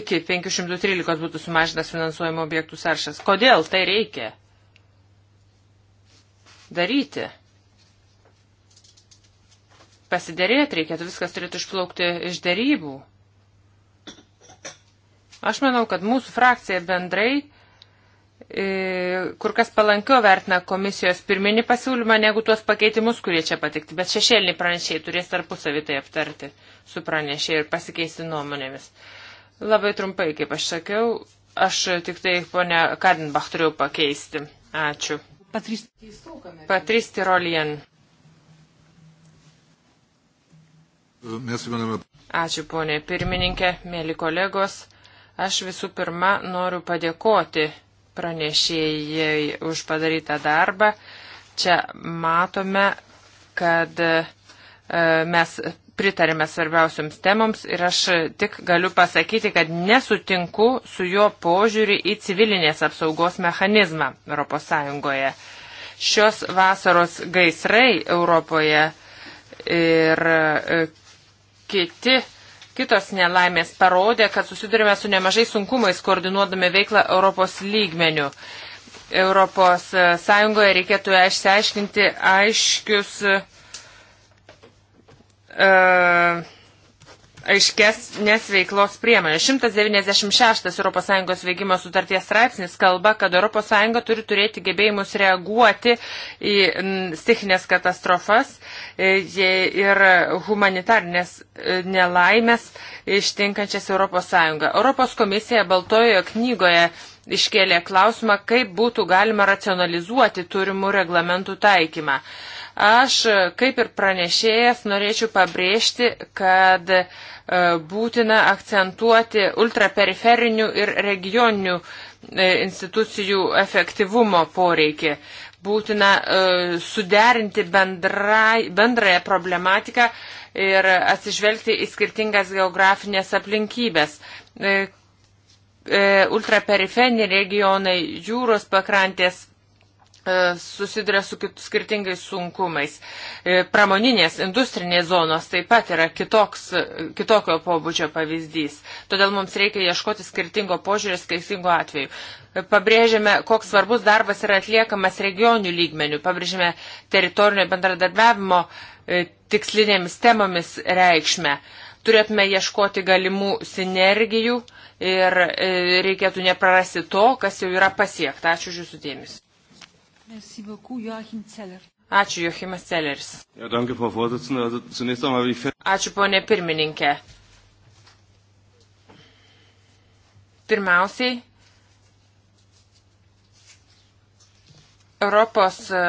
iki 513 būtų sumažintas finansuojimo objektų sąrašas. Kodėl tai reikia daryti? Pasidėrėti reikėtų, viskas turėtų išplaukti iš darybų. Aš manau, kad mūsų frakcija bendrai e, kur kas palankiau vertina komisijos pirminį pasiūlymą negu tuos pakeitimus, kurie čia patikti. Bet šešėliniai pranešėjai turės tarpusavį tai aptarti su pranešėjai ir pasikeisti nuomonėmis. Labai trumpai, kaip aš sakiau, aš tik tai ponę Kadenbach turiu pakeisti. Ačiū. Patrys Tirolien. Ačiū, ponė pirmininkė, mėly kolegos. Aš visų pirma noriu padėkoti pranešėjai už padarytą darbą. Čia matome, kad e, mes pritarėme svarbiausiams temoms ir aš tik galiu pasakyti, kad nesutinku su jo požiūrį į civilinės apsaugos mechanizmą ES. Šios vasaros gaisrai Europoje ir e, kiti kitos nelaimės parodė, kad susidurime su nemažai sunkumais koordinuodami veiklą Europos lygmenių. Europos e, Sąjungoje reikėtų išsiaiškinti aiškius uh, aiškes nesveiklos priemonės. 196 ES veikimo sutarties straipsnis kalba, kad ES turi turėti gebėjimus reaguoti į stichinės katastrofas e, ir humanitarnės e, nelaimės ištinkančias ES. Europos komisija Baltojoje knygoje iškėlė klausimą, kaip būtų galima racionalizuoti turimų reglamentų taikymą. Aš, kaip ir pranešėjas, norėčiau pabrėžti, kad e, būtina akcentuoti ultraperiferinių ir regioninių e, institucijų efektyvumo poreikį. Būtina e, suderinti bendrai, bendrąją problematiką ir atsižvelgti į skirtingas geografinės aplinkybės ultraperiferiniai regionai, jūros pakrantės E, susiduria su kit, skirtingais sunkumais. E, pramoninės, industrinės zonos taip pat yra kitoks, e, kitokio pobūdžio pavyzdys. Todėl mums reikia ieškoti skirtingo požiūrį, skirtingo atveju. Pabrėžiame, koks svarbus darbas yra atliekamas regionių lygmenių. Pabrėžiame teritorinio bendradarbiavimo tikslinėmis temomis reikšmę. Turėtume ieškoti galimų sinergijų ir reikėtų neprarasti to, kas jau yra pasiekta. Ačiū už Jūsų dėmesį. Ačiū, Jochimas Celeris. Ačiū, ponė pirmininkė. Pirmiausiai, Europos e,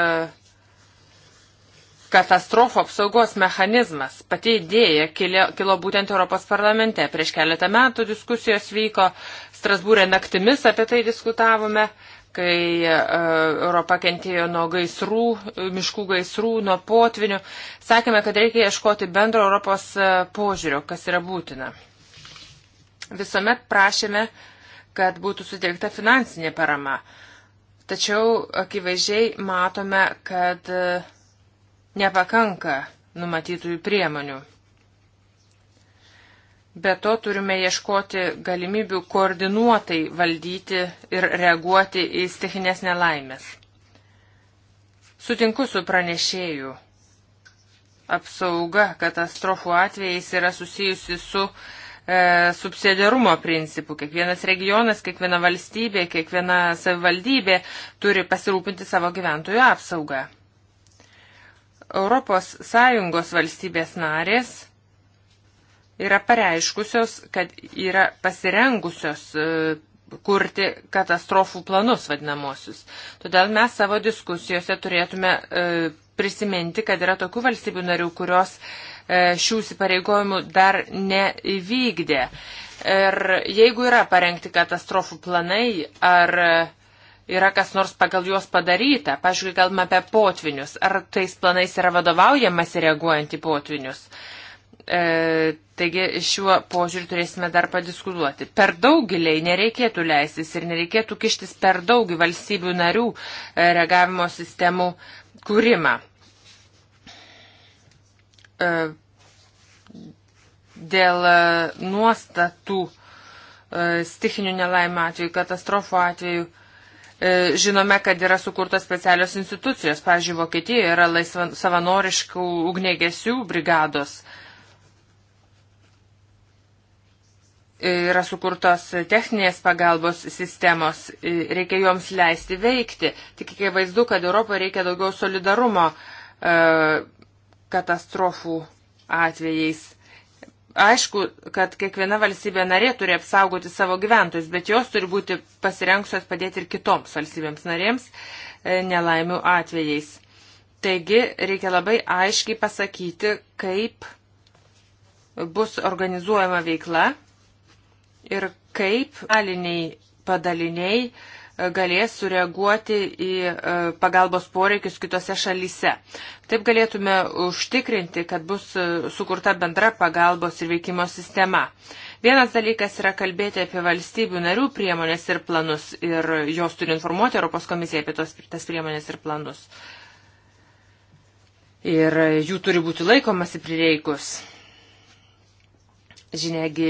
katastrofų apsaugos mechanizmas. Pati idėja kilo, kilo būtent Europos parlamente. Prieš keletą metų diskusijos vyko, Strasbūrė naktimis apie tai diskutavome kai e, Europa kentėjo nuo gaisrų, miškų gaisrų, nuo potvinių. Sakėme, kad reikia ieškoti bendro Europos e, požiūrio, kas yra būtina. Visuomet prašėme, kad būtų sutelkta finansinė parama. Tačiau akivaizdžiai matome, kad e, nepakanka numatytųjų priemonių. Be to turime ieškoti galimybių koordinuotai valdyti ir reaguoti į stichinės nelaimės. Sutinku su pranešėju. Apsauga katastrofų atvejais yra susijusi su e, subsidiarumo principu. Kiekvienas regionas, kiekviena valstybė, kiekviena savivaldybė turi pasirūpinti savo gyventojų apsaugą. Europos Sąjungos valstybės narės yra pareiškusios, kad yra pasirengusios e, kurti katastrofų planus vadinamosius. Todėl mes savo diskusijose turėtume e, prisiminti, kad yra tokių valstybių narių, kurios e, šių įsipareigojimų dar neįvykdė. Ir jeigu yra parengti katastrofų planai ar yra kas nors pagal juos padaryta, pažiūrėk, kalbame apie potvinius, ar tais planais yra vadovaujamasi reaguojant į potvinius. Uh, E, taigi šiuo požiūriu turėsime dar padiskutuoti. Per daug giliai nereikėtų leistis ir nereikėtų kištis per daug į valstybių narių e, reagavimo sistemų kūrimą. E, dėl e, nuostatų e, stichinių nelaimų atveju, katastrofų atveju. E, žinome, kad yra sukurtos specialios institucijos. Pavyzdžiui, Vokietijoje yra laisva, savanoriškų ugnėgesių brigados. Uh, yra sukurtos techninės pagalbos sistemos, reikia joms leisti veikti. Tik kai vaizdu, kad Europoje reikia daugiau solidarumo e, katastrofų atvejais. Aišku, kad kiekviena valstybė narė turi apsaugoti savo gyventojus, bet jos turi būti pasirengusios padėti ir kitoms valstybėms narėms e, nelaimių atvejais. Taigi reikia labai aiškiai pasakyti, kaip bus organizuojama veikla ir kaip aliniai padaliniai e, galės sureaguoti į e, pagalbos poreikius kitose šalyse. Taip galėtume užtikrinti, kad bus e, sukurta bendra pagalbos ir veikimo sistema. Vienas dalykas yra kalbėti apie valstybių narių priemonės ir planus ir jos turi informuoti Europos komisiją apie tos, tas priemonės ir planus. Ir jų turi būti laikomasi prireikus. Žinegi,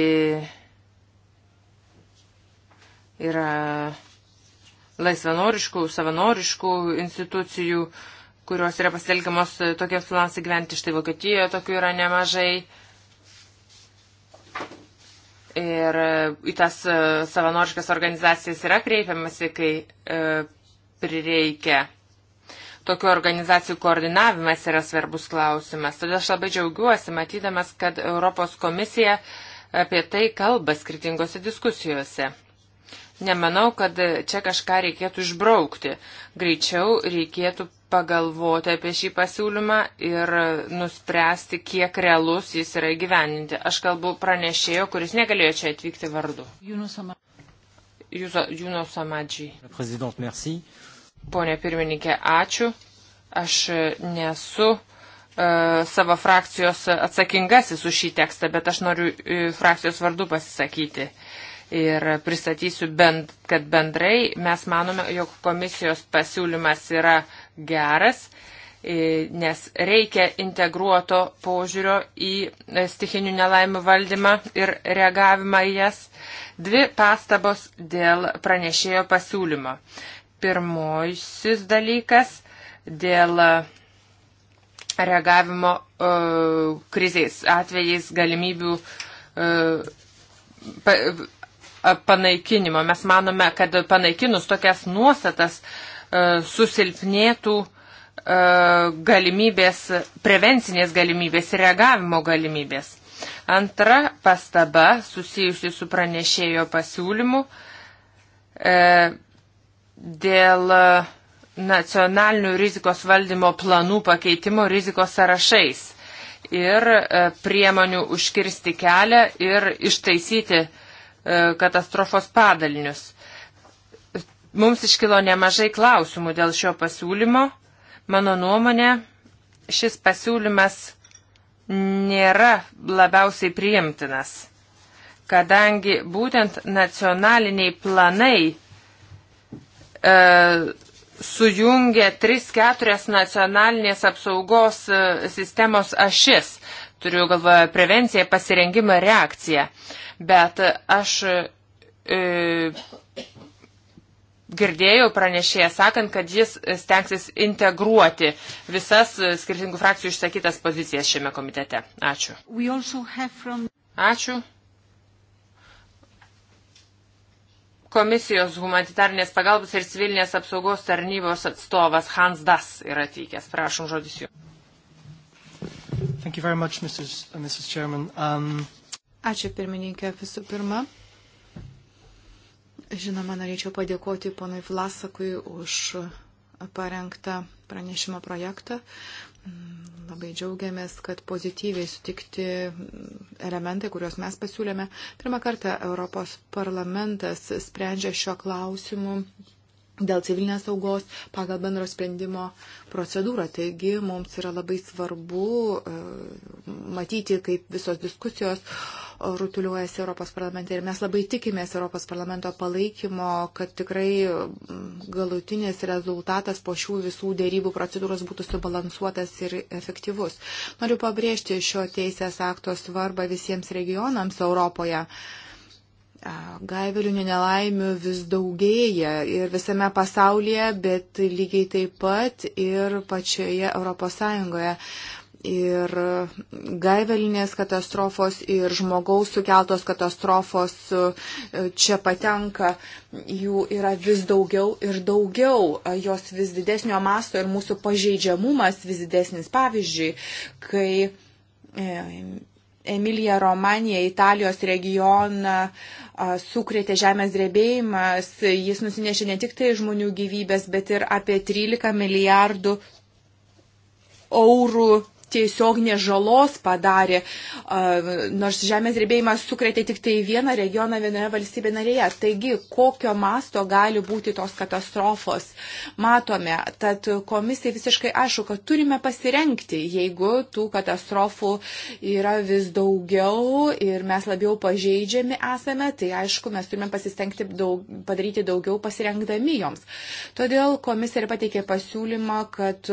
Yra laisvanoriškų, savanoriškų institucijų, kurios yra pasitelkiamos e, tokiems planams įgyventi. Štai Vokietijoje tokių yra nemažai. Ir e, į tas e, savanoriškas organizacijas yra kreipiamasi, kai e, prireikia. Tokių organizacijų koordinavimas yra svarbus klausimas. Todėl aš labai džiaugiuosi, matydamas, kad Europos komisija apie tai kalba skirtingose diskusijose. Nemanau, kad čia kažką reikėtų išbraukti. Greičiau reikėtų pagalvoti apie šį pasiūlymą ir nuspręsti, kiek realus jis yra įgyveninti. Aš kalbu pranešėjo, kuris negalėjo čia atvykti vardu. Jūno Samadžiai. Pone pirmininkė, ačiū. Aš nesu e, savo frakcijos atsakingasis už šį tekstą, bet aš noriu e, frakcijos vardu pasisakyti. Uh, ir pristatysiu, bent, kad bendrai mes manome, jog komisijos pasiūlymas yra geras, nes reikia integruoto požiūrio į e, stichinių nelaimių valdymą ir reagavimą į jas. Dvi pastabos dėl pranešėjo pasiūlymo. Pirmosis dalykas dėl e, reagavimo uh, krizės atvejais galimybių uh, pa, panaikinimo. Mes manome, kad panaikinus tokias nuostatas e, susilpnėtų e, galimybės, prevencinės galimybės ir reagavimo galimybės. Antra pastaba susijusi su pranešėjo pasiūlymu e, dėl nacionalinių rizikos valdymo planų pakeitimo rizikos sąrašais ir priemonių užkirsti kelią ir ištaisyti uh, E, katastrofos padalinius. Mums iškilo nemažai klausimų dėl šio pasiūlymo. Mano nuomonė, šis pasiūlymas nėra labiausiai priimtinas, kadangi būtent nacionaliniai planai e, sujungia 3-4 nacionalinės apsaugos e, sistemos ašis turiu galvoje prevenciją, pasirengimą, reakciją. Bet aš e, girdėjau pranešėją sakant, kad jis stengsis integruoti visas skirtingų frakcijų išsakytas pozicijas šiame komitete. Ačiū. From... Ačiū. Komisijos humanitarnės pagalbos ir civilinės apsaugos tarnybos atstovas Hans Das yra atvykęs. Prašom žodis jums. Thank you very much, Mrs. Uh, Mrs. Chairman. Um... Ačiū pirmininkė visų pirma. Žinoma, norėčiau padėkoti ponui Vlasakui už parengtą pranešimo projektą. Mm, labai džiaugiamės, kad pozityviai sutikti elementai, kuriuos mes pasiūlėme. Pirmą kartą Europos parlamentas sprendžia šio klausimu dėl civilinės saugos pagal bendro sprendimo procedūrą. Taigi mums yra labai svarbu e, matyti, kaip visos diskusijos e, rutuliuojasi Europos parlamente ir mes labai tikimės Europos parlamento palaikymo, kad tikrai galutinis rezultatas po šių visų dėrybų procedūros būtų subalansuotas ir efektyvus. Noriu pabrėžti šio teisės akto svarbą visiems regionams Europoje. Uh, Gaivelinių nelaimių vis daugėja ir visame pasaulyje, bet lygiai taip pat ir pačioje ES. Ir gaivelinės katastrofos ir žmogaus sukeltos katastrofos e, čia patenka, jų yra vis daugiau ir daugiau, jos vis didesnio masto ir mūsų pažeidžiamumas vis didesnis. Pavyzdžiui, kai e, Emilija Romanija Italijos regioną uh, sukrėtė žemės drebėjimas, jis nusinešė ne tik tai žmonių gyvybės, bet ir apie 13 milijardų eurų tiesioginės žalos padarė, nors žemės drebėjimas sukretė tik tai vieną regioną vienoje valstybėje narėje. Taigi, kokio masto gali būti tos katastrofos, matome. Tad komisija visiškai aišku, kad turime pasirenkti, jeigu tų katastrofų yra vis daugiau ir mes labiau pažeidžiami esame, tai aišku, mes turime pasistengti daug, padaryti daugiau pasirengdami joms. Todėl komisija ir pateikė pasiūlymą, kad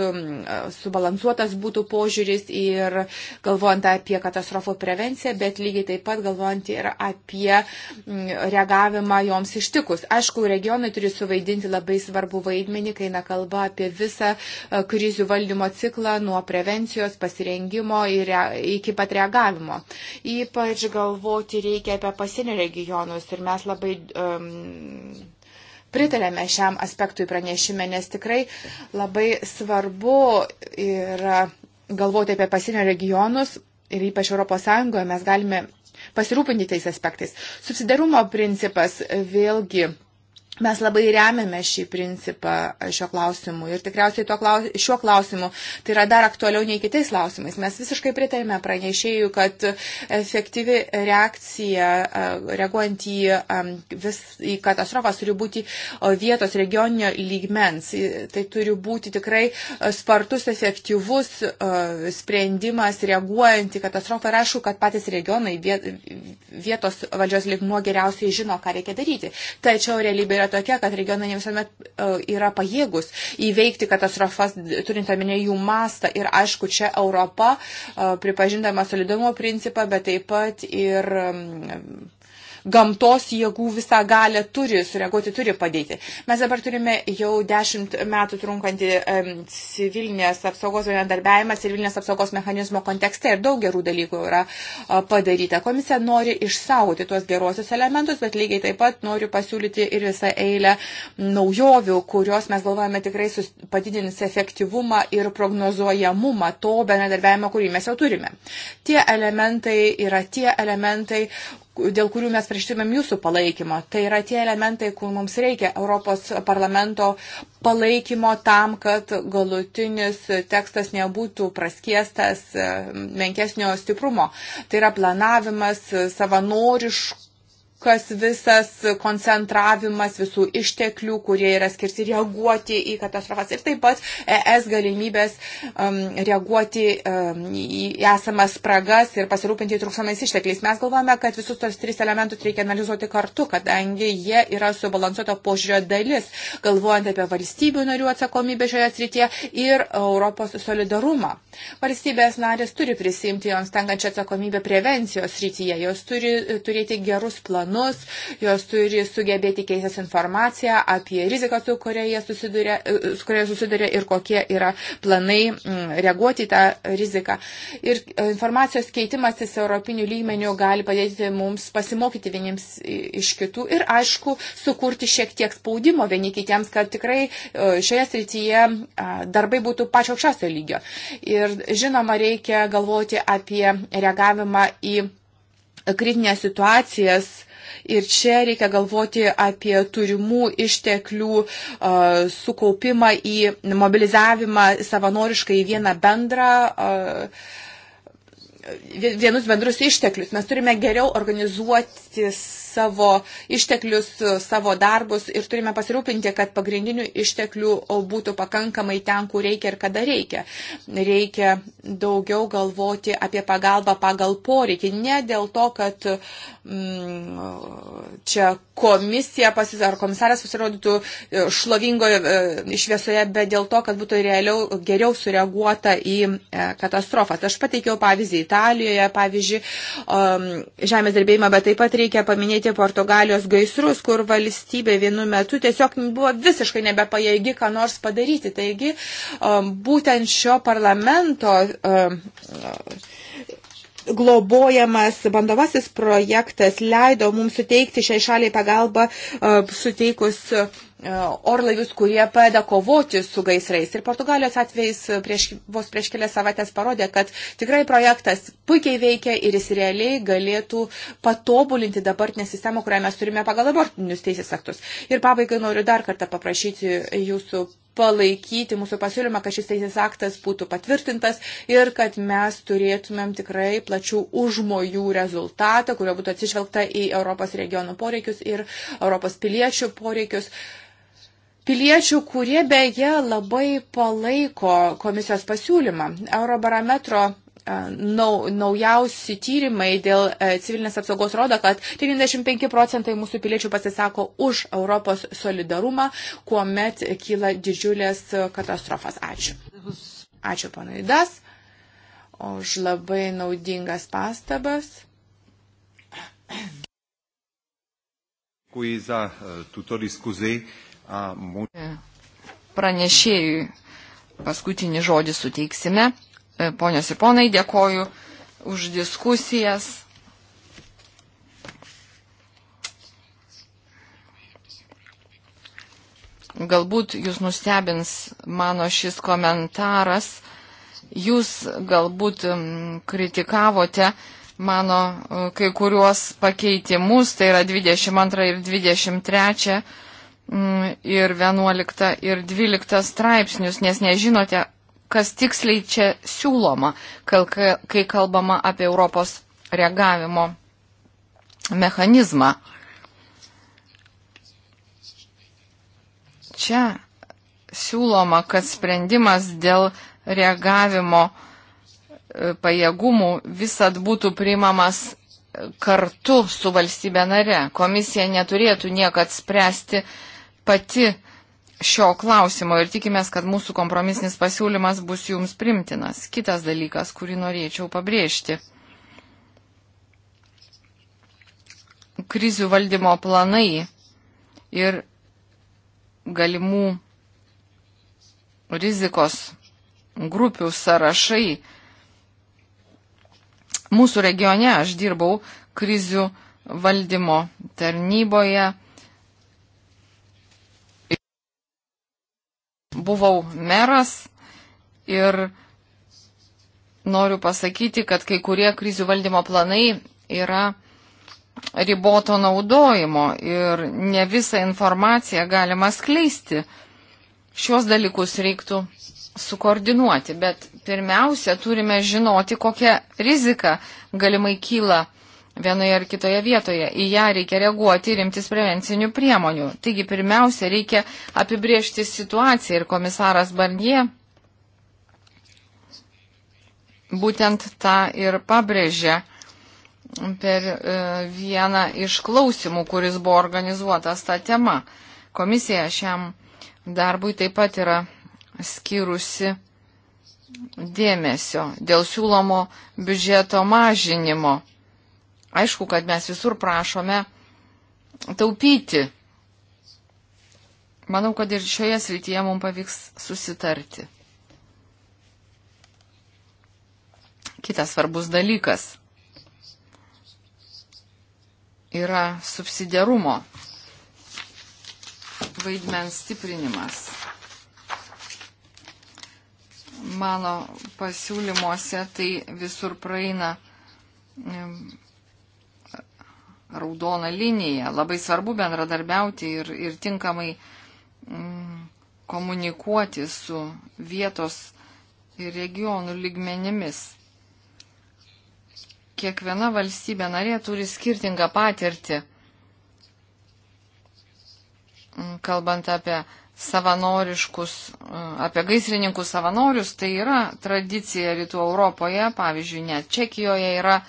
subalansuotas būtų požiūrį požiūris ir galvojant apie katastrofų prevenciją, bet lygiai taip pat galvojant ir apie mm, reagavimą joms ištikus. Aišku, regionai turi suvaidinti labai svarbu vaidmenį, kai eina kalba apie visą e, krizių valdymo ciklą nuo prevencijos, pasirengimo ir iki pat reagavimo. Ypač galvoti reikia apie pasienio regionus ir mes labai. Um, pritarėme šiam aspektui pranešime, nes tikrai labai svarbu yra galvoti apie pasienio regionus ir ypač ES mes galime pasirūpinti tais aspektais. Subsidarumo principas vėlgi Mes labai remiame šį principą šio klausimu ir tikriausiai klaus, šiuo klausimu tai yra dar aktualiau nei kitais klausimais. Mes visiškai pritarime pranešėjų, kad efektyvi reakcija reaguojant į, vis, į katastrofas turi būti vietos regioninio lygmens. Tai turi būti tikrai spartus, efektyvus sprendimas reaguojant į katastrofą. Ir aišku, kad patys regionai, vietos valdžios lygmuo geriausiai žino, ką reikia daryti. Tačiau realybė yra yra tokia, kad regionai ne visuomet e, yra pajėgus įveikti katastrofas, turint omenyje jų mastą. Ir aišku, čia Europa, e, pripažindama solidumo principą, bet taip pat ir gamtos jėgų visą galę turi sureaguoti, turi padėti. Mes dabar turime jau dešimt metų trunkantį civilinės apsaugos bendarbiavimą, civilinės apsaugos mechanizmo kontekste ir daug gerų dalykų yra padaryta. Komisija nori išsaugoti tuos gerosius elementus, bet lygiai taip pat noriu pasiūlyti ir visą eilę naujovių, kurios mes galvojame tikrai padidins efektyvumą ir prognozuojamumą to bendradarbiavimo, kurį mes jau turime. Tie elementai yra tie elementai, dėl kurių mes prašytumėm jūsų palaikymo. Tai yra tie elementai, kur mums reikia Europos parlamento palaikymo tam, kad galutinis tekstas nebūtų praskiestas menkesnio stiprumo. Tai yra planavimas, savanoriškas kas visas koncentravimas visų išteklių, kurie yra skirti reaguoti į katastrofas ir taip pat ES galimybės um, reaguoti um, į esamas spragas ir pasirūpinti trūksamais ištekliais. Mes galvojame, kad visus tos tris elementus reikia analizuoti kartu, kadangi jie yra subalansuoto požiūrio dalis, galvojant apie valstybių narių atsakomybę šioje srityje ir Europos solidarumą. Valstybės narės turi prisimti joms tenkančią atsakomybę prevencijos srityje, jos turi turėti gerus planus planus, jos turi sugebėti keistis informaciją apie riziką, su kuria jie susiduria, e, su kuria susiduria ir kokie yra planai mm, reaguoti į tą riziką. Ir e, informacijos keitimasis europinių lygmenių gali padėti mums pasimokyti vieniems iš kitų ir, aišku, sukurti šiek tiek spaudimo vieni kitiems, kad tikrai e, šioje srityje darbai būtų pačio aukščiausio lygio. Ir, žinoma, reikia galvoti apie reagavimą į kritinės situacijas Ir čia reikia galvoti apie turimų išteklių sukaupimą į mobilizavimą savanoriškai į vieną bendrą vienus bendrus išteklius. Mes turime geriau organizuotis savo išteklius, savo darbus ir turime pasirūpinti, kad pagrindinių išteklių būtų pakankamai ten, kur reikia ir kada reikia. Reikia daugiau galvoti apie pagalbą pagal poreikį, ne dėl to, kad mm, čia komisija pasis, ar komisaras pasirodytų e, šlovingoje e, šviesoje, bet dėl to, kad būtų realiau, geriau sureaguota į e, katastrofas. Aš pateikiau pavyzdį Italijoje, pavyzdžiui, um, žemės darbėjimą, bet taip pat reikia paminėti prisiminti Portugalijos gaisrus, kur valstybė vienu metu tiesiog buvo visiškai nebepajėgi ką nors padaryti. Taigi um, būtent šio parlamento um, globojamas bandomasis projektas leido mums suteikti šiai šaliai pagalbą, um, suteikus E, orlaivius, kurie padeda kovoti su gaisrais. Ir Portugalijos atvejais e, prieš, vos prieš kelias savaitės parodė, kad tikrai projektas puikiai veikia ir jis realiai galėtų patobulinti dabartinę sistemą, kurią mes turime pagal abortinius teisės aktus. Ir pabaigai noriu dar kartą paprašyti jūsų palaikyti mūsų pasiūlymą, kad šis teisės aktas būtų patvirtintas ir kad mes turėtumėm tikrai plačių užmojų rezultatą, kurio būtų atsižvelgta į Europos regionų poreikius ir Europos piliečių poreikius. Uh, piliečių, kurie beje labai palaiko komisijos pasiūlymą. Eurobarometro e, nau, naujausi tyrimai dėl e, civilinės apsaugos rodo, kad 95 procentai mūsų piliečių pasisako už Europos solidarumą, kuomet kyla didžiulės katastrofas. Ačiū. Ačiū, panai Das, už labai naudingas pastabas. Děkuji za e, tuto diskuzi. E, pranešėjui paskutinį žodį suteiksime. E, ponios ir ponai, dėkoju už diskusijas. Galbūt jūs nustebins mano šis komentaras. Jūs galbūt kritikavote mano e, kai kuriuos pakeitimus, tai yra 22 ir 23 Mm, ir 11 ir 12 straipsnius, nes nežinote, kas tiksliai čia siūloma, kai kalbama apie Europos reagavimo mechanizmą. Čia siūloma, kad sprendimas dėl reagavimo e, pajėgumų visat būtų priimamas e, kartu su valstybė nare. Komisija neturėtų niekad spręsti uh, pati šio klausimo ir tikimės, kad mūsų kompromisinis pasiūlymas bus jums primtinas. Kitas dalykas, kurį norėčiau pabrėžti. Krizių valdymo planai ir galimų rizikos grupių sąrašai. Mūsų regione aš dirbau krizių valdymo tarnyboje buvau meras ir noriu pasakyti, kad kai kurie krizių valdymo planai yra riboto naudojimo ir ne visą informaciją galima skleisti. Šios dalykus reiktų sukoordinuoti, bet pirmiausia turime žinoti, kokia rizika galimai kyla vienoje ar kitoje vietoje. Į ją reikia reaguoti ir imtis prevencinių priemonių. Taigi pirmiausia, reikia apibriežti situaciją ir komisaras Barnie būtent tą ir pabrėžė per e, vieną iš klausimų, kuris buvo organizuotas tą temą. Komisija šiam darbui taip pat yra skyrusi dėmesio dėl siūlomo biudžeto mažinimo Aišku, kad mes visur prašome taupyti. Manau, kad ir šioje srityje mums pavyks susitarti. Kitas svarbus dalykas yra subsidiarumo vaidmens stiprinimas. Mano pasiūlymuose tai visur praeina raudona linija. Labai svarbu bendradarbiauti ir, ir tinkamai mm, komunikuoti su vietos ir regionų lygmenimis. Kiekviena valstybė narė turi skirtingą patirtį, mm, kalbant apie savanoriškus, mm, apie gaisrininkų savanorius, tai yra tradicija rytų Europoje, pavyzdžiui, net Čekijoje yra uh,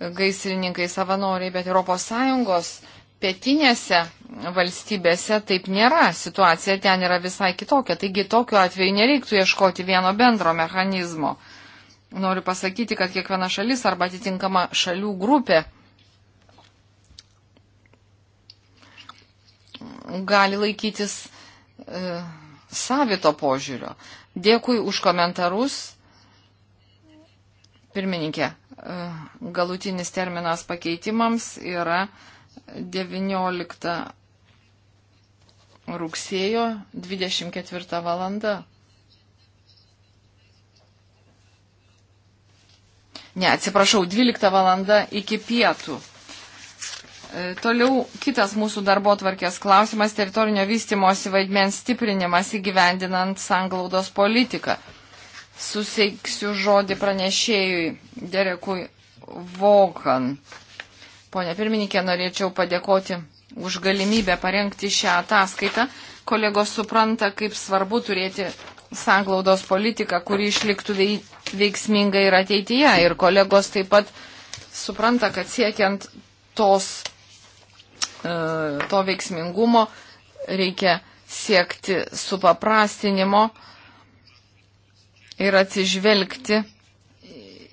gaisrininkai savanoriai, bet ES pietinėse valstybėse taip nėra. Situacija ten yra visai kitokia. Taigi tokiu atveju nereiktų ieškoti vieno bendro mechanizmo. Noriu pasakyti, kad kiekviena šalis arba atitinkama šalių grupė gali laikytis e, savito požiūrio. Dėkui už komentarus. Pirmininkė, E, galutinis terminas pakeitimams yra 19 rugsėjo 24 valanda. Ne, atsiprašau, 12 valanda iki pietų. E, toliau kitas mūsų darbo tvarkės klausimas - teritorinio vystimosi vaidmens stiprinimas įgyvendinant sanglaudos politiką suseiksiu žodį pranešėjui Derekui Vokan. Pone pirmininkė, norėčiau padėkoti už galimybę parengti šią ataskaitą. Kolegos supranta, kaip svarbu turėti sanglaudos politiką, kuri išliktų veiksminga ir ateityje. Ir kolegos taip pat supranta, kad siekiant tos, e, to veiksmingumo reikia siekti supaprastinimo, paprastinimo ir atsižvelgti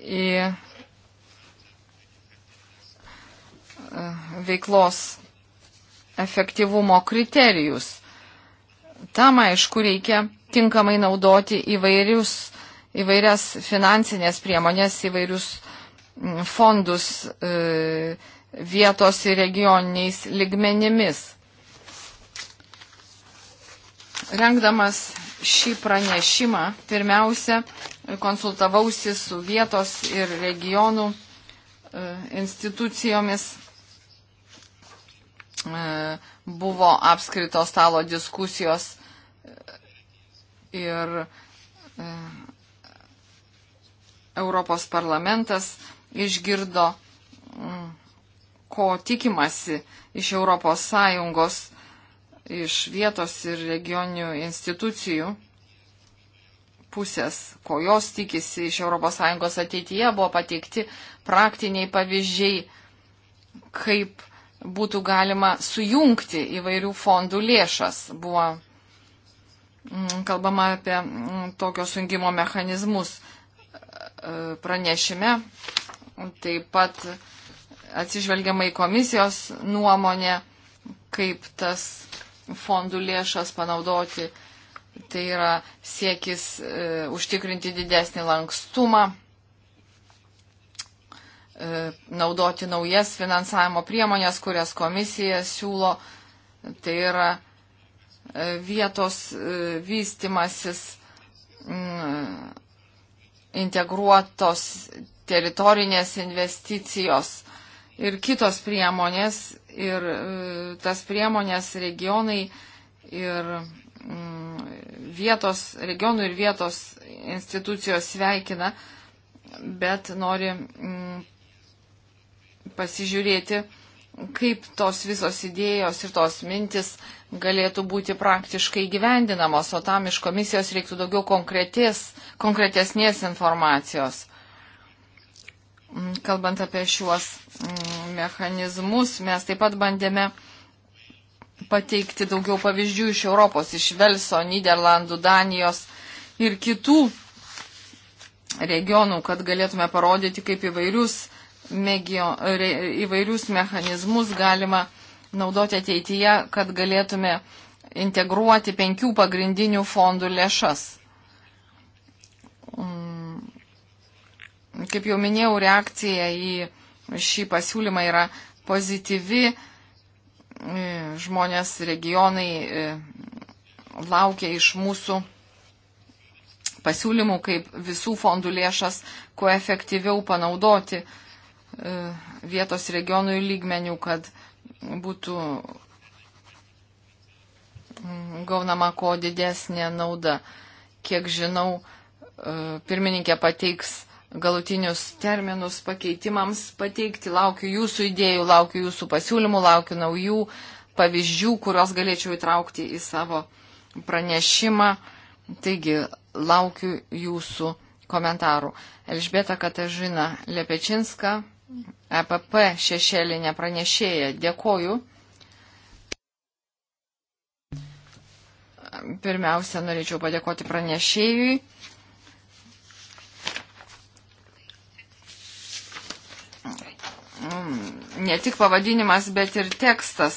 į e, veiklos efektyvumo kriterijus. Tam aišku reikia tinkamai naudoti įvairius, įvairias finansinės priemonės, įvairius fondus e, vietos ir regioniniais ligmenimis. Rengdamas šį pranešimą, pirmiausia, konsultavausi su vietos ir regionų e, institucijomis. E, buvo apskrito stalo diskusijos e, ir Europos parlamentas išgirdo, mm, ko tikimasi iš Europos Sąjungos iš vietos ir regioninių institucijų pusės, ko jos tikisi iš ES ateityje, buvo pateikti praktiniai pavyzdžiai, kaip būtų galima sujungti įvairių fondų lėšas. Buvo mm, kalbama apie mm, tokio sujungimo mechanizmus e, pranešime. Taip pat atsižvelgiama į komisijos nuomonę, kaip tas fondų lėšas panaudoti. Tai yra siekis e, užtikrinti didesnį lankstumą, e, naudoti naujas finansavimo priemonės, kurias komisija siūlo. Tai yra e, vietos e, vystimasis m, mm, integruotos teritorinės investicijos ir kitos priemonės ir e, tas priemonės regionai ir mm, vietos, regionų ir vietos institucijos sveikina, bet nori mm, pasižiūrėti, kaip tos visos idėjos ir tos mintis galėtų būti praktiškai gyvendinamos, o tam iš komisijos reiktų daugiau konkretės, konkretesnės informacijos. Mm, kalbant apie šiuos mm, mechanizmus, mes taip pat bandėme pateikti daugiau pavyzdžių iš Europos, iš Velso, Niderlandų, Danijos ir kitų regionų, kad galėtume parodyti, kaip įvairius, megio, re, įvairius mechanizmus galima naudoti ateityje, kad galėtume integruoti penkių pagrindinių fondų lėšas. Mm Kaip jau minėjau, reakcija į šį pasiūlymą yra pozityvi. Žmonės, regionai e, laukia iš mūsų pasiūlymų, kaip visų fondų lėšas kuo efektyviau panaudoti e, vietos regionų lygmenių, kad būtų gaunama ko didesnė nauda. Kiek žinau, e, pirmininkė pateiks galutinius terminus pakeitimams pateikti. Laukiu jūsų idėjų, laukiu jūsų pasiūlymų, laukiu naujų pavyzdžių, kuriuos galėčiau įtraukti į savo pranešimą. Taigi, laukiu jūsų komentarų. Elžbieta Katažina Lepečinska, EPP šešėlinė pranešėja. Dėkoju. Pirmiausia, norėčiau padėkoti pranešėjui Mm, ne tik pavadinimas, bet ir tekstas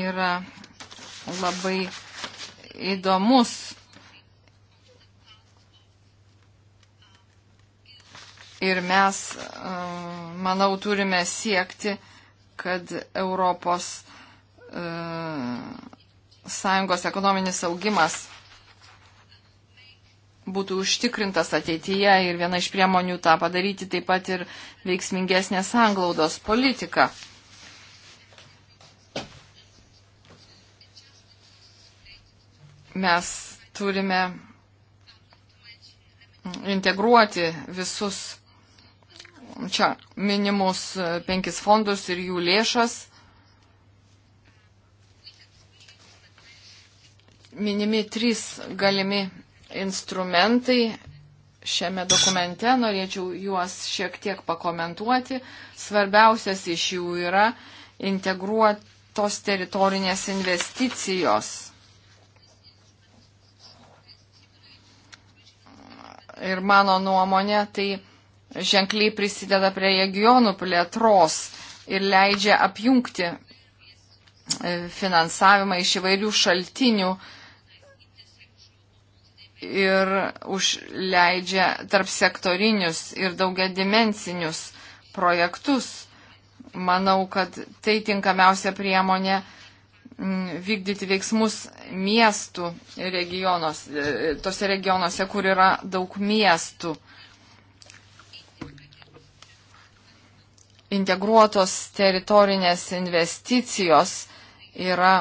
yra labai įdomus. Ir mes, uh, manau, turime siekti, kad Europos uh, Sąjungos ekonominis augimas būtų užtikrintas ateityje ir viena iš priemonių tą padaryti taip pat ir veiksmingesnė sanglaudos politika. Mes turime integruoti visus čia minimus penkis fondus ir jų lėšas. Minimi trys galimi instrumentai šiame dokumente, norėčiau juos šiek tiek pakomentuoti. Svarbiausias iš jų yra integruotos teritorinės investicijos. Ir mano nuomonė, tai ženkliai prisideda prie regionų plėtros ir leidžia apjungti e, finansavimą iš įvairių šaltinių, uh, ir užleidžia tarp sektorinius ir daugia dimensinius projektus. Manau, kad tai tinkamiausia priemonė mm, vykdyti veiksmus miestų regionos, e, tose regionuose, kur yra daug miestų. Integruotos teritorinės investicijos yra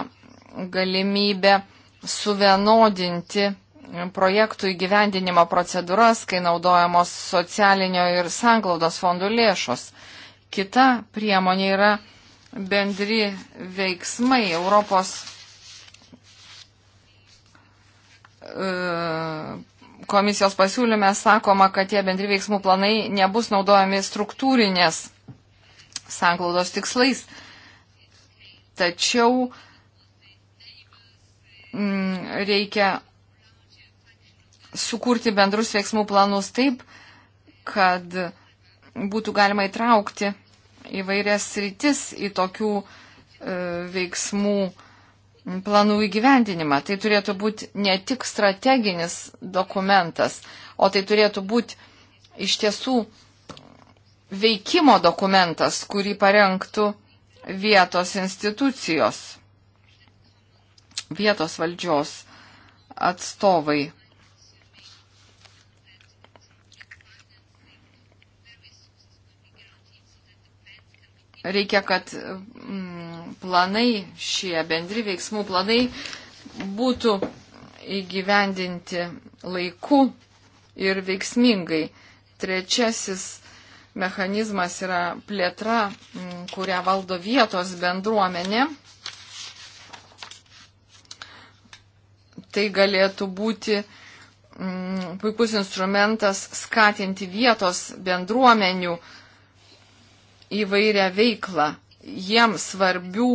galimybė suvienodinti projektų įgyvendinimo procedūras, kai naudojamos socialinio ir sanglaudos fondų lėšos. Kita priemonė yra bendri veiksmai Europos e, komisijos pasiūlyme sakoma, kad tie bendri veiksmų planai nebus naudojami struktūrinės sanglaudos tikslais. Tačiau mm, reikia sukurti bendrus veiksmų planus taip, kad būtų galima įtraukti įvairias rytis į tokių e, veiksmų planų įgyvendinimą. Tai turėtų būti ne tik strateginis dokumentas, o tai turėtų būti iš tiesų veikimo dokumentas, kurį parengtų vietos institucijos, vietos valdžios atstovai. reikia, kad mm, planai šie bendri veiksmų planai būtų įgyvendinti laiku ir veiksmingai. Trečiasis mechanizmas yra plėtra, mm, kurią valdo vietos bendruomenė. Tai galėtų būti mm, puikus instrumentas skatinti vietos bendruomenių uh, įvairią veiklą, jiems svarbių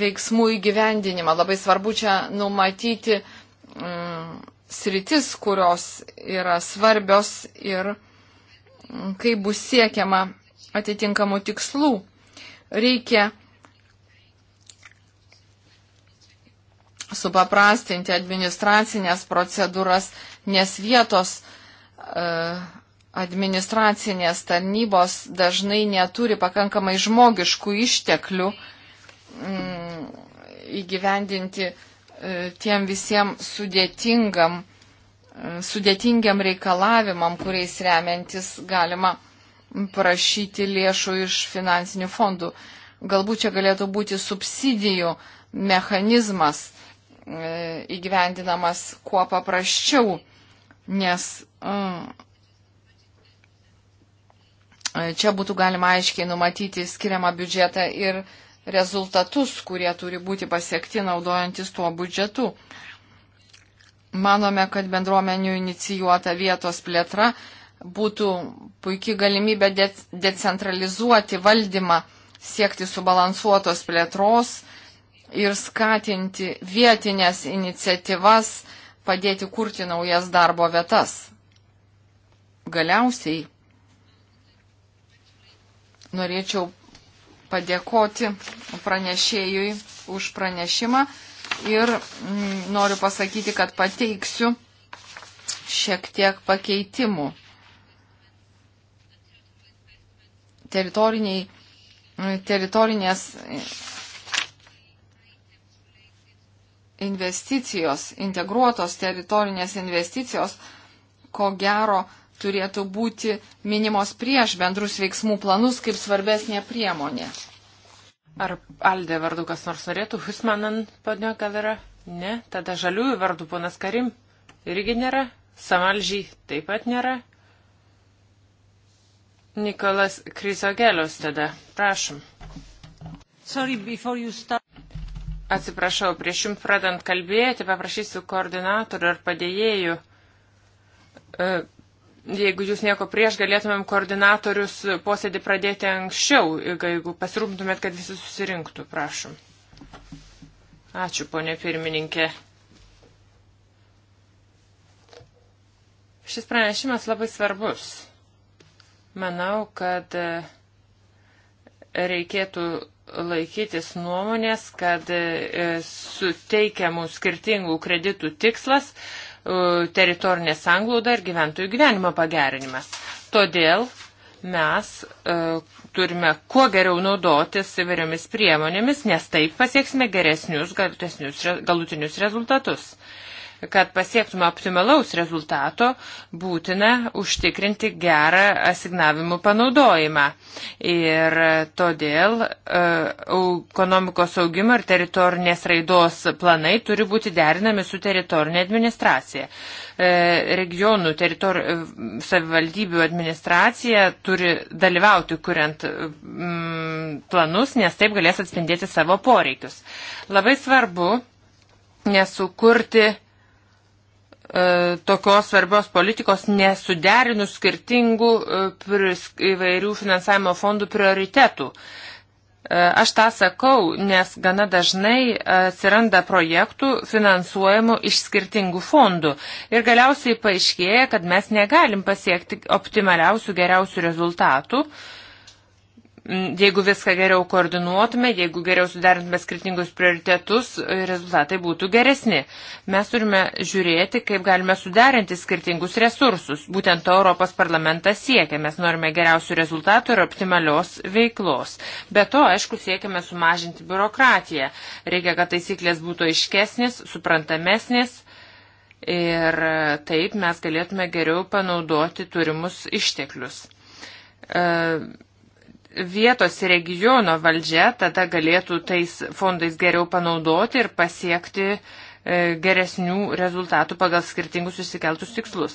veiksmų įgyvendinimą. Labai svarbu čia numatyti mm, sritis, kurios yra svarbios ir mm, kaip bus siekiama atitinkamų tikslų. Reikia supaprastinti administracinės procedūras, nes vietos e, administracinės tarnybos dažnai neturi pakankamai žmogiškų išteklių mm, įgyvendinti e, tiem visiems sudėtingam, e, sudėtingiam reikalavimam, kuriais remiantis galima prašyti lėšų iš finansinių fondų. Galbūt čia galėtų būti subsidijų mechanizmas e, įgyvendinamas kuo paprasčiau, nes mm, čia būtų galima aiškiai numatyti skiriamą biudžetą ir rezultatus, kurie turi būti pasiekti naudojantis tuo biudžetu. Manome, kad bendruomenių inicijuota vietos plėtra būtų puikia galimybė de decentralizuoti valdymą, siekti subalansuotos plėtros ir skatinti vietinės iniciatyvas, padėti kurti naujas darbo vietas. Galiausiai norėčiau padėkoti pranešėjui už pranešimą ir mm, noriu pasakyti, kad pateiksiu šiek tiek pakeitimų. Teritoriniai, mm, teritorinės mm, investicijos, integruotos teritorinės investicijos, ko gero turėtų būti minimos prieš bendrus veiksmų planus kaip svarbesnė priemonė. Ar Aldė vardu kas nors norėtų? Husmanan padnio gal yra? Ne. Tada žaliųjų vardu ponas Karim irgi nėra. Samalžiai taip pat nėra. Nikolas Krisogelius tada. Prašom. Sorry, Atsiprašau, prieš jums pradant kalbėti, paprašysiu koordinatorių ar padėjėjų e, jeigu jūs nieko prieš, galėtumėm koordinatorius posėdį pradėti anksčiau, jeigu pasirūpintumėt, kad visi susirinktų, prašom. Ačiū, ponė pirmininkė. Šis pranešimas labai svarbus. Manau, kad e, reikėtų laikytis nuomonės, kad e, suteikiamų skirtingų kreditų tikslas E, teritorinė sanglauda ir gyventojų gyvenimo pagerinimas. Todėl mes e, turime kuo geriau naudotis įvairiomis priemonėmis, nes taip pasieksime geresnius galutinius rezultatus. Kad pasiektume optimalaus rezultato, būtina užtikrinti gerą asignavimų panaudojimą. Ir todėl e, ekonomikos augimo ir teritorinės raidos planai turi būti derinami su teritorinė administracija. E, regionų teritor... E, savivaldybių administracija turi dalyvauti, kuriant mm, planus, nes taip galės atspindėti savo poreikius. Labai svarbu nesukurti E, tokios svarbios politikos nesuderinus skirtingų e, įvairių finansavimo fondų prioritetų. E, aš tą sakau, nes gana dažnai atsiranda projektų finansuojamų iš skirtingų fondų. Ir galiausiai paaiškėja, kad mes negalim pasiekti optimaliausių, geriausių rezultatų, uh, Mm, jeigu viską geriau koordinuotume, jeigu geriau suderintume skirtingus prioritetus, e, rezultatai būtų geresni. Mes turime žiūrėti, kaip galime suderinti skirtingus resursus. Būtent to Europos parlamentas siekia. Mes norime geriausių rezultatų ir optimalios veiklos. Be to, aišku, siekime sumažinti biurokratiją. Reikia, kad taisyklės būtų aiškesnės, suprantamesnės. Ir e, taip mes galėtume geriau panaudoti turimus išteklius. Uh, vietos regiono valdžia tada galėtų tais fondais geriau panaudoti ir pasiekti e, geresnių rezultatų pagal skirtingus išsikeltus tikslus.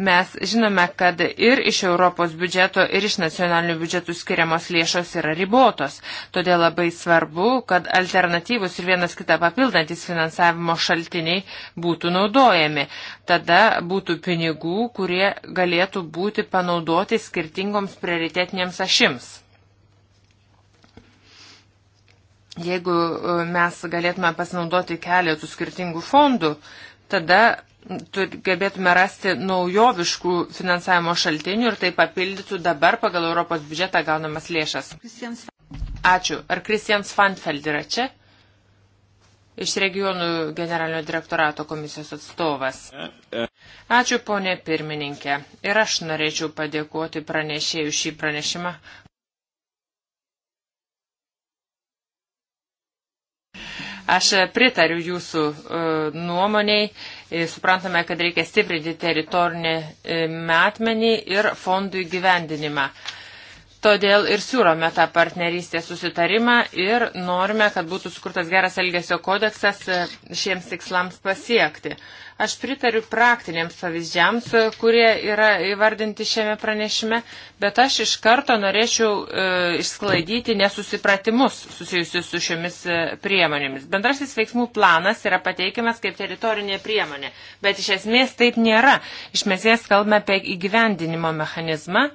Mes žinome, kad ir iš Europos biudžeto, ir iš nacionalinių biudžetų skiriamos lėšos yra ribotos. Todėl labai svarbu, kad alternatyvus ir vienas kitą papildantis finansavimo šaltiniai būtų naudojami. Tada būtų pinigų, kurie galėtų būti panaudoti skirtingoms prioritetinėms ašims. Jeigu e, mes galėtume pasinaudoti keletų skirtingų fondų, tada gebėtume rasti naujoviškų finansavimo šaltinių ir tai papildytų dabar pagal Europos biudžetą gaunamas lėšas. Ačiū. Ar Kristians Fanfeld yra čia? Iš regionų generalinio direktorato komisijos atstovas. Ačiū, ponė pirmininkė. Ir aš norėčiau padėkoti pranešėjų šį pranešimą. Aš pritariu jūsų e, nuomoniai, e, suprantame, kad reikia stiprinti teritorinį e, metmenį ir fondų įgyvendinimą. Todėl ir siūlome tą partnerystės susitarimą ir norime, kad būtų sukurtas geras elgesio kodeksas šiems tikslams pasiekti. Aš pritariu praktiniams pavyzdžiams, kurie yra įvardinti šiame pranešime, bet aš iš karto norėčiau e, išsklaidyti nesusipratimus susijusius su šiomis e, priemonėmis. Bendrasis veiksmų planas yra pateikiamas kaip teritorinė priemonė, bet iš esmės taip nėra. Iš mesės kalbame apie įgyvendinimo mechanizmą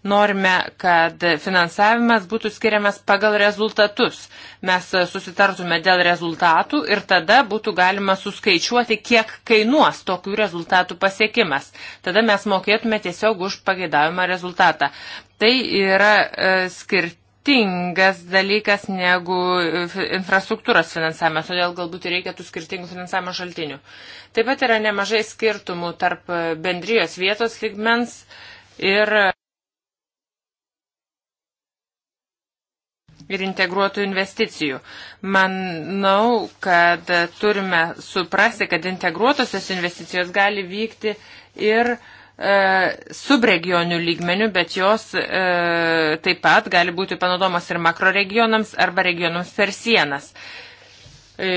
Norime, kad finansavimas būtų skiriamas pagal rezultatus. Mes e, susitartume dėl rezultatų ir tada būtų galima suskaičiuoti, kiek kainuos tokių rezultatų pasiekimas. Tada mes mokėtume tiesiog už pagėdavimą rezultatą. Tai yra e, skirtingas dalykas negu e, infrastruktūros finansavimas, todėl galbūt reikia tų skirtingų finansavimo šaltinių. Taip pat yra nemažai skirtumų tarp e, bendrijos vietos ligmens ir ir integruotų investicijų. Manau, kad turime suprasti, kad integruotosios investicijos gali vykti ir e, subregionių lygmenių, bet jos e, taip pat gali būti panaudomos ir makroregionams arba regionams per sienas. E, E,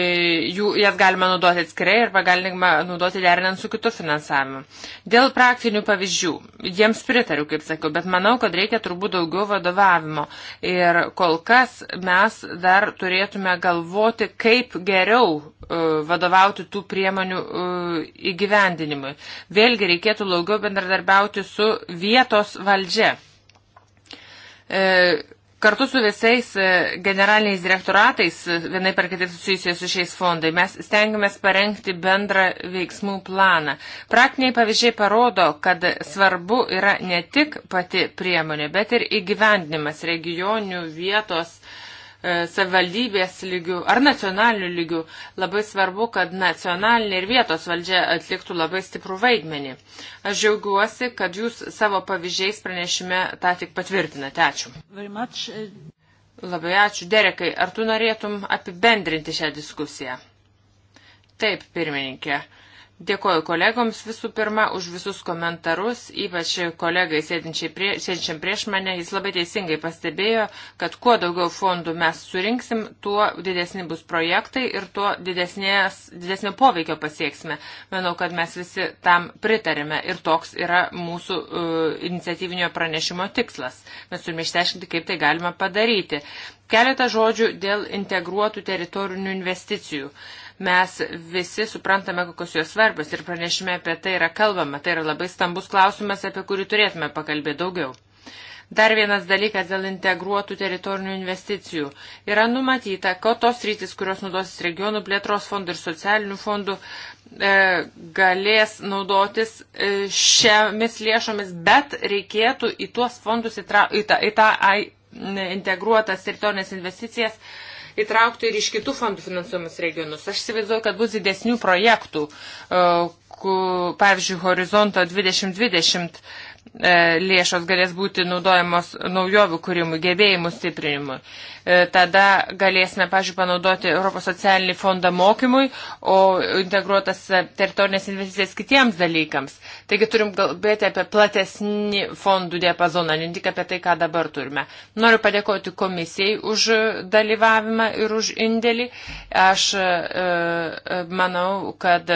jų, jas galima naudoti atskirai arba galima naudoti derinant su kitu finansavimu. Dėl praktinių pavyzdžių, jiems pritariu, kaip sakiau, bet manau, kad reikia turbūt daugiau vadovavimo. Ir kol kas mes dar turėtume galvoti, kaip geriau e, vadovauti tų priemonių e, įgyvendinimui. Vėlgi reikėtų daugiau bendradarbiauti su vietos valdžia. E, Kartu su visais e, generaliniais direktoratais, e, vienai per kitaip susijusiais su šiais fondai, mes stengiamės parengti bendrą veiksmų planą. Praktiniai pavyzdžiai parodo, kad svarbu yra ne tik pati priemonė, bet ir įgyvendimas regionių vietos uh, E, savivaldybės lygių ar nacionalinių lygių, labai svarbu, kad nacionalinė ir vietos valdžia atliktų labai stiprų vaidmenį. Aš džiaugiuosi, kad jūs savo pavyzdžiais pranešime tą tik patvirtinate. Ačiū. E. Labai ačiū. Derekai, ar tu norėtum apibendrinti šią diskusiją? Taip, pirmininkė. Uh, Dėkoju kolegoms visų pirma už visus komentarus, ypač kolegai prie, sėdinčiam prieš mane. Jis labai teisingai pastebėjo, kad kuo daugiau fondų mes surinksim, tuo didesni bus projektai ir tuo didesnės, didesnio poveikio pasieksime. Manau, kad mes visi tam pritarėme ir toks yra mūsų uh, iniciatyvinio pranešimo tikslas. Mes turime išteiškinti, kaip tai galima padaryti. Keletą žodžių dėl integruotų teritorinių investicijų. Uh, Mes visi suprantame, kokios jos svarbios ir pranešime apie tai yra kalbama. Tai yra labai stambus klausimas, apie kurį turėtume pakalbėti daugiau. Dar vienas dalykas dėl integruotų teritorinių investicijų. Yra numatyta, kad tos rytis, kurios naudosis regionų plėtros fondų ir socialinių fondų, e, galės naudotis e, šiomis lėšomis, bet reikėtų į tuos fondus, įtra, į tą, į tą ai, integruotas teritorinės investicijas įtraukti ir iš kitų fondų finansuojamus regionus. Aš įsivaizduoju, kad bus didesnių projektų, e, ku, pavyzdžiui, Horizonto 2020 E, lėšos galės būti naudojamos naujovių kūrimui, gebėjimų stiprinimui. E, tada galėsime, pažiūrėjau, panaudoti Europos socialinį fondą mokymui, o integruotas teritorinės investicijas kitiems dalykams. Taigi turim kalbėti apie platesnį fondų diapazoną, ne tik apie tai, ką dabar turime. Noriu padėkoti komisijai už dalyvavimą ir už indėlį. Aš e, manau, kad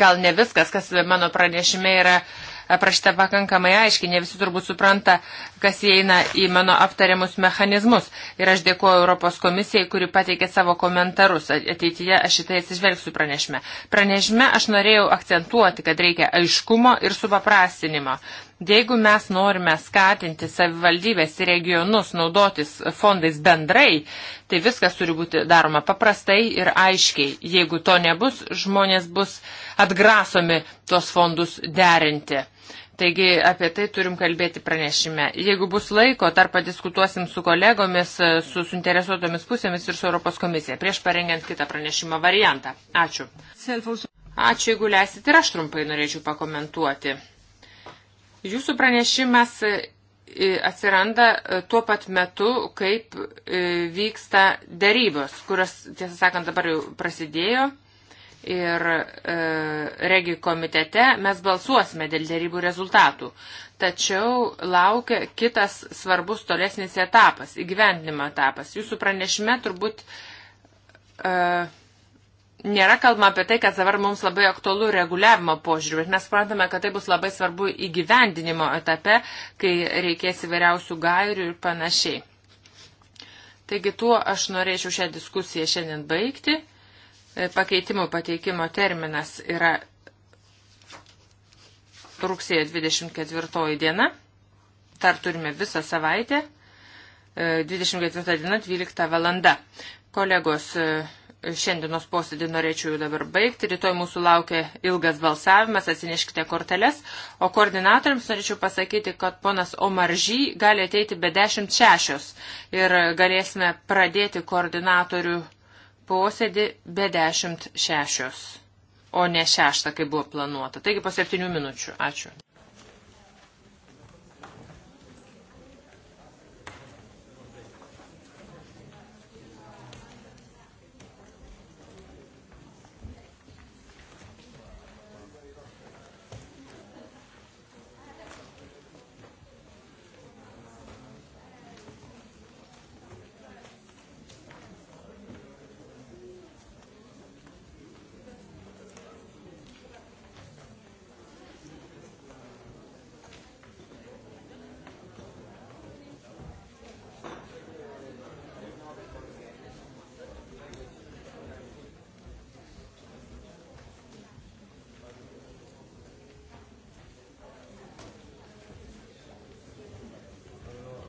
gal ne viskas, kas mano pranešime yra aprašyta pakankamai aiškiai, ne visi turbūt supranta, kas įeina į mano aptariamus mechanizmus. Ir aš dėkuoju Europos komisijai, kuri pateikė savo komentarus. Ateityje aš šitai atsižvelgsiu pranešme. Pranešme aš norėjau akcentuoti, kad reikia aiškumo ir supaprastinimo. Jeigu mes norime skatinti savivaldybės ir regionus naudotis fondais bendrai, tai viskas turi būti daroma paprastai ir aiškiai. Jeigu to nebus, žmonės bus atgrasomi tos fondus derinti. Taigi apie tai turim kalbėti pranešime. Jeigu bus laiko, dar padiskutuosim su kolegomis, su suinteresuotomis pusėmis ir su Europos komisija, prieš parengiant kitą pranešimo variantą. Ačiū. Ačiū, jeigu leisit ir aš trumpai norėčiau pakomentuoti. Jūsų pranešimas e, atsiranda e, tuo pat metu, kaip e, vyksta darybos, kurios, tiesą sakant, dabar jau prasidėjo ir e, regi komitete mes balsuosime dėl dėrybų rezultatų. Tačiau laukia kitas svarbus tolesnis etapas, įgyvendinimo etapas. Jūsų pranešime turbūt e, nėra kalbama apie tai, kas dabar mums labai aktualu reguliavimo požiūriu, bet mes suprantame, kad tai bus labai svarbu įgyvendinimo etape, kai reikės įvairiausių gairių ir panašiai. Taigi tuo aš norėčiau šią diskusiją šiandien baigti. E, Pakeitimų pateikimo terminas yra rugsėjo 24 diena. Dar turime visą savaitę. 24 diena 12 valanda. Kolegos, e, šiandienos posėdį norėčiau jau dabar baigti. Rytoj mūsų laukia ilgas balsavimas, atsineškite korteles. O koordinatoriams norėčiau pasakyti, kad ponas Omaržy gali ateiti be 16 ir galėsime pradėti koordinatorių posėdį be 10.6, o ne 6, kaip buvo planuota. Taigi po 7 minučių. Ačiū.